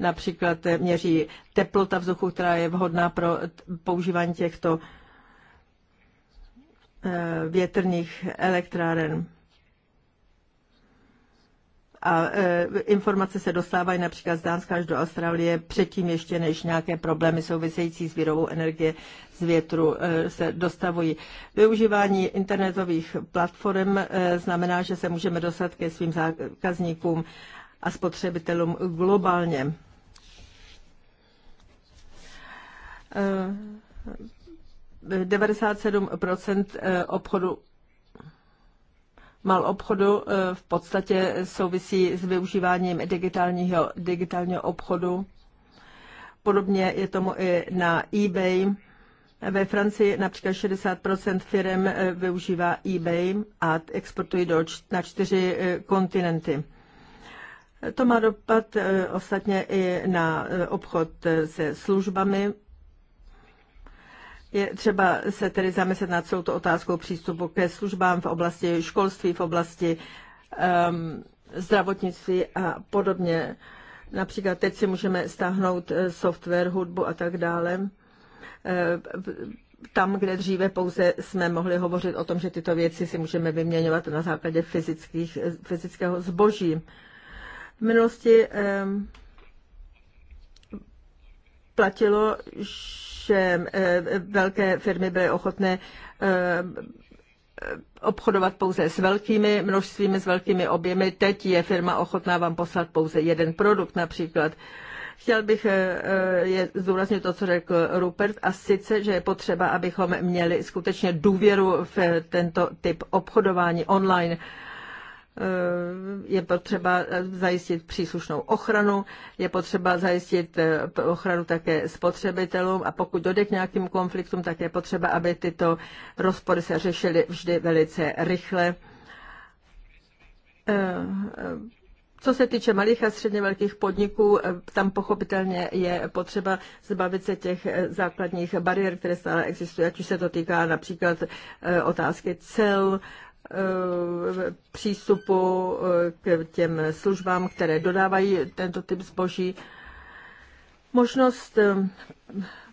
například měří teplota vzduchu, která je vhodná pro používání těchto větrných elektráren a e, informace se dostávají například z Dánska až do Austrálie předtím ještě, než nějaké problémy související s výrobou energie z větru e, se dostavují. Využívání internetových platform e, znamená, že se můžeme dostat ke svým zákazníkům a spotřebitelům globálně. E, 97 obchodu mal obchodu eh, v podstatě souvisí s využíváním digitálního, digitálního obchodu. Podobně je tomu i na eBay. Ve Francii například 60 firm eh, využívá eBay a exportují do, na čtyři eh, kontinenty. To má dopad ostatně i na obchod se službami. Je třeba se tedy zamyslet nad celou to otázkou přístupu ke službám v oblasti školství, v oblasti um, zdravotnictví a podobně. Například teď si můžeme stáhnout eh, software, hudbu a tak dále. Eh, tam, kde dříve pouze jsme mohli hovořit o tom, že tyto věci si můžeme vyměňovat na základě fyzických, eh, fyzického zboží. V minulosti ehm, platilo, že eh, velké firmy byly ochotné eh, obchodovat pouze s velkými množstvími, s velkými objemy. Teď je firma ochotná vám poslat pouze jeden produkt například. Chtěl bych eh, je zdůraznit to, co řekl Rupert, a sice, že je potřeba, abychom měli skutečně důvěru v tento typ obchodování online. Eh, je potřeba eh, zajistit příslušnou ochranu, je potřeba zajistit eh, ochranu také spotřebitelům a pokud dojde k nějakým konfliktům, tak je potřeba, aby tyto rozpory se řešily vždy velice rychle. Co se týče malých a středně velkých podniků, tam pochopitelně je potřeba zbavit se těch základních bariér, které stále existují, ať už se to týká například otázky cel, Eh, přístupu eh, k těm službám, které dodávají tento typ zboží. Možnost eh,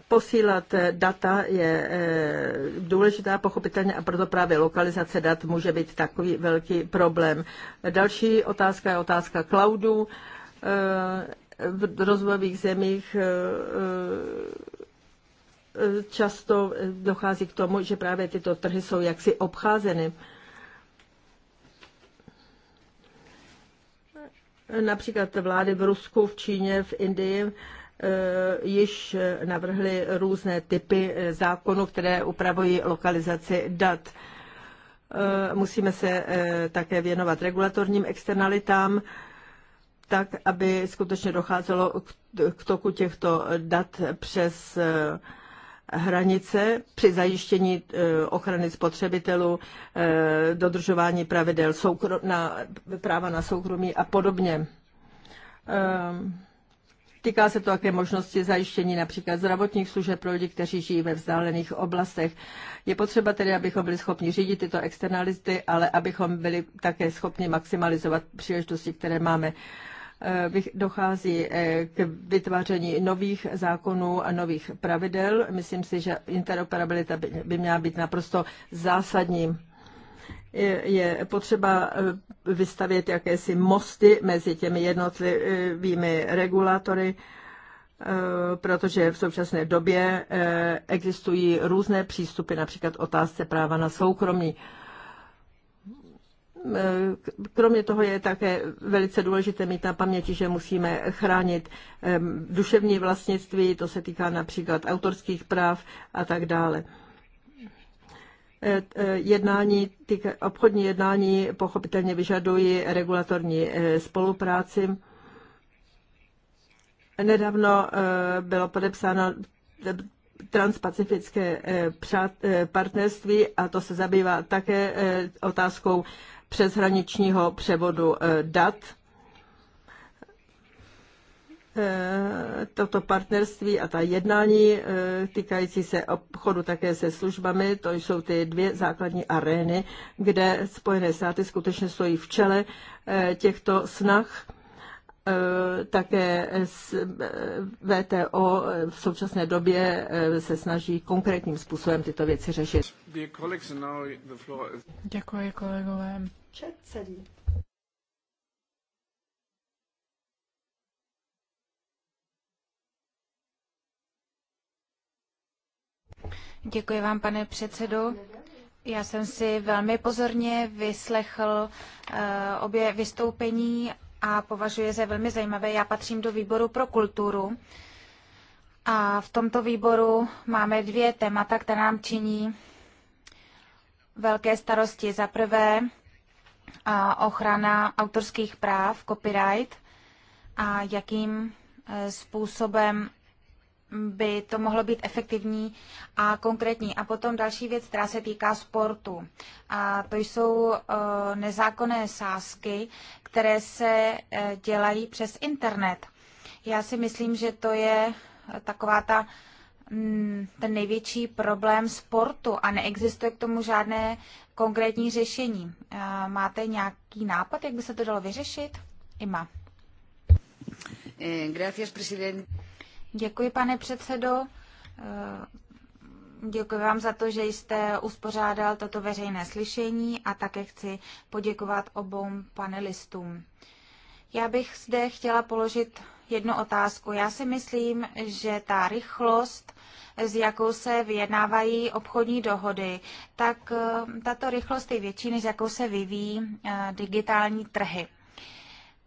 posílat data je důležitá pochopitelně a proto právě lokalizace dat může být takový velký problém. Další otázka je otázka cloudu. V rozvojových zemích často dochází k tomu, že právě tyto trhy jsou jaksi obcházeny. Například vlády v Rusku, v Číně, v Indii eh, již navrhly různé typy eh, zákonů, které upravují lokalizaci dat. Eh, musíme se také věnovat regulatorním externalitám, tak, aby skutečně docházelo k toku těchto dat přes hranice při zajištění eh, ochrany spotřebitelů, eh, dodržování pravidel na, práva na soukromí a podobně. Eh, týká se to také možnosti zajištění například zdravotních služeb pro lidi, kteří žijí ve vzdálených oblastech. Je potřeba tedy, abychom byli schopni řídit tyto externality, ale abychom byli také schopni maximalizovat příležitosti, které máme. Uh, Eh, dochází eh, k vytváření nových zákonů a nových pravidel. Myslím si, že interoperabilita by měla být naprosto zásadní. je potřeba eh, vystavět jakési mosty mezi těmi jednotlivými regulátory, protože v současné době existují různé přístupy, například otázce práva na soukromí. Kromě toho je také velice důležité mít na paměti, že musíme chránit duševní vlastnictví, to se týká například autorských práv a tak dále e, e, jednání, obchodní jednání pochopitelně vyžadují regulatorní e, spolupráci. Nedávno bylo podepsáno transpacifické partnerství a to se zabývá také otázkou přeshraničního převodu eh, dat. Eh, toto partnerství a ta jednání eh, týkající se obchodu také se službami, to jsou ty dvě základní arény, kde Spojené státy skutečně stojí v čele těchto snah také VTO v současné době se snaží konkrétním způsobem tyto věci řešit. Děkuji kolegové předsedí. Děkuji vám, pane předsedo. Já jsem si velmi pozorně vyslechl eh, obě vystoupení a považuji za velmi zajímavé. Já patřím do výboru pro kulturu a v tomto výboru máme dvě témata, která nám činí velké starosti. Za prvé a ochrana autorských práv, copyright a jakým e, způsobem by to mohlo být efektivní a konkrétní. A potom další věc, která se týká sportu. A to jsou e, nezákonné sázky, které se e, dělají přes internet. Já si myslím, že to je taková ta Mm, ten největší problém sportu a neexistuje k tomu žádné konkrétní řešení. Eh, máte nějaký nápad, jak by se to dalo vyřešit? Ima. Eh, děkuji, pane předsedo. Eh, děkuji vám za to, že jste uspořádal toto veřejné slyšení a také chci poděkovat obou panelistům. Já bych zde chtěla položit jednu otázku. Já si myslím, že ta rychlost, s jakou se vyjednávají obchodní dohody, tak eh, tato rychlost je větší, než jakou se vyvíjí eh, digitální trhy.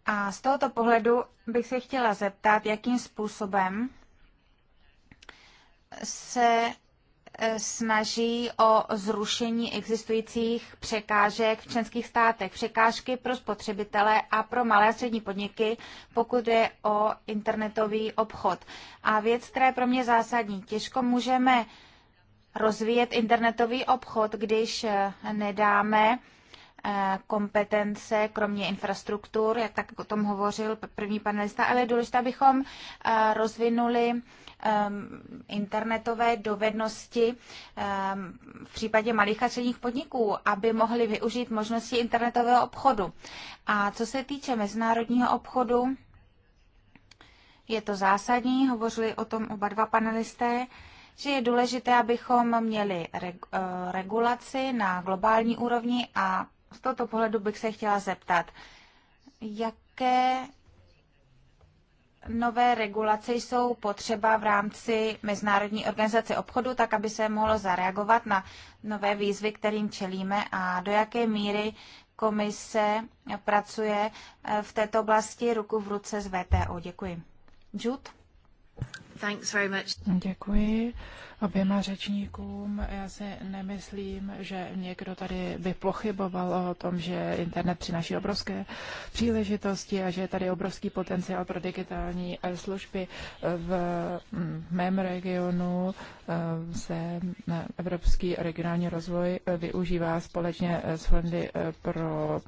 A z tohoto pohledu bych se chtěla zeptat, jakým způsobem se Eh, snaží o zrušení existujících překážek v členských státech. Překážky pro spotřebitele a pro malé a střední podniky, pokud je o internetový obchod. A věc, která je pro mě zásadní, těžko můžeme rozvíjet internetový obchod, když eh, nedáme Eh, kompetence, kromě infrastruktur, jak tak o tom hovořil první panelista, ale je důležité, abychom eh, rozvinuli ehm, internetové dovednosti ehm, v případě malých a středních podniků, aby mohli využít možnosti internetového obchodu. A co se týče mezinárodního obchodu, je to zásadní, hovořili o tom oba dva panelisté, že je důležité, abychom měli eh, regulaci na globální úrovni a z tohoto pohledu bych se chtěla zeptat, jaké nové regulace jsou potřeba v rámci Mezinárodní organizace obchodu, tak aby se mohlo zareagovat na nové výzvy, kterým čelíme a do jaké míry komise pracuje eh, v této oblasti ruku v ruce s VTO. Děkuji. Jude? Thanks very much. Děkuji oběma řečníkům. Já si nemyslím, že někdo tady by pochyboval o tom, že internet přináší obrovské příležitosti a že je tady obrovský potenciál pro digitální eh, služby. V mm, mém regionu eh, se eh, Evropský regionální rozvoj využívá společně s fondy pro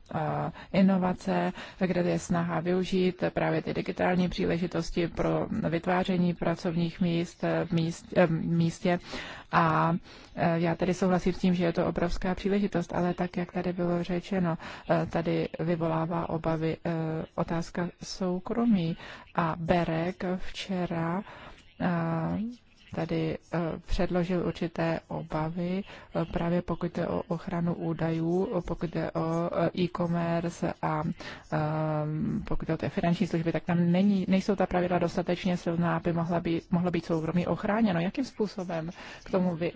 inovace, kde je snaha využít právě ty digitální příležitosti pro vytváření pracovních míst, míst, míst místě. Prostě. A e, já tady souhlasím s tím, že je to obrovská příležitost, ale tak, jak tady bylo řečeno, e, tady vyvolává obavy e, otázka soukromí. A Berek včera tady eh, předložil určité obavy, eh, právě pokud jde o ochranu údajů, pokud jde o eh, e-commerce a pokud jde o té finanční služby, tak tam není, nejsou ta pravidla dostatečně silná, aby mohla být, mohlo být soukromí ochráněno. Jakým způsobem k tomu vy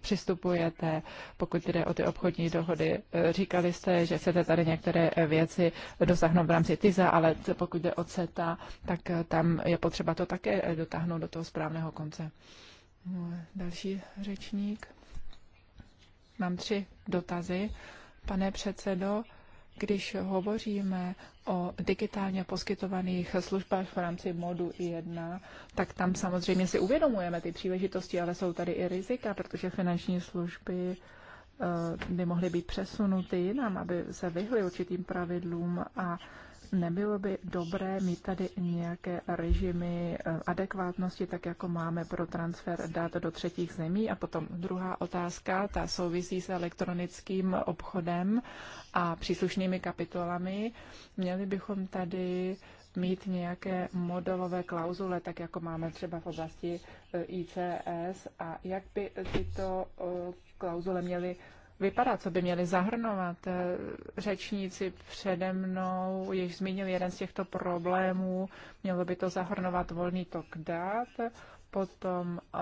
přistupujete, pokud jde o ty obchodní dohody? Říkali jste, že chcete tady některé věci dosáhnout v rámci TISA, ale pokud jde o CETA, tak tam je potřeba to také dotáhnout do toho správného kontextu konce. Další řečník. Mám tři dotazy. Pane předsedo, když hovoříme o digitálně poskytovaných službách v rámci modu 1, tak tam samozřejmě si uvědomujeme ty příležitosti, ale jsou tady i rizika, protože finanční služby eh, by mohly být přesunuty jinam, aby se vyhly určitým pravidlům a nebylo by dobré mít tady nějaké režimy eh, adekvátnosti, tak jako máme pro transfer dat do třetích zemí? A potom druhá otázka, ta souvisí s elektronickým obchodem a příslušnými kapitolami. Měli bychom tady mít nějaké modelové klauzule, tak jako máme třeba v oblasti eh, ICS a jak by tyto eh, klauzule měly vypadá, co by měli zahrnovat. Eh, řečníci přede mnou již zmínil jeden z těchto problémů. Mělo by to zahrnovat volný tok dát, potom eh,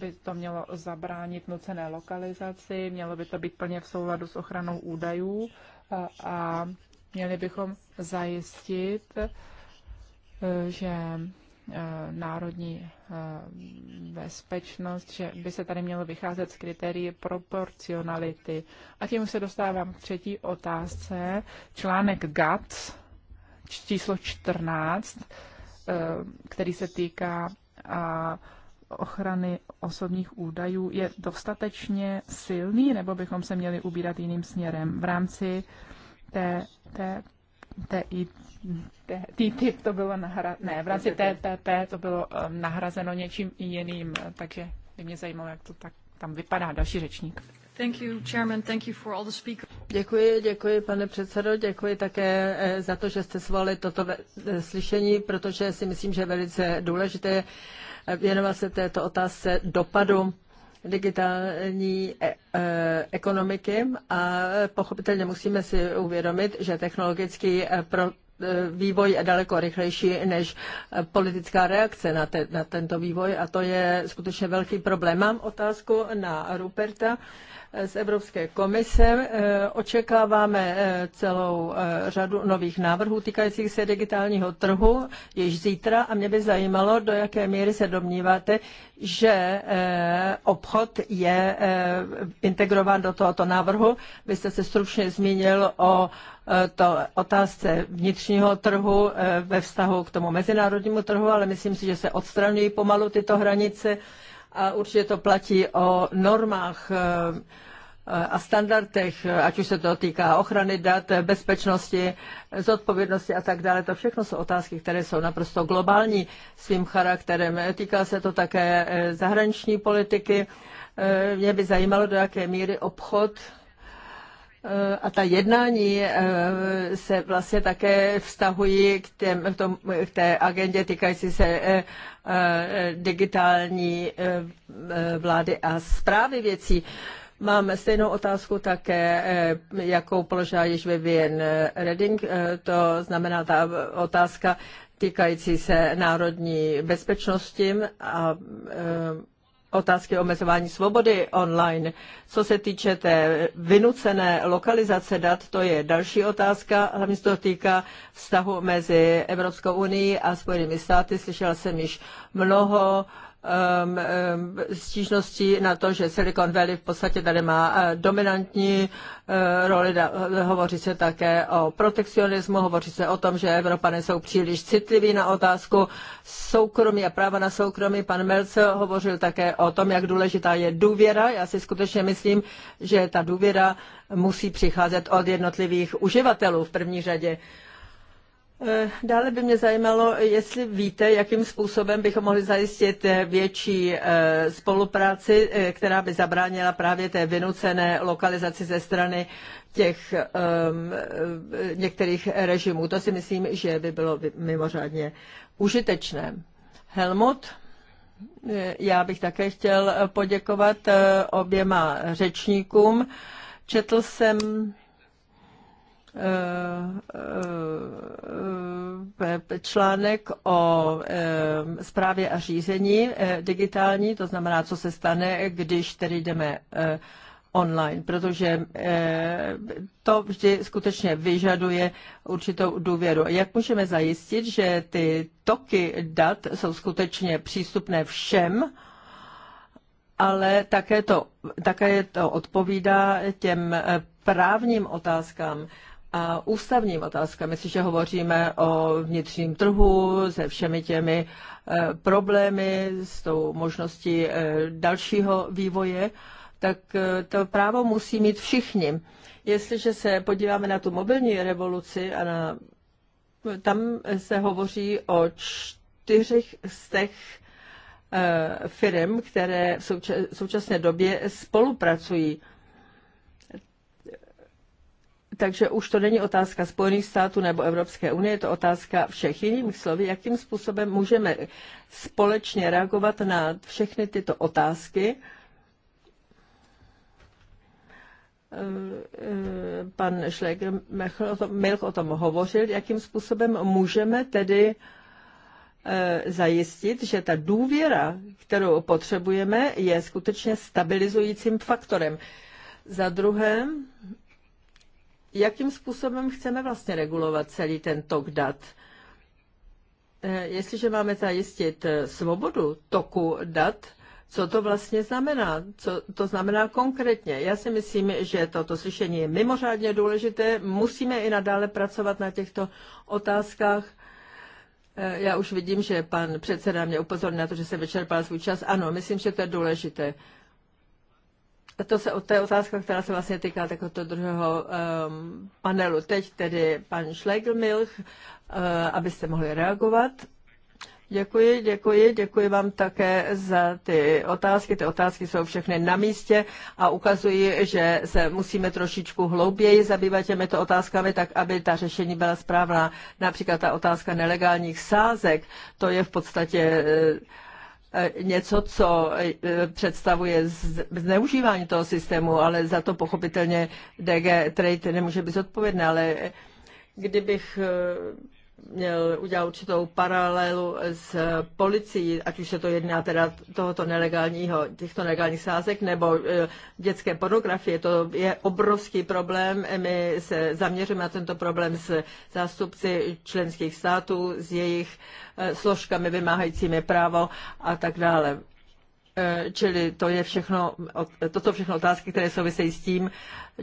by to mělo zabránit nucené lokalizaci, mělo by to být plně v souladu s ochranou údajů eh, a měli bychom zajistit, že Eh, národní eh, bezpečnost, že by se tady mělo vycházet z kritérií proporcionality. A tím se dostávám k třetí otázce. Článek GAT číslo 14, eh, který se týká ochrany osobních údajů, je dostatečně silný, nebo bychom se měli ubírat jiným směrem v rámci té, té it. TTIP to bylo nahra... ne, v rámci TPP to bylo um, nahrazeno něčím jiným, takže by mě zajímalo, jak to tak tam vypadá. Další řečník. Thank you, chairman. Thank you for all the speakers. Děkuji, děkuji, pane předsedo, děkuji také eh, za to, že jste svolali toto eh, slyšení, protože si myslím, že je velice důležité eh, věnovat se této otázce dopadu digitální ekonomiky a pochopitelně musíme si uvědomit, že technologický pro, vývoj je daleko rychlejší než politická reakce na, te, na tento vývoj a to je skutečně velký problém. Mám otázku na Ruperta. Uh, z Evropské komise. E, očekáváme e, celou e, řadu nových návrhů týkajících se digitálního trhu již zítra a mě by zajímalo, do jaké míry se domníváte, že obchod je integrován do tohoto návrhu. Vy jste se stručně zmínil o to otázce vnitřního trhu ve vztahu k tomu mezinárodnímu trhu, ale myslím si, že se odstraňují pomalu tyto hranice a určitě to platí o normách eh, eh, a standardech, eh, ať už se to týká ochrany dat, bezpečnosti, zodpovědnosti a tak dále. To všechno jsou otázky, které jsou naprosto globální svým charakterem. Týká se to také zahraniční politiky. Mě by zajímalo, do jaké míry obchod Eh, a ta jednání eh, se vlastně také vztahují k, těm, k, tom, k té agendě týkající se eh, digitální vlády a zprávy věcí. Mám stejnou otázku také, jakou položila již Vivian Redding, to znamená ta otázka týkající se národní bezpečnosti a otázky omezování svobody online. Co se týče té vynucené lokalizace dat, to je další otázka. Hlavně se to týká vztahu mezi Evropskou unii a Spojenými státy. Slyšela jsem již mnoho uh, Um, um, stížností na to, že Silicon Valley v podstatě tady má uh, dominantní uh, roli. Hovoří se také o protekcionismu, hovoří se o tom, že Evropané jsou příliš citliví na otázku soukromí a práva na soukromí. Pan Melce hovořil také o tom, jak důležitá je důvěra. Já si skutečně myslím, že ta důvěra musí přicházet od jednotlivých uživatelů v první řadě. Eh, dále by mě zajímalo, jestli víte, jakým způsobem bychom mohli zajistit eh, větší eh, spolupráci, která by zabránila právě té vynucené lokalizaci ze strany těch um, některých režimů. To si myslím, že by bylo mimořádně užitečné. Helmut? Já bych také chtěl poděkovat oběma řečníkům. Četl jsem Eh, eh, eh, článek o zprávě a řízení digitální, to znamená, co se stane, když tedy jdeme online, protože to vždy skutečně vyžaduje určitou důvěru. Jak můžeme zajistit, že ty toky dat jsou skutečně přístupné všem, ale také to, také to odpovídá těm právním otázkám a ústavním otázkám. Jestliže hovoříme o vnitřním trhu se všemi těmi e, problémy, s tou možností e, dalšího vývoje, tak e, to právo musí mít všichni. Jestliže se podíváme na tu mobilní revoluci a na, tam se hovoří o čtyřech z těch firm, které v současné době spolupracují takže už to není otázka Spojených států nebo Evropské unie, je to otázka všech jiných slovy, jakým způsobem můžeme společně reagovat na všechny tyto otázky. Pan šlegr Milch o tom hovořil, jakým způsobem můžeme tedy eh, zajistit, že ta důvěra, kterou potřebujeme, je skutečně stabilizujícím faktorem. Za druhé, jakým způsobem chceme vlastně regulovat celý ten tok dat. Eh, jestliže máme zajistit eh, svobodu toku dat, co to vlastně znamená, co to znamená konkrétně. Já si myslím, že toto slyšení je mimořádně důležité. Musíme i nadále pracovat na těchto otázkách. Eh, já už vidím, že pan předseda mě upozornil na to, že se vyčerpal svůj čas. Ano, myslím, že to je důležité to, se, to té otázka, která se vlastně týká takového druhého um, panelu. Teď tedy pan Schlegelmilch, uh, abyste mohli reagovat. Děkuji, děkuji, děkuji vám také za ty otázky. Ty otázky jsou všechny na místě a ukazují, že se musíme trošičku hlouběji zabývat těmito otázkami, tak aby ta řešení byla správná. Například ta otázka nelegálních sázek, to je v podstatě uh, Eh, něco, co eh, představuje zneužívání toho systému, ale za to pochopitelně DG Trade nemůže být zodpovědné, ale eh, kdybych měl udělat určitou paralelu s policií, ať už se to jedná teda tohoto nelegálního, těchto nelegálních sázek nebo e, dětské pornografie. To je obrovský problém. My se zaměříme na tento problém s zástupci členských států, s jejich e, složkami vymáhajícími právo a tak dále. E, čili to je všechno, toto všechno otázky, které souvisejí s tím,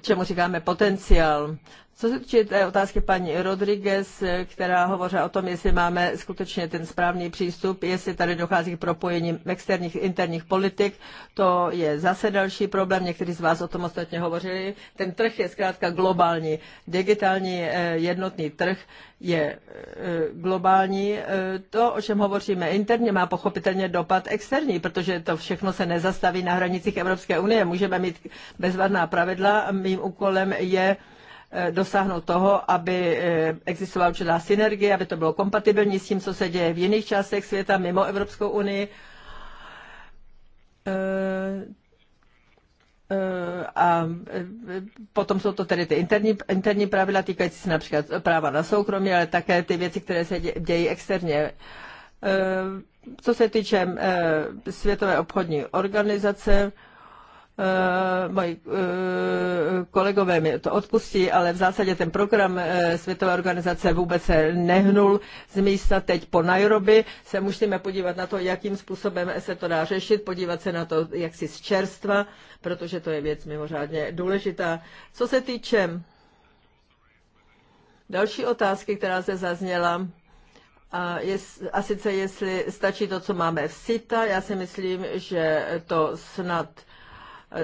čemu říkáme potenciál. Co se týče té otázky paní Rodriguez, která hovořila o tom, jestli máme skutečně ten správný přístup, jestli tady dochází k propojení externích interních politik, to je zase další problém, někteří z vás o tom ostatně hovořili. Ten trh je zkrátka globální. Digitální eh, jednotný trh je eh, globální. Eh, to, o čem hovoříme interně, má pochopitelně dopad externí, protože to všechno se nezastaví na hranicích Evropské unie. Můžeme mít bezvadná pravidla, mým úkolem je eh, dosáhnout toho, aby eh, existovala určitá synergie, aby to bylo kompatibilní s tím, co se děje v jiných částech světa mimo Evropskou unii. Eh, a potom jsou to tedy ty interní, interní pravidla týkající se například práva na soukromí, ale také ty věci, které se dějí externě. Co se týče Světové obchodní organizace, Eh, moji eh, kolegové mi to odpustí, ale v zásadě ten program eh, Světové organizace vůbec se nehnul z místa. Teď po Nairobi se musíme podívat na to, jakým způsobem se to dá řešit, podívat se na to, jak si z čerstva, protože to je věc mimořádně důležitá. Co se týče další otázky, která se zazněla, a, jest, a sice jestli stačí to, co máme v SITA, já si myslím, že to snad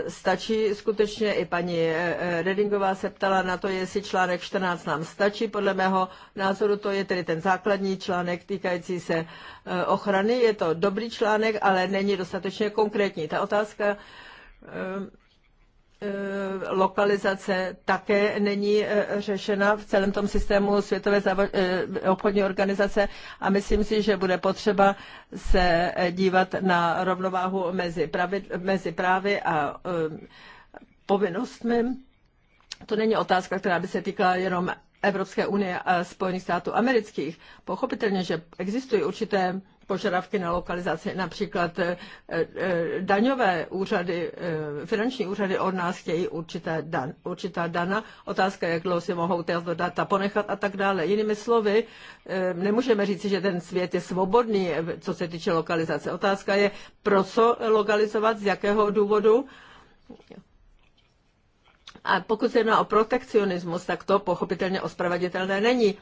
stačí. Skutečně i paní eh, eh, Redingová se ptala na to, jestli článek 14 nám stačí. Podle mého názoru to je tedy ten základní článek týkající se eh, ochrany. Je to dobrý článek, ale není dostatečně konkrétní. Ta otázka Eh, lokalizace také není eh, řešena v celém tom systému Světové eh, obchodní organizace a myslím si, že bude potřeba se dívat na rovnováhu mezi, pravi, mezi právy a povinnostmi. To není otázka, která by se týkala jenom Evropské unie a Spojených států amerických. Pochopitelně, že existují určité požadavky na lokalizaci. Například eh, eh, daňové úřady, eh, finanční úřady od nás chtějí určité dan, určitá dana. Otázka, jak dlouho si mohou tyto data ponechat a tak dále. Jinými slovy, nemůžeme říci, že ten svět je svobodný, co se týče lokalizace. Otázka je, pro co lokalizovat, z jakého důvodu. A pokud se jedná o protekcionismus, tak to pochopitelně ospraveditelné není.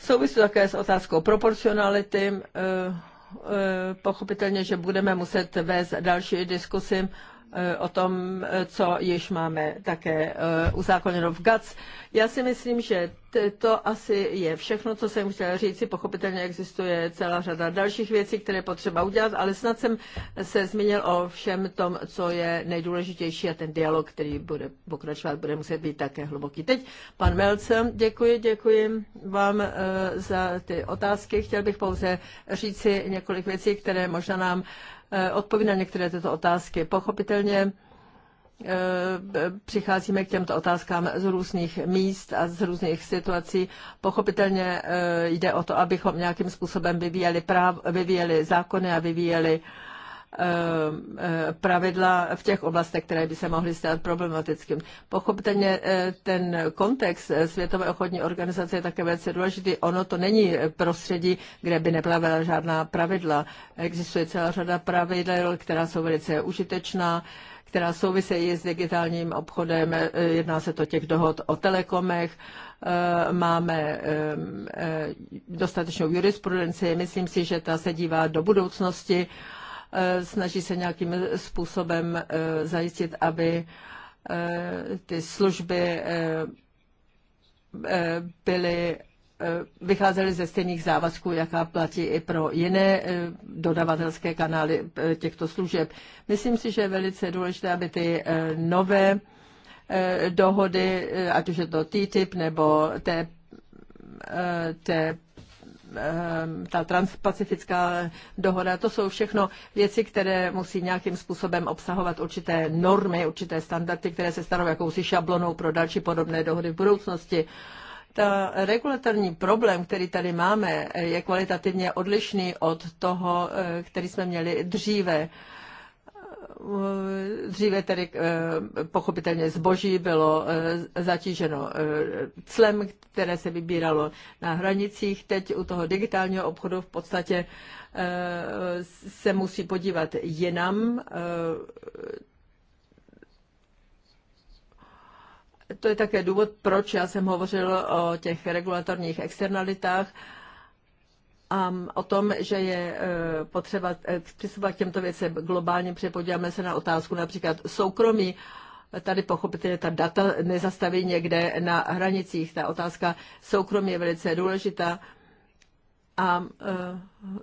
Souvisí také s otázkou proporcionality. Eh, eh, pochopitelně, že budeme muset vést další diskusy Eh, o tom, eh, co již máme také eh, uzákoněno v GAC. Já si myslím, že to asi je všechno, co jsem chtěla říct. Pochopitelně existuje celá řada dalších věcí, které potřeba udělat, ale snad jsem se zmínil o všem tom, co je nejdůležitější a ten dialog, který bude pokračovat, bude muset být také hluboký. Teď pan Melce, děkuji, děkuji vám za ty otázky. Chtěl bych pouze říci několik věcí, které možná nám Eh, odpověď na některé tyto otázky. Pochopitelně eh, přicházíme k těmto otázkám z různých míst a z různých situací. Pochopitelně eh, jde o to, abychom nějakým způsobem vyvíjeli, práv, vyvíjeli zákony a vyvíjeli uh, Eh, eh, pravidla v těch oblastech, které by se mohly stát problematickým. Pochopitelně eh, ten kontext Světové obchodní organizace je také velice důležitý. Ono to není prostředí, kde by neplavila žádná pravidla. Existuje celá řada pravidel, která jsou velice užitečná která souvisejí s digitálním obchodem. Jedná se to těch dohod o telekomech, máme dostatečnou jurisprudenci. Myslím si, že ta se dívá do budoucnosti E, snaží se nějakým způsobem e, zajistit, aby e, ty služby byly vycházely ze stejných závazků, jaká platí i pro jiné dodavatelské kanály těchto služeb. Myslím si, že je velice důležité, aby ty nové dohody, ať už je to TTIP nebo té, Ehm, ta transpacifická dohoda, to jsou všechno věci, které musí nějakým způsobem obsahovat určité normy, určité standardy, které se stanou jakousi šablonou pro další podobné dohody v budoucnosti. Ta regulatorní problém, který tady máme, je kvalitativně odlišný od toho, eh, který jsme měli dříve. Eh, dříve tedy eh, pochopitelně zboží bylo eh, zatíženo clem, které se vybíralo na hranicích. Teď u toho digitálního obchodu v podstatě se musí podívat jinam. To je také důvod, proč já jsem hovořil o těch regulatorních externalitách a o tom, že je eh, potřeba eh, přistupovat k těmto věcem globálně, přepodíváme se na otázku například soukromí. Tady pochopitelně ta data nezastaví někde na hranicích. Ta otázka soukromí je velice důležitá. A eh,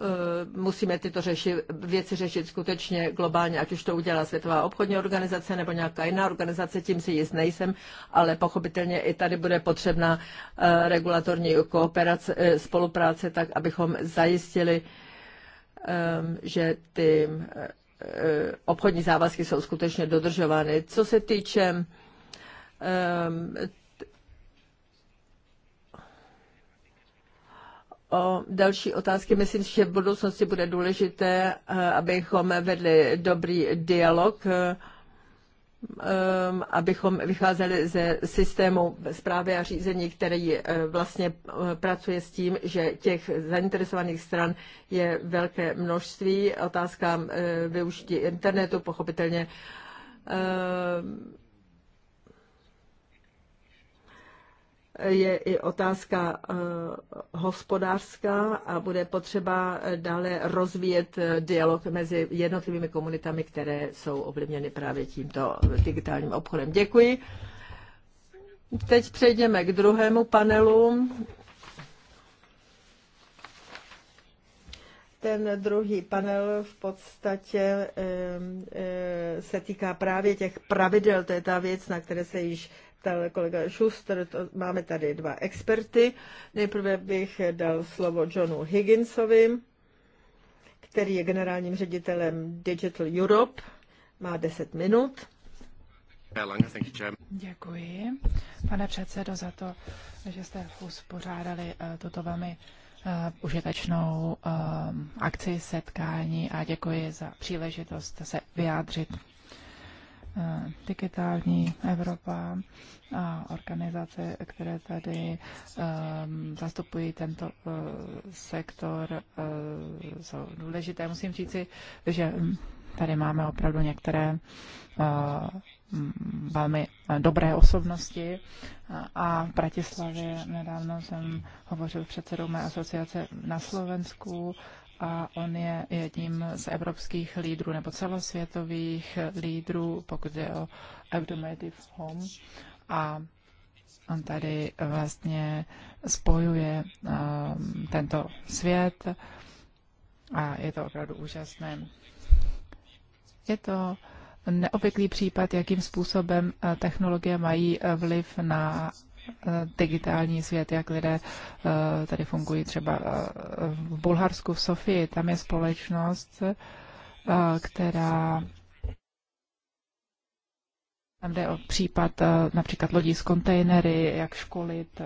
Eh, musíme tyto řeši, věci řešit skutečně globálně, ať už to udělá Světová obchodní organizace nebo nějaká jiná organizace, tím si jist nejsem, ale pochopitelně i tady bude potřebná eh, regulatorní kooperace, eh, spolupráce, tak abychom zajistili, ehm, že ty obchodní závazky jsou skutečně dodržovány. Co se týče ehm, o další otázky. Myslím že v budoucnosti bude důležité, eh, abychom vedli dobrý dialog, eh, eh, abychom vycházeli ze systému zprávy a řízení, který vlastně pracuje s tím, že těch zainteresovaných stran je velké množství. Otázka využití internetu, pochopitelně je i otázka eh, hospodářská a bude potřeba eh, dále rozvíjet eh, dialog mezi jednotlivými komunitami, které jsou ovlivněny právě tímto digitálním obchodem. Děkuji. Teď přejdeme k druhému panelu. Ten druhý panel v podstatě se týká právě těch pravidel, to je ta věc, na které se již ptal kolega Schuster, to máme tady dva experty. Nejprve bych dal slovo Johnu Higginsovi, který je generálním ředitelem Digital Europe. Má 10 minut. Děkuji, pane předsedo, za to, že jste uspořádali eh, tuto velmi eh, užitečnou eh, akci, setkání a děkuji za příležitost se vyjádřit Eh, digitální Evropa a organizace, které tady um, zastupují tento uh, sektor, uh, jsou důležité. Musím říci, že hm, tady máme opravdu některé uh, velmi dobré osobnosti a v Bratislavě nedávno jsem hovořil předsedou mé asociace na Slovensku a on je jedním z evropských lídrů nebo celosvětových lídrů, pokud je o Automotive Home. A on tady vlastně spojuje um, tento svět a je to opravdu úžasné. Je to neobvyklý případ, jakým způsobem eh, technologie mají eh, vliv na Eh, digitální svět, jak lidé eh, tady fungují třeba eh, v Bulharsku, v Sofii. Tam je společnost, která tam jde o případ například lodí z kontejnery, jak školit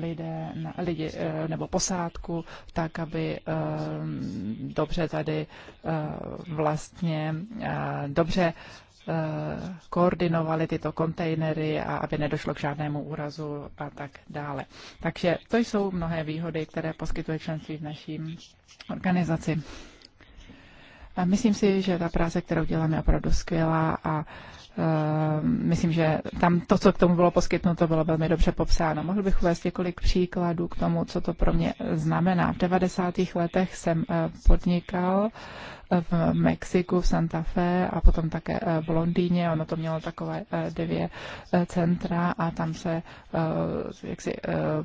lidé, lidi nebo posádku, tak aby dobře tady vlastně dobře Eh, koordinovali tyto kontejnery a aby nedošlo k žádnému úrazu a tak dále. Takže to jsou mnohé výhody, které poskytuje členství v naší organizaci. A myslím si, že ta práce, kterou děláme, je opravdu skvělá a eh, myslím, že tam to, co k tomu bylo poskytnuto, bylo velmi dobře popsáno. Mohl bych uvést několik příkladů k tomu, co to pro mě znamená. V 90. letech jsem eh, podnikal v Mexiku, v Santa Fe a potom také eh, v Londýně. Ono to mělo takové eh, dvě eh, centra a tam se jak si,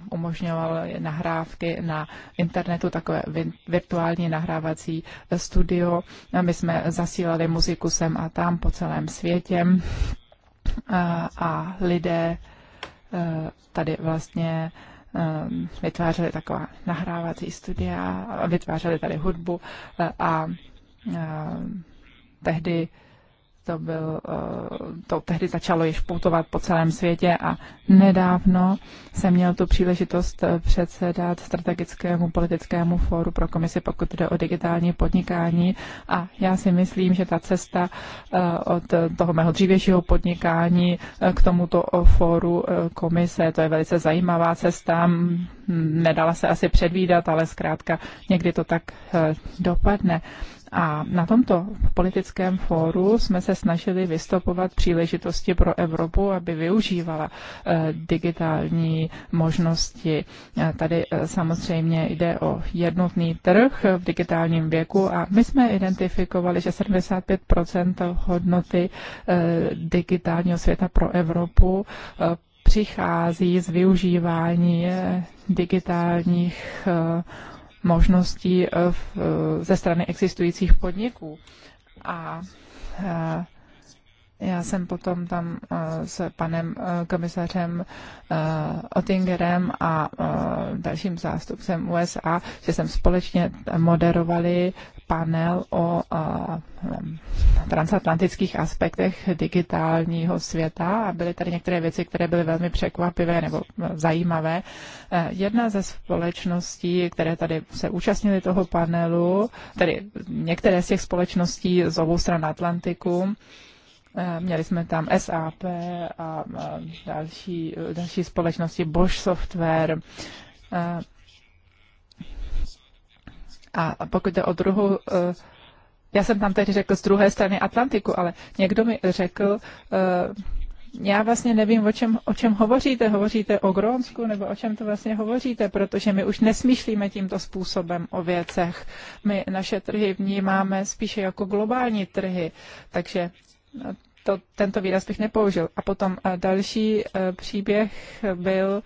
umožňovalo nahrávky na internetu, takové virtuální nahrávací studio. My jsme zasílali muziku sem a tam po celém světě a lidé tady vlastně vytvářeli taková nahrávací studia, vytvářeli tady hudbu a Eh, tehdy to, byl, eh, to tehdy začalo již poutovat po celém světě a nedávno jsem měl tu příležitost eh, předsedat strategickému politickému fóru pro komisi, pokud jde o digitální podnikání a já si myslím, že ta cesta od toho mého dřívějšího podnikání k tomuto fóru komise, to je velice zajímavá cesta, nedala se asi předvídat, ale zkrátka někdy to tak dopadne. A na tomto politickém fóru jsme se snažili vystupovat příležitosti pro Evropu, aby využívala eh, digitální možnosti. Eh, tady eh, samozřejmě jde o jednotný trh v digitálním věku a my jsme identifikovali, že 75 hodnoty digitálního světa pro Evropu přichází z využívání digitálních možností eh, v, eh, ze strany existujících podniků. A eh, já jsem potom tam s panem komisařem Ottingerem a dalším zástupcem USA, že jsem společně moderovali panel o eh, transatlantických aspektech digitálního světa a byly tady některé věci, které byly velmi překvapivé nebo eh, zajímavé. Eh, jedna ze společností, které tady se účastnily toho panelu, tedy některé z těch společností z obou stran Atlantiku, Měli jsme tam SAP a další, další společnosti Bosch Software, a pokud jde o druhou, eh, já jsem tam tehdy řekl z druhé strany Atlantiku, ale někdo mi řekl, eh, já vlastně nevím, o čem, o čem hovoříte. Hovoříte o Grónsku nebo o čem to vlastně hovoříte, protože my už nesmýšlíme tímto způsobem o věcech. My naše trhy vnímáme spíše jako globální trhy, takže eh, to, tento výraz bych nepoužil. A potom další příběh byl,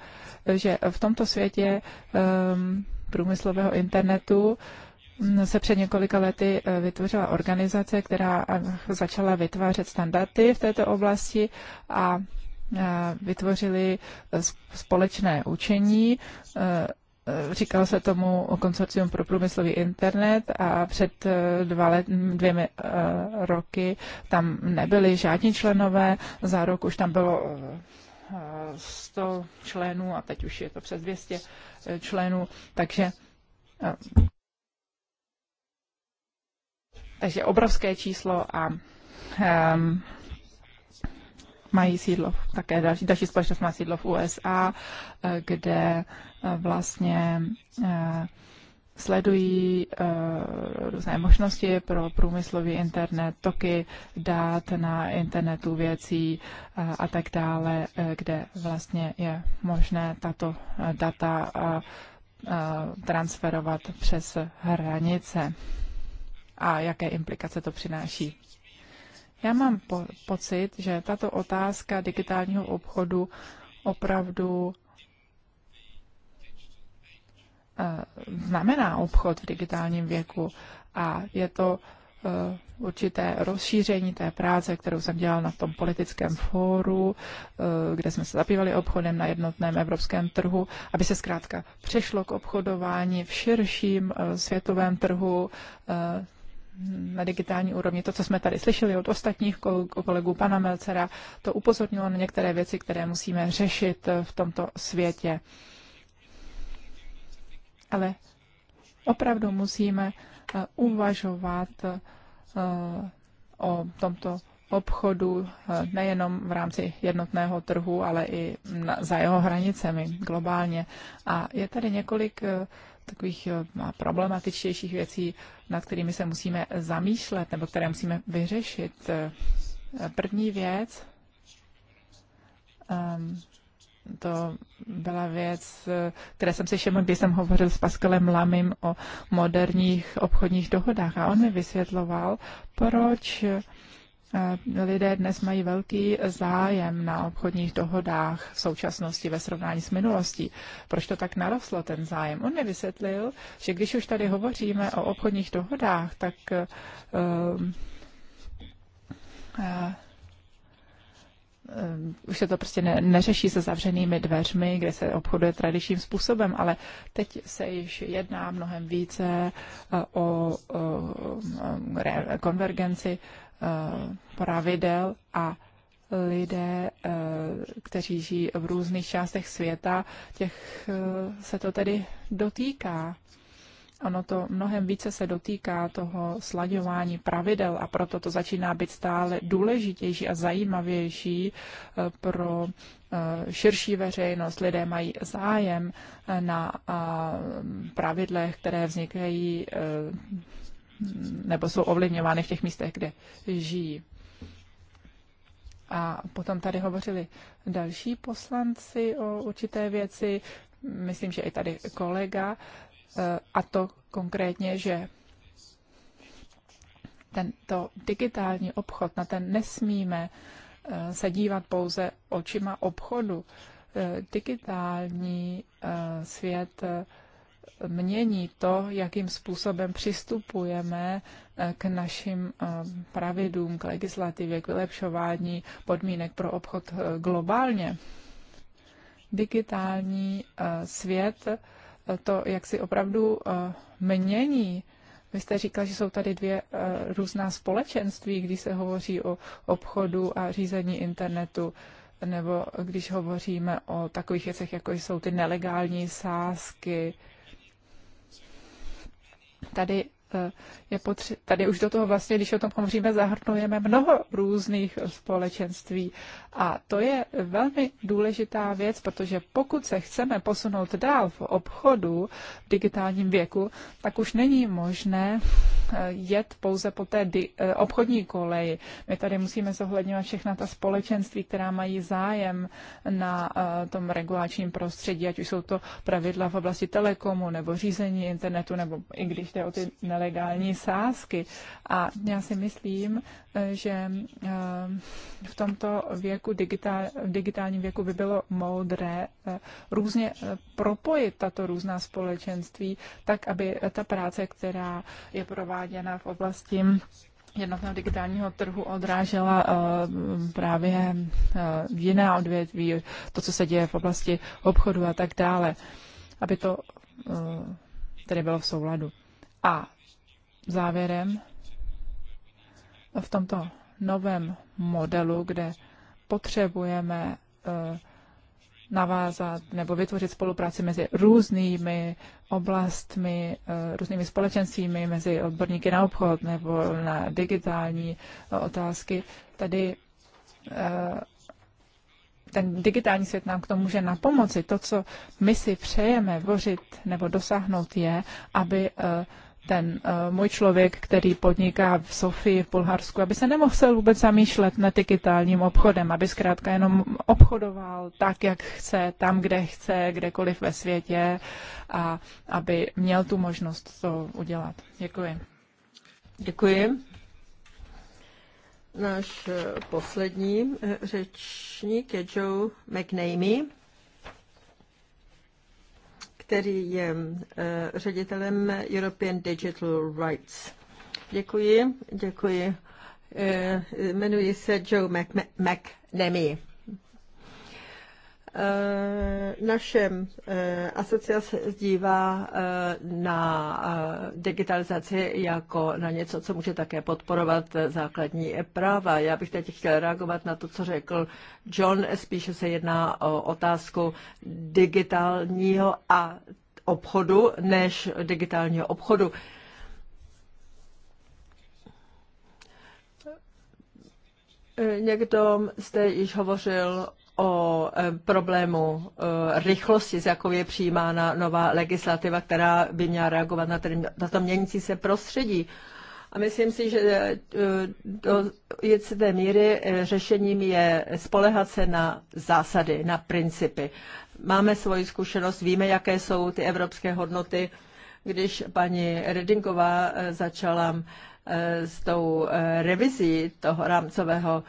že v tomto světě um, průmyslového internetu mm, se před několika lety eh, vytvořila organizace, která eh, začala vytvářet standardy v této oblasti a eh, vytvořili společné učení. Říkalo se tomu konsorcium pro průmyslový internet a před dva let, dvěmi roky tam nebyli žádní členové, za rok už tam bylo 100 členů a teď už je to přes 200 eh, členů, takže eh, takže obrovské číslo a um, mají sídlo, také další, další společnost má sídlo v USA, eh, kde vlastně uh, sledují eh, různé možnosti pro průmyslový internet, toky dát na internetu věcí eh, a tak dále, eh, kde vlastně je možné tato data transferovat přes hranice a jaké implikace to přináší. Já mám po- pocit, že tato otázka digitálního obchodu opravdu Eh, znamená obchod v digitálním věku a je to eh, určité rozšíření té práce, kterou jsem dělal na tom politickém fóru, eh, kde jsme se zabývali obchodem na jednotném evropském trhu, aby se zkrátka přešlo k obchodování v širším světovém trhu na digitální úrovni. To, co jsme tady slyšeli od ostatních kolegů pana Melcera, to upozornilo na některé věci, které musíme řešit v tomto světě ale opravdu musíme eh, uvažovat eh, o tomto obchodu eh, nejenom v rámci jednotného trhu, ale i za jeho hranicemi globálně. A je tady několik takových problematičtějších věcí, nad kterými se musíme zamýšlet nebo které musíme vyřešit. První věc, ehm, to byla věc, které jsem si všiml, když jsem hovořil s Paskalem Lamim o moderních obchodních dohodách. A on mi vysvětloval, proč eh, lidé dnes mají velký zájem na obchodních dohodách v současnosti ve srovnání s minulostí. Proč to tak narostlo, ten zájem? On mi vysvětlil, že když už tady hovoříme o obchodních dohodách, tak uh, uh, Ehm, už se to prostě ne, neřeší se zavřenými dveřmi, kde se obchoduje tradičním způsobem, ale teď se již jedná mnohem více eh, o, o, o eh, re, konvergenci eh, pravidel a lidé, kteří žijí v různých částech světa, těch se to tedy dotýká. Ono to mnohem více se dotýká toho slaďování pravidel a proto to začíná být stále důležitější a zajímavější eh, pro eh, širší veřejnost. Lidé mají zájem eh, na pravidlech, které vznikají nebo jsou ovlivňovány v těch místech, kde žijí. A potom tady hovořili další poslanci o určité věci, myslím, že i tady kolega, Eh, a to konkrétně, že tento digitální obchod, na ten nesmíme eh, se dívat pouze očima obchodu. Eh, digitální svět mění to, jakým způsobem přistupujeme k našim pravidům, k legislativě, k vylepšování podmínek pro obchod globálně. Digitální svět to, jak si opravdu eh, mění. Vy jste říkal, že jsou tady dvě eh, různá společenství, když se hovoří o obchodu a řízení internetu, nebo když hovoříme o takových věcech, jako jsou ty nelegální sázky. Tady Eh, je potře- tady už do toho vlastně, když o tom hovoříme, zahrnujeme mnoho různých společenství. A to je velmi důležitá věc, protože pokud se chceme posunout dál v obchodu v digitálním věku, tak už není možné eh, jet pouze po té eh, obchodní koleji. My tady musíme zohledňovat všechna ta společenství, která mají zájem na tom regulačním prostředí, ať už jsou to pravidla v oblasti telekomu nebo řízení internetu, nebo i když jde o ty nelegální sázky. A já si myslím, že eh, v tomto věku, digitál, v digitálním věku by bylo moudré eh, různě eh, propojit tato různá společenství, tak aby ta práce, která je prováděna v oblasti jednotného digitálního trhu odrážela právě jiné odvětví, to, co se děje v oblasti obchodu a tak dále, aby to tedy bylo v souladu. A závěrem v tomto novém modelu, kde potřebujeme eh, navázat nebo vytvořit spolupráci mezi různými oblastmi, eh, různými společenstvími, mezi odborníky na obchod nebo na digitální eh, otázky. Tady ten digitální svět nám k tomu může napomoci. To, co my si přejeme vořit nebo dosáhnout, je, aby ten uh, můj člověk, který podniká v Sofii v Bulharsku, aby se nemusel vůbec zamýšlet nad digitálním obchodem, aby zkrátka jenom obchodoval tak, jak chce, tam, kde chce, kdekoliv ve světě a aby měl tu možnost to udělat. Děkuji. Děkuji. Náš eh, poslední eh, řečník je Joe McNamee který je eh, ředitelem European Digital Rights. Děkuji, děkuji. Eh, jmenuji se Joe McNamee. Eh, našem eh, asociace dívá eh, na digitalizaci jako na něco, co může také podporovat základní práva. Já bych teď chtěl reagovat na to, co řekl John. Spíše se jedná o otázku digitálního a obchodu než digitálního obchodu. Někdo jste již hovořil o e, problému e, rychlosti, s jakou je přijímána nová legislativa, která by měla reagovat na, ten, na to měnící se prostředí. A myslím si, že e, do jedné míry řešením je spolehat se na zásady, na principy. Máme svoji zkušenost, víme, jaké jsou ty evropské hodnoty. Když paní Redingová začala s tou revizí toho rámcového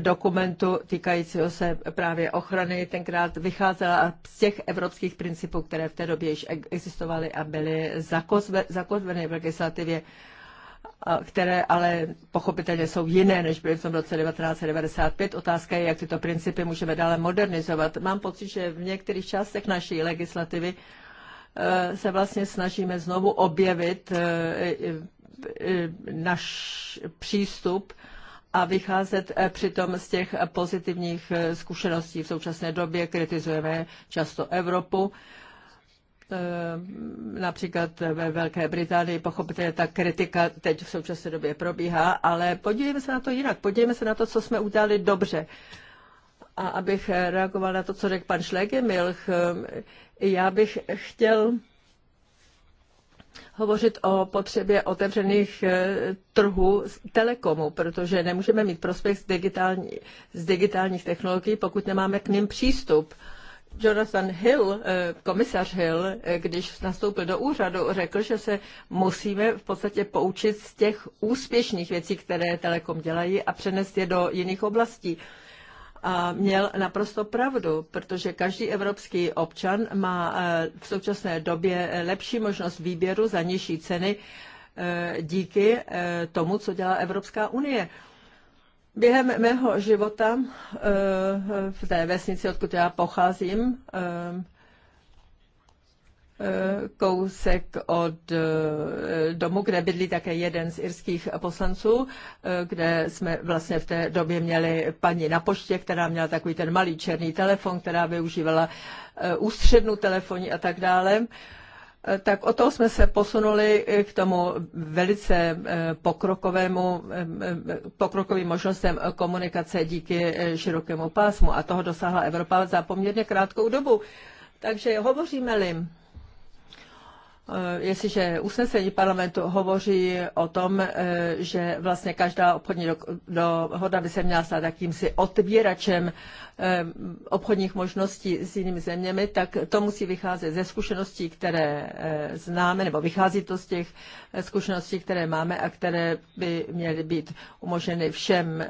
dokumentu týkajícího se právě ochrany tenkrát vycházela z těch evropských principů, které v té době již existovaly a byly zakotveny v legislativě, které ale pochopitelně jsou jiné, než byly v tom roce 1995. Otázka je, jak tyto principy můžeme dále modernizovat. Mám pocit, že v některých částech naší legislativy e, se vlastně snažíme znovu objevit e, e, náš přístup a vycházet eh, přitom z těch eh, pozitivních eh, zkušeností. V současné době kritizujeme často Evropu, například ve Velké Británii, pochopitelně ta kritika teď v současné době probíhá, ale podívejme se na to jinak, podívejme se na to, co jsme udělali dobře. A abych reagoval na to, co řekl pan Schlegelmilch, já bych chtěl hovořit o potřebě otevřených eh, trhů telekomu, protože nemůžeme mít prospekt z, digitální, z digitálních technologií, pokud nemáme k ním přístup. Jonathan Hill, eh, komisař Hill, eh, když nastoupil do úřadu, řekl, že se musíme v podstatě poučit z těch úspěšných věcí, které Telekom dělají a přenést je do jiných oblastí a měl naprosto pravdu, protože každý evropský občan má e, v současné době e, lepší možnost výběru za nižší ceny e, díky tomu, co dělá Evropská unie. Během mého života v té vesnici, odkud já pocházím, Eh, kousek od eh, domu, kde bydlí také jeden z irských poslanců, eh, kde jsme vlastně v té době měli paní na poště, která měla takový ten malý černý telefon, která využívala ústřednu telefonní a tak dále. Tak o to jsme se posunuli k tomu velice pokrokovému, pokrokovým možnostem komunikace díky širokému pásmu a toho dosáhla Evropa za poměrně krátkou dobu. Takže hovoříme-li Eh, jestliže usnesení parlamentu hovoří o tom, eh, že vlastně každá obchodní dohoda by se měla stát jakýmsi otvíračem Eh, obchodních možností s jinými zeměmi, tak to musí vycházet ze zkušeností, které eh, známe, nebo vychází to z těch eh, zkušeností, které máme a které by měly být umožněny všem.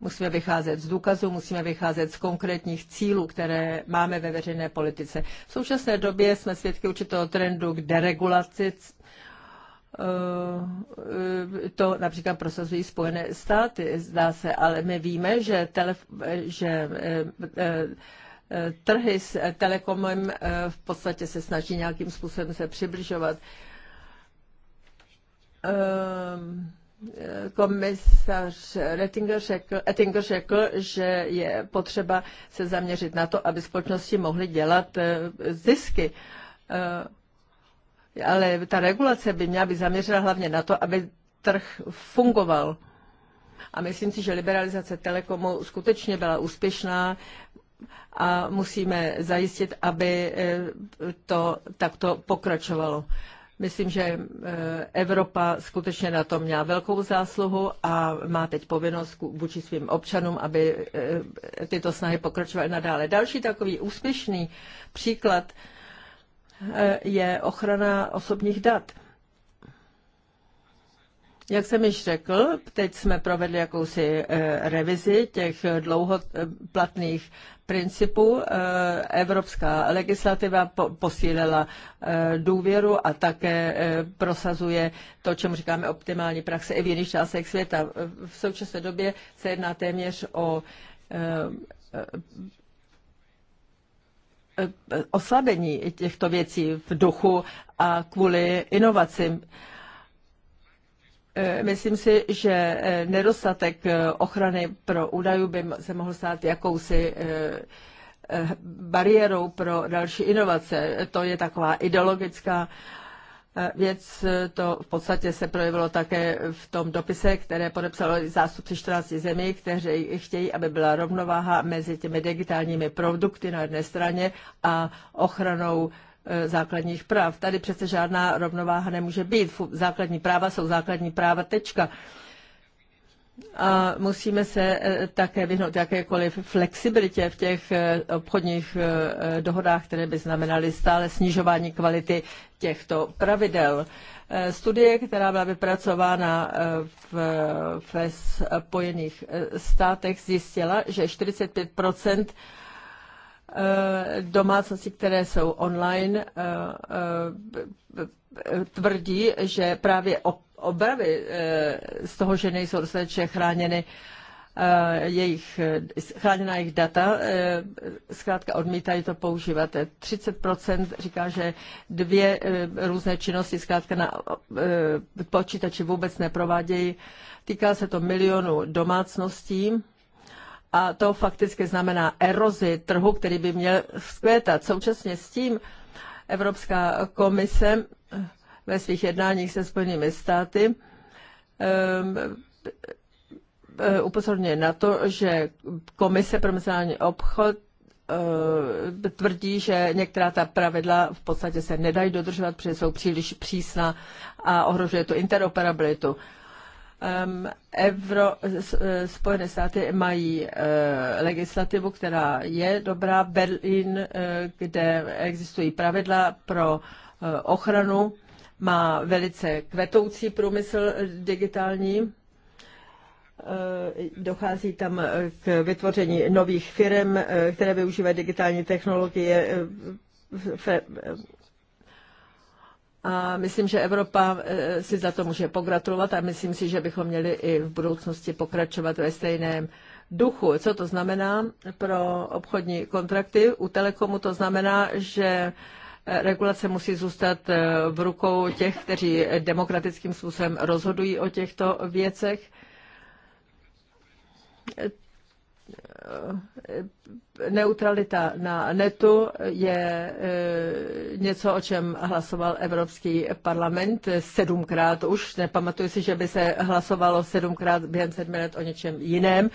Musíme vycházet z důkazů, musíme vycházet z konkrétních cílů, které máme ve veřejné politice. V současné době jsme svědky určitého trendu k deregulaci Eh, to například prosazují Spojené státy, zdá se, ale my víme, že, telef, že eh, eh, trhy s telekomem v podstatě se snaží nějakým způsobem se přibližovat. Komisař Rettinger řekl, Ettinger řekl, že je potřeba se zaměřit na to, aby společnosti mohly dělat zisky ale ta regulace by měla být zaměřena hlavně na to, aby trh fungoval. A myslím si, že liberalizace telekomu skutečně byla úspěšná a musíme zajistit, aby eh, to takto pokračovalo. Myslím, že eh, Evropa skutečně na tom měla velkou zásluhu a má teď povinnost vůči svým občanům, aby eh, tyto snahy pokračovaly nadále. Další takový úspěšný příklad Eh, je ochrana osobních dat. Jak jsem již řekl, teď jsme provedli jakousi eh, revizi těch dlouho eh, platných principů. Evropská legislativa posílila důvěru a také prosazuje to, čemu říkáme optimální praxe i v jiných částech světa. V současné době se jedná téměř o oslabení těchto věcí v duchu a kvůli inovacím. Eh, myslím si, že eh, nedostatek eh, ochrany pro údajů by se mohl stát jakousi bariérou pro další inovace. To je taková ideologická věc. To v podstatě se projevilo také v tom dopise, které podepsalo zástupci 14 zemí, kteří chtějí, aby byla rovnováha mezi těmi digitálními produkty na jedné straně a ochranou e, základních práv. Tady přece žádná rovnováha nemůže být. Základní práva jsou základní práva, tečka a musíme se eh, také vyhnout jakékoliv flexibilitě v těch eh, obchodních eh, dohodách, které by znamenaly stále snižování kvality těchto pravidel. Studie, která byla vypracována v, ve Spojených státech, zjistila, že 45 domácnosti, které jsou online, tvrdí, že právě obavy eh, z toho, že nejsou dostatečně chráněny eh, jejich, chráněná jejich data, eh, zkrátka odmítají to používat. 30% říká, že dvě různé činnosti zkrátka na počítači vůbec neprovádějí. Týká se to milionů domácností a to fakticky znamená erozi trhu, který by měl vzkvétat. Současně s tím Evropská komise ve svých jednáních se Spojenými státy ehm, e, upozorňuje na to, že Komise pro mezinárodní obchod e, tvrdí, že některá ta pravidla v podstatě se nedají dodržovat, protože jsou příliš přísná a ohrožuje to interoperabilitu. Ehm, Evro, e, Spojené státy mají legislativu, která je dobrá. Berlín, kde existují pravidla pro ochranu má velice kvetoucí průmysl digitální. Eh, dochází tam eh, k vytvoření nových firm, eh, které využívají digitální technologie. A myslím, že Evropa si za to může pogratulovat a myslím si, že bychom měli i v budoucnosti pokračovat ve stejném duchu. Co to znamená pro obchodní kontrakty? U Telekomu to znamená, že regulace musí zůstat eh, v rukou těch, kteří demokratickým způsobem rozhodují o těchto věcech eh, neutralita na netu je eh, něco, o čem hlasoval Evropský parlament sedmkrát už. Nepamatuju si, že by se hlasovalo sedmkrát během sedmi let o něčem jiném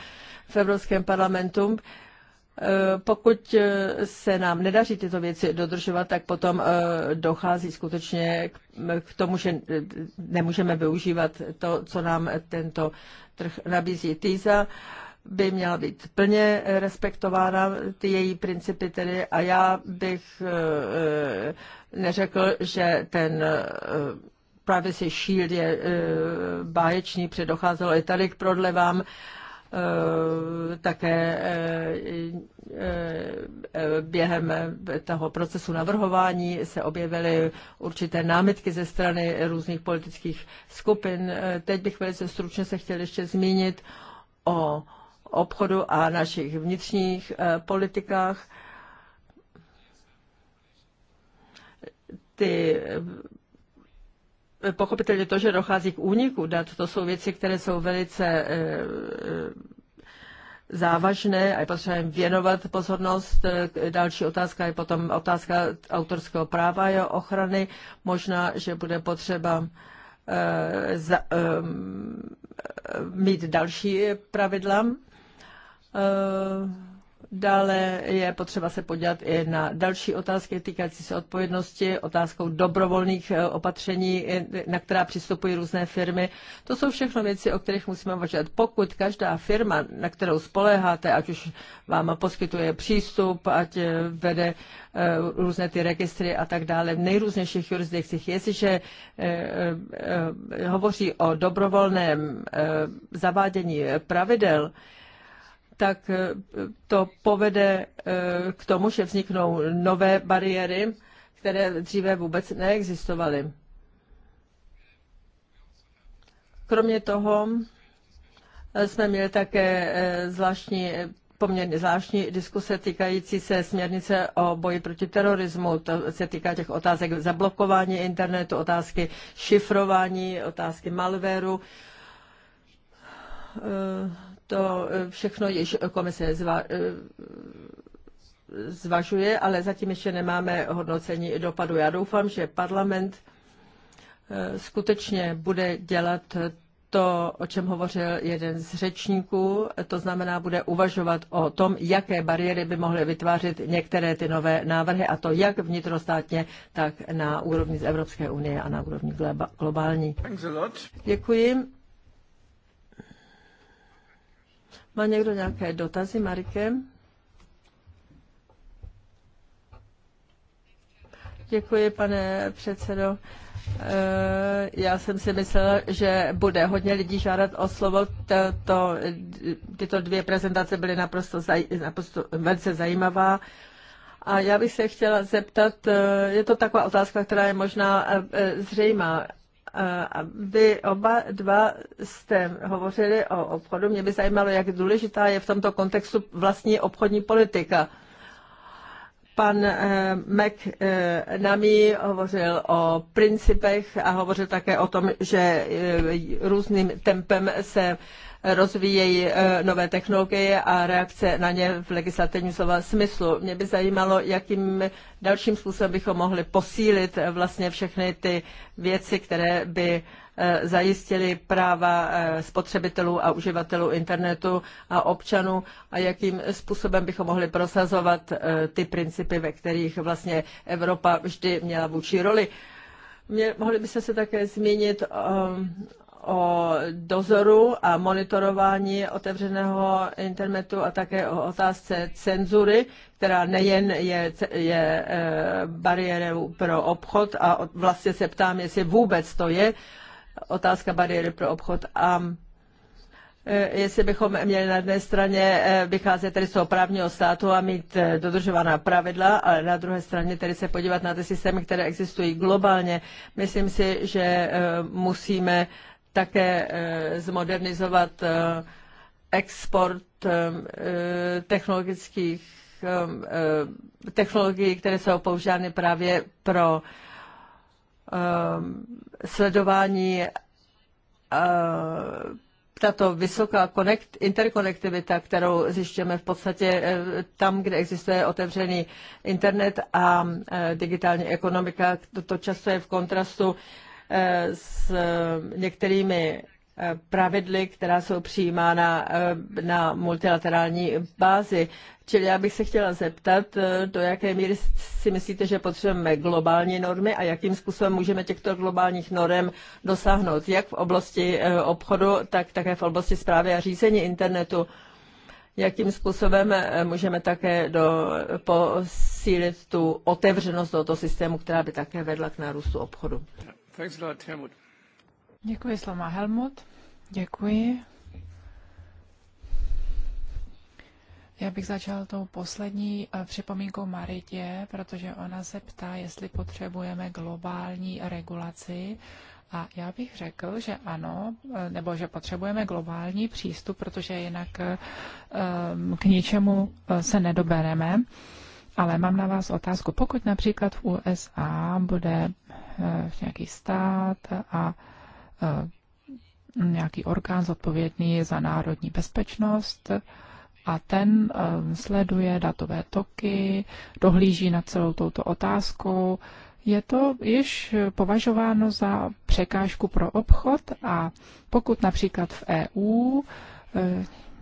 v Evropském parlamentu. Eh, pokud eh, se nám nedaří tyto věci dodržovat, tak potom eh, dochází skutečně k tomu, že nemůžeme využívat to, co nám tento trh nabízí. TISA by měla být plně respektována, ty její principy tedy, a já bych neřekl, že ten Privacy Shield je báječný, předocházelo i tady k prodlevám. Eh, také eh, eh, během toho procesu navrhování se objevily určité námitky ze strany různých politických skupin. Teď bych velice stručně se chtěl ještě zmínit o obchodu a našich vnitřních politikách. Ty pochopitelně to, že dochází k úniku dat, to jsou věci, které jsou velice eh, eh, závažné a je potřeba jim věnovat pozornost. Eh, další otázka je potom otázka autorského práva a jeho ochrany. Možná, že bude potřeba za, mít další pravidla. Dále je potřeba se podívat i na další otázky týkající se odpovědnosti, otázkou dobrovolných eh, opatření, na která přistupují různé firmy. To jsou všechno věci, o kterých musíme uvažovat. Pokud každá firma, na kterou spoléháte, ať už vám poskytuje přístup, ať eh, vede eh, různé ty registry a tak dále v nejrůznějších jurisdikcích, jestliže hovoří o dobrovolném zavádění pravidel, tak eh, to povede eh, k tomu, že vzniknou nové bariéry, které dříve vůbec neexistovaly. Kromě toho eh, jsme měli také zvláštní, poměrně zvláštní diskuse týkající se směrnice o boji proti terorismu. To se týká těch otázek zablokování internetu, otázky šifrování, otázky malvéru to e, všechno již komise zva, e, zvažuje, ale zatím ještě nemáme hodnocení dopadu. Já doufám, že parlament e, skutečně bude dělat to, o čem hovořil jeden z řečníků, to znamená, bude uvažovat o tom, jaké bariéry by mohly vytvářet některé ty nové návrhy, a to jak vnitrostátně, tak na úrovni z Evropské unie a na úrovni globální. Děkuji. Má někdo nějaké dotazy, Marike? Děkuji, pane předsedo. Eh, já jsem si myslela, že bude hodně lidí žádat o slovo. Tato, tyto dvě prezentace byly naprosto, zaj, naprosto velice zajímavá. A já bych se chtěla zeptat, eh, je to taková otázka, která je možná eh, zřejmá. Vy oba dva jste hovořili o obchodu. Mě by zajímalo, jak důležitá je v tomto kontextu vlastní obchodní politika. Pan eh, eh, Nami hovořil o principech a hovořil také o tom, že eh, různým tempem se rozvíjejí eh, nové technologie a reakce na ně v legislativním slova smyslu. Mě by zajímalo, jakým dalším způsobem bychom mohli posílit eh, vlastně všechny ty věci, které by eh, zajistili práva spotřebitelů a uživatelů internetu a občanů a jakým způsobem bychom mohli prosazovat ty principy, ve kterých vlastně Evropa vždy měla vůči roli. Mě, mohli byste se také zmínit o dozoru a monitorování otevřeného internetu a také o otázce cenzury, která nejen je, je e, bariérou pro obchod a vlastně se ptám, jestli vůbec to je otázka bariéry pro obchod a e, jestli bychom měli na jedné straně e, vycházet tedy z toho právního státu a mít dodržovaná pravidla, ale na druhé straně tedy se podívat na ty systémy, které existují globálně. Myslím si, že musíme také eh, zmodernizovat eh, export eh, technologických technologií, které jsou používány právě pro sledování tato vysoká konekt, interkonektivita, kterou zjišťujeme v podstatě tam, kde existuje otevřený internet a digitální ekonomika, to, to často je v kontrastu Eh, s některými eh, pravidly, která jsou přijímána eh, na multilaterální bázi. Čili já bych se chtěla zeptat, do jaké míry si myslíte, že potřebujeme globální normy a jakým způsobem můžeme těchto globálních norm dosáhnout, jak v oblasti obchodu, tak také v oblasti zprávy a řízení internetu. Jakým způsobem můžeme také do, posílit tu otevřenost tohoto systému, která by také vedla k nárůstu obchodu. Thanks a lot, Helmut. Děkuji, slova Helmut. Děkuji. Já bych začal tou poslední eh, připomínkou Maritě, protože ona se ptá, jestli potřebujeme globální regulaci. A já bych řekl, že ano, eh, nebo že potřebujeme globální přístup, protože jinak eh, k ničemu se nedobereme. Ale mám na vás otázku. Pokud například v USA bude eh, nějaký stát a eh, nějaký orgán zodpovědný za národní bezpečnost a ten eh, sleduje datové toky, dohlíží na celou touto otázku, je to již považováno za překážku pro obchod a pokud například v EU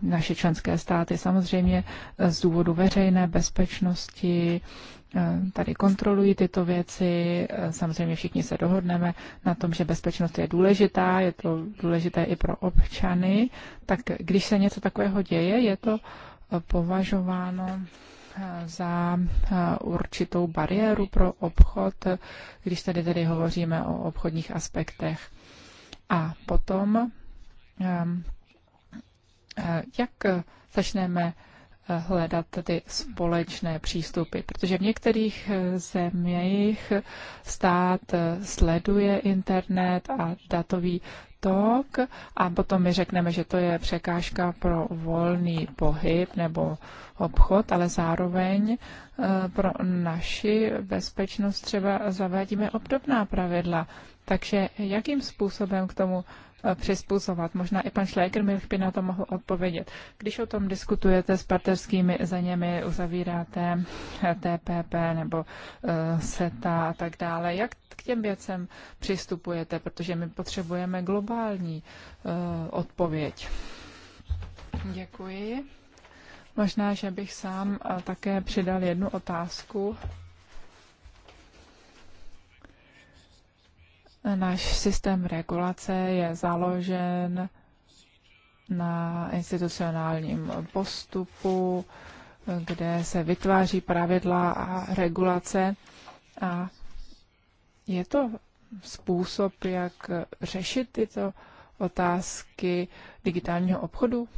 naše členské státy. Samozřejmě eh, z důvodu veřejné bezpečnosti eh, tady kontrolují tyto věci. Eh, samozřejmě všichni se dohodneme na tom, že bezpečnost je důležitá, je to důležité i pro občany. Tak když se něco takového děje, je to považováno za určitou bariéru pro obchod, když tady tedy hovoříme o obchodních aspektech. A potom ehm, jak začneme eh, hledat ty společné přístupy, protože v některých eh, zemích stát eh, sleduje internet a datový tok a potom my řekneme, že to je překážka pro volný pohyb nebo obchod, ale zároveň pro naši bezpečnost třeba zavádíme obdobná pravidla. Takže jakým způsobem k tomu Eh, přizpůsobovat. Možná i pan Schleiermilch by na to mohl odpovědět. Když o tom diskutujete s partnerskými zeměmi, uzavíráte eh, TPP nebo eh, SETA a tak dále, jak k těm věcem přistupujete, protože my potřebujeme globální odpověď. Děkuji. Možná, že bych sám také přidal jednu otázku Náš systém regulace je založen na institucionálním postupu, kde se vytváří pravidla a regulace. A je to způsob, jak řešit tyto otázky digitálního obchodu?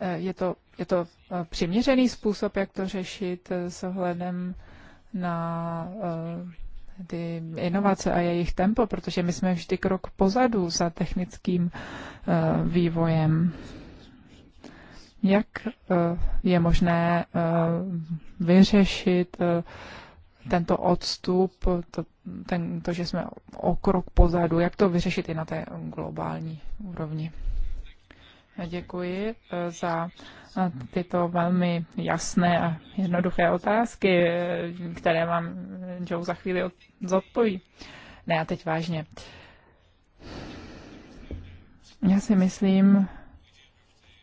Eh, je to, je to eh, přiměřený způsob, jak to řešit eh, s ohledem na eh, ty inovace a jejich tempo, protože my jsme vždy krok pozadu za technickým eh, vývojem. Jak eh, je možné vyřešit tento odstup, to, ten, to, že jsme o krok pozadu, jak to vyřešit i na té globální úrovni? Děkuji eh, za eh, tyto velmi jasné a jednoduché otázky, eh, které vám Joe za chvíli zodpoví. Ne, a teď vážně. Já si myslím,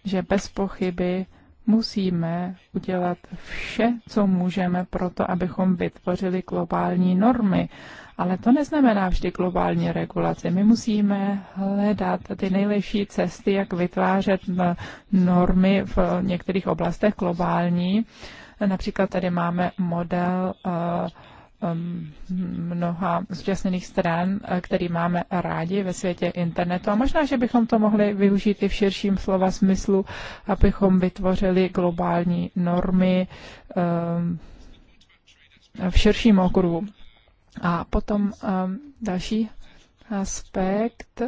že bez pochyby musíme udělat vše, co můžeme pro to, abychom vytvořili globální normy. Ale to neznamená vždy globální regulace. My musíme hledat ty nejlepší cesty, jak vytvářet normy v některých oblastech globální. Například tady máme model uh, Um, mnoha zúčastněných stran, eh, který máme rádi ve světě internetu. A možná, že bychom to mohli využít i v širším slova smyslu, abychom vytvořili globální normy eh, v širším okruhu. A potom eh, další aspekt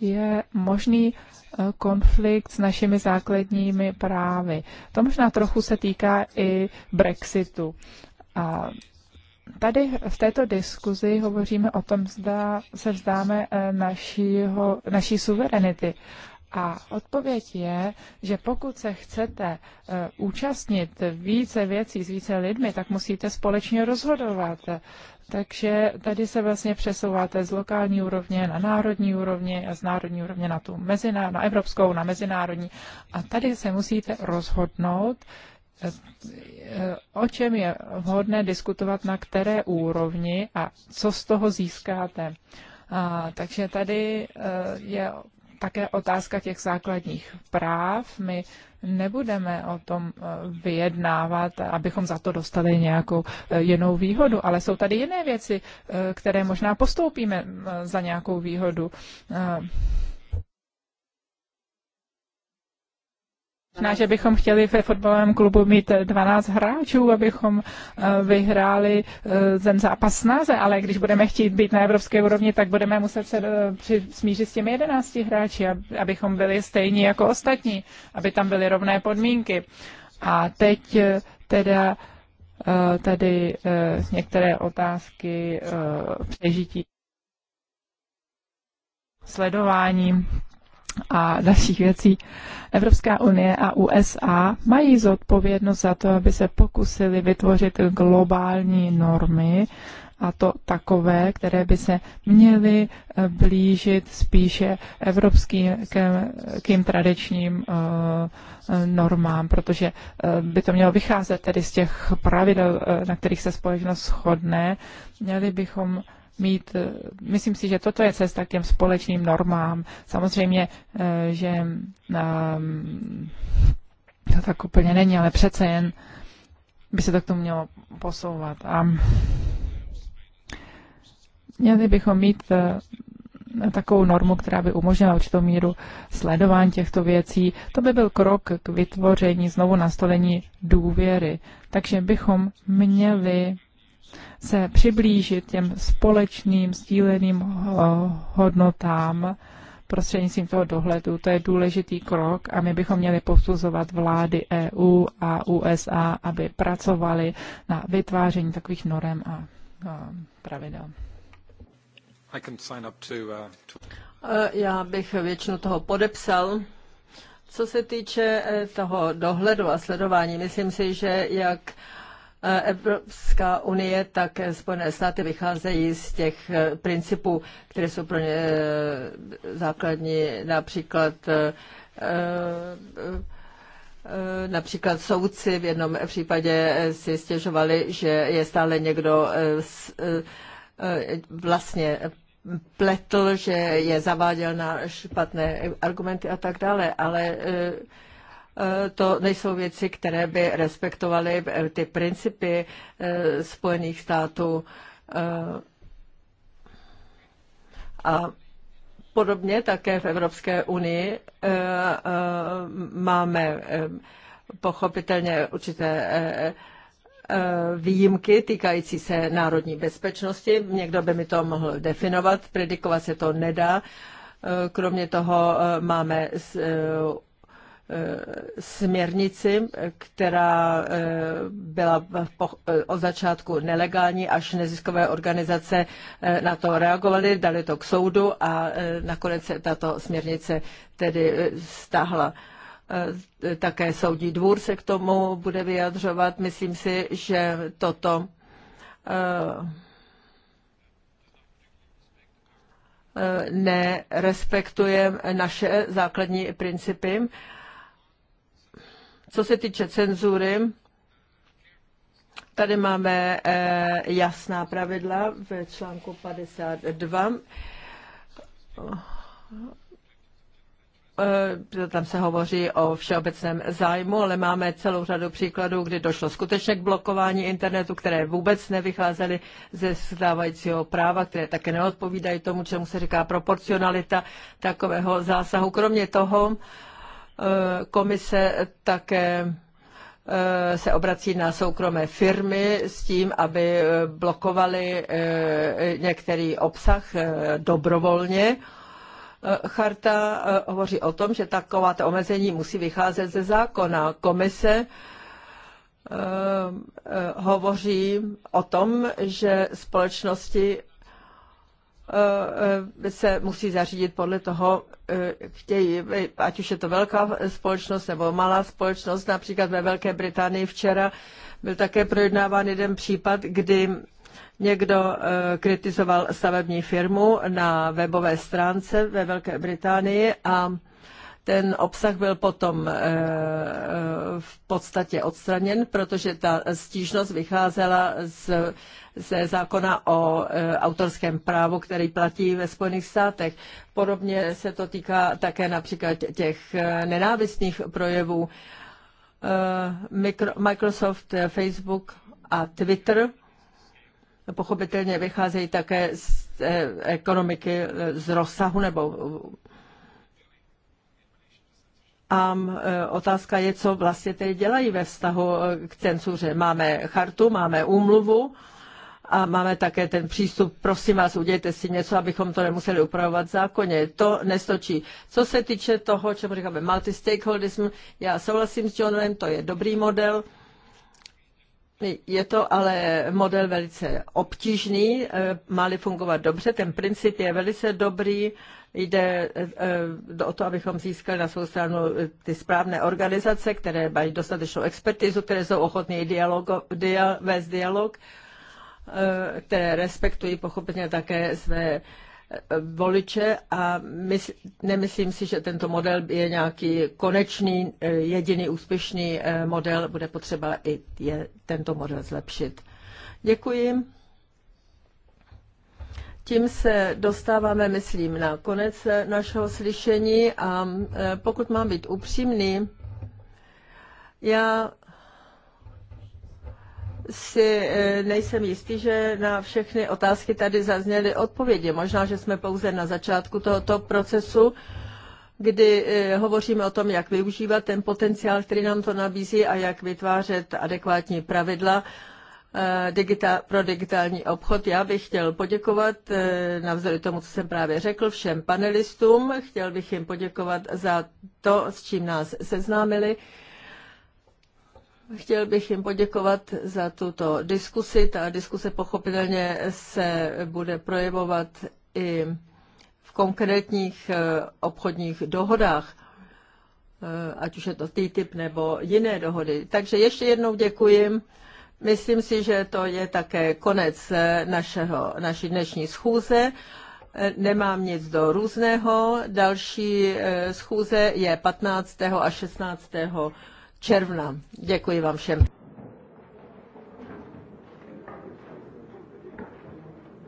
je možný konflikt s našimi základními právy. To možná trochu se týká i Brexitu. A Tady v této diskuzi hovoříme o tom, zda se vzdáme eh, našího, naší suverenity. A odpověď je, že pokud se chcete eh, účastnit více věcí s více lidmi, tak musíte společně rozhodovat. Takže tady se vlastně přesouváte z lokální úrovně na národní úrovně a z národní úrovně na tu meziná, na evropskou, na mezinárodní. A tady se musíte rozhodnout, o čem je vhodné diskutovat, na které úrovni a co z toho získáte. A, takže tady eh, je také otázka těch základních práv. My nebudeme o tom eh, vyjednávat, abychom za to dostali nějakou eh, jinou výhodu, ale jsou tady jiné věci, které možná postoupíme za nějakou výhodu. Možná, že bychom chtěli ve fotbalovém klubu mít 12 hráčů, abychom eh, vyhráli eh, ten zápas snáze, ale když budeme chtít být na evropské úrovni, tak budeme muset se eh, smířit s těmi 11 hráči, abychom byli stejní jako ostatní, aby tam byly rovné podmínky. A teď teda tady některé otázky přežití sledování a dalších věcí. Evropská unie a USA mají zodpovědnost za to, aby se pokusili vytvořit globální normy, a to takové, které by se měly eh, blížit spíše evropským kým tradičním eh, eh, normám, protože by to mělo vycházet tedy z těch pravidel, na kterých se společnost shodne. Měli bychom mít, eh, myslím si, že toto je cesta k těm společným normám. Samozřejmě, eh, že ehm, to tak úplně není, ale přece jen by se to k tomu mělo posouvat. A měli bychom mít eh, takovou normu, která by umožnila určitou míru sledování těchto věcí. To by byl krok k vytvoření, znovu nastolení důvěry. Takže bychom měli se přiblížit těm společným sdíleným hodnotám prostřednictvím toho dohledu. To je důležitý krok a my bychom měli posuzovat vlády EU a USA, aby pracovali na vytváření takových norem a, pravidel. Uh, já bych většinu toho podepsal. Co se týče eh, toho dohledu a sledování, myslím si, že jak Evropská unie, tak Spojené státy vycházejí z těch eh, principů, které jsou pro ně eh, základní, například eh, Například soudci v jednom případě si stěžovali, že je stále někdo vlastně pletl, že je zaváděl na špatné argumenty a tak dále, ale Eh, to nejsou věci, které by respektovaly eh, ty principy eh, Spojených států. A podobně také v Evropské unii máme pochopitelně určité výjimky týkající se národní bezpečnosti. Někdo by mi to mohl definovat, predikovat se to nedá. Kromě toho máme Eh, směrnici, která eh, byla eh, od začátku nelegální, až neziskové organizace na to reagovaly, dali to k soudu a nakonec se tato směrnice tedy stáhla. Také soudní dvůr se k tomu bude vyjadřovat. Myslím si, že toto nerespektuje naše základní principy. Co se týče cenzury, tady máme eh, jasná pravidla v článku 52. Eh, tam se hovoří o všeobecném zájmu, ale máme celou řadu příkladů, kdy došlo skutečně k blokování internetu, které vůbec nevycházely ze stávajícího práva, které také neodpovídají tomu, čemu se říká proporcionalita takového zásahu. Kromě toho, Komise také eh, se obrací na soukromé firmy s tím, aby eh, blokovali eh, některý obsah dobrovolně. Charta hovoří o tom, že takováto omezení musí vycházet ze zákona. Komise hovoří o tom, že společnosti se musí zařídit podle toho, eh, chtějí, ať už je to velká společnost nebo malá společnost. Například ve Velké Británii včera byl také projednáván jeden případ, kdy někdo eh, kritizoval stavební firmu na webové stránce ve Velké Británii a ten obsah byl potom eh, v podstatě odstraněn, protože ta stížnost vycházela z ze zákona o e, autorském právu, který platí ve Spojených státech. Podobně se to týká také například těch e, nenávistných projevů. E, Microsoft, Facebook a Twitter pochopitelně vycházejí také z ekonomiky z rozsahu nebo a otázka je, co vlastně tedy dělají ve vztahu k cenzuře. Máme chartu, máme úmluvu a máme také ten přístup, prosím vás, udělejte si něco, abychom to nemuseli upravovat v zákoně. To nestočí. Co se týče toho, čemu říkáme multistakeholdism, já souhlasím s Johnem, to je dobrý model. Je to ale model velice obtížný, eh, má-li fungovat dobře, ten princip je velice dobrý, jde eh, o to, abychom získali na svou stranu eh, ty správné organizace, které mají dostatečnou expertizu, které jsou ochotné dialogo, dia, vést dialog. Eh, které respektují pochopitelně také své eh, voliče a mysl, nemyslím si, že tento model je nějaký konečný, eh, jediný úspěšný model. Bude potřeba i je, tento model zlepšit. Děkuji. Tím se dostáváme, myslím, na konec našeho slyšení a pokud mám být upřímný, já si e, nejsem jistý, že na všechny otázky tady zazněly odpovědi. Možná, že jsme pouze na začátku tohoto procesu, kdy e, hovoříme o tom, jak využívat ten potenciál, který nám to nabízí a jak vytvářet adekvátní pravidla e, pro digitální obchod. Já bych chtěl poděkovat, navzdory tomu, co jsem právě řekl, všem panelistům. Chtěl bych jim poděkovat za to, s čím nás seznámili. Chtěl bych jim poděkovat za tuto diskusi. Ta diskuse pochopitelně se bude projevovat i v konkrétních eh, obchodních dohodách, eh, ať už je to TTIP nebo jiné dohody. Takže ještě jednou děkuji. Myslím si, že to je také konec eh, našeho, naší dnešní schůze. Nemám nic do různého. Další schůze je 15. a 16 června. Děkuji vám všem.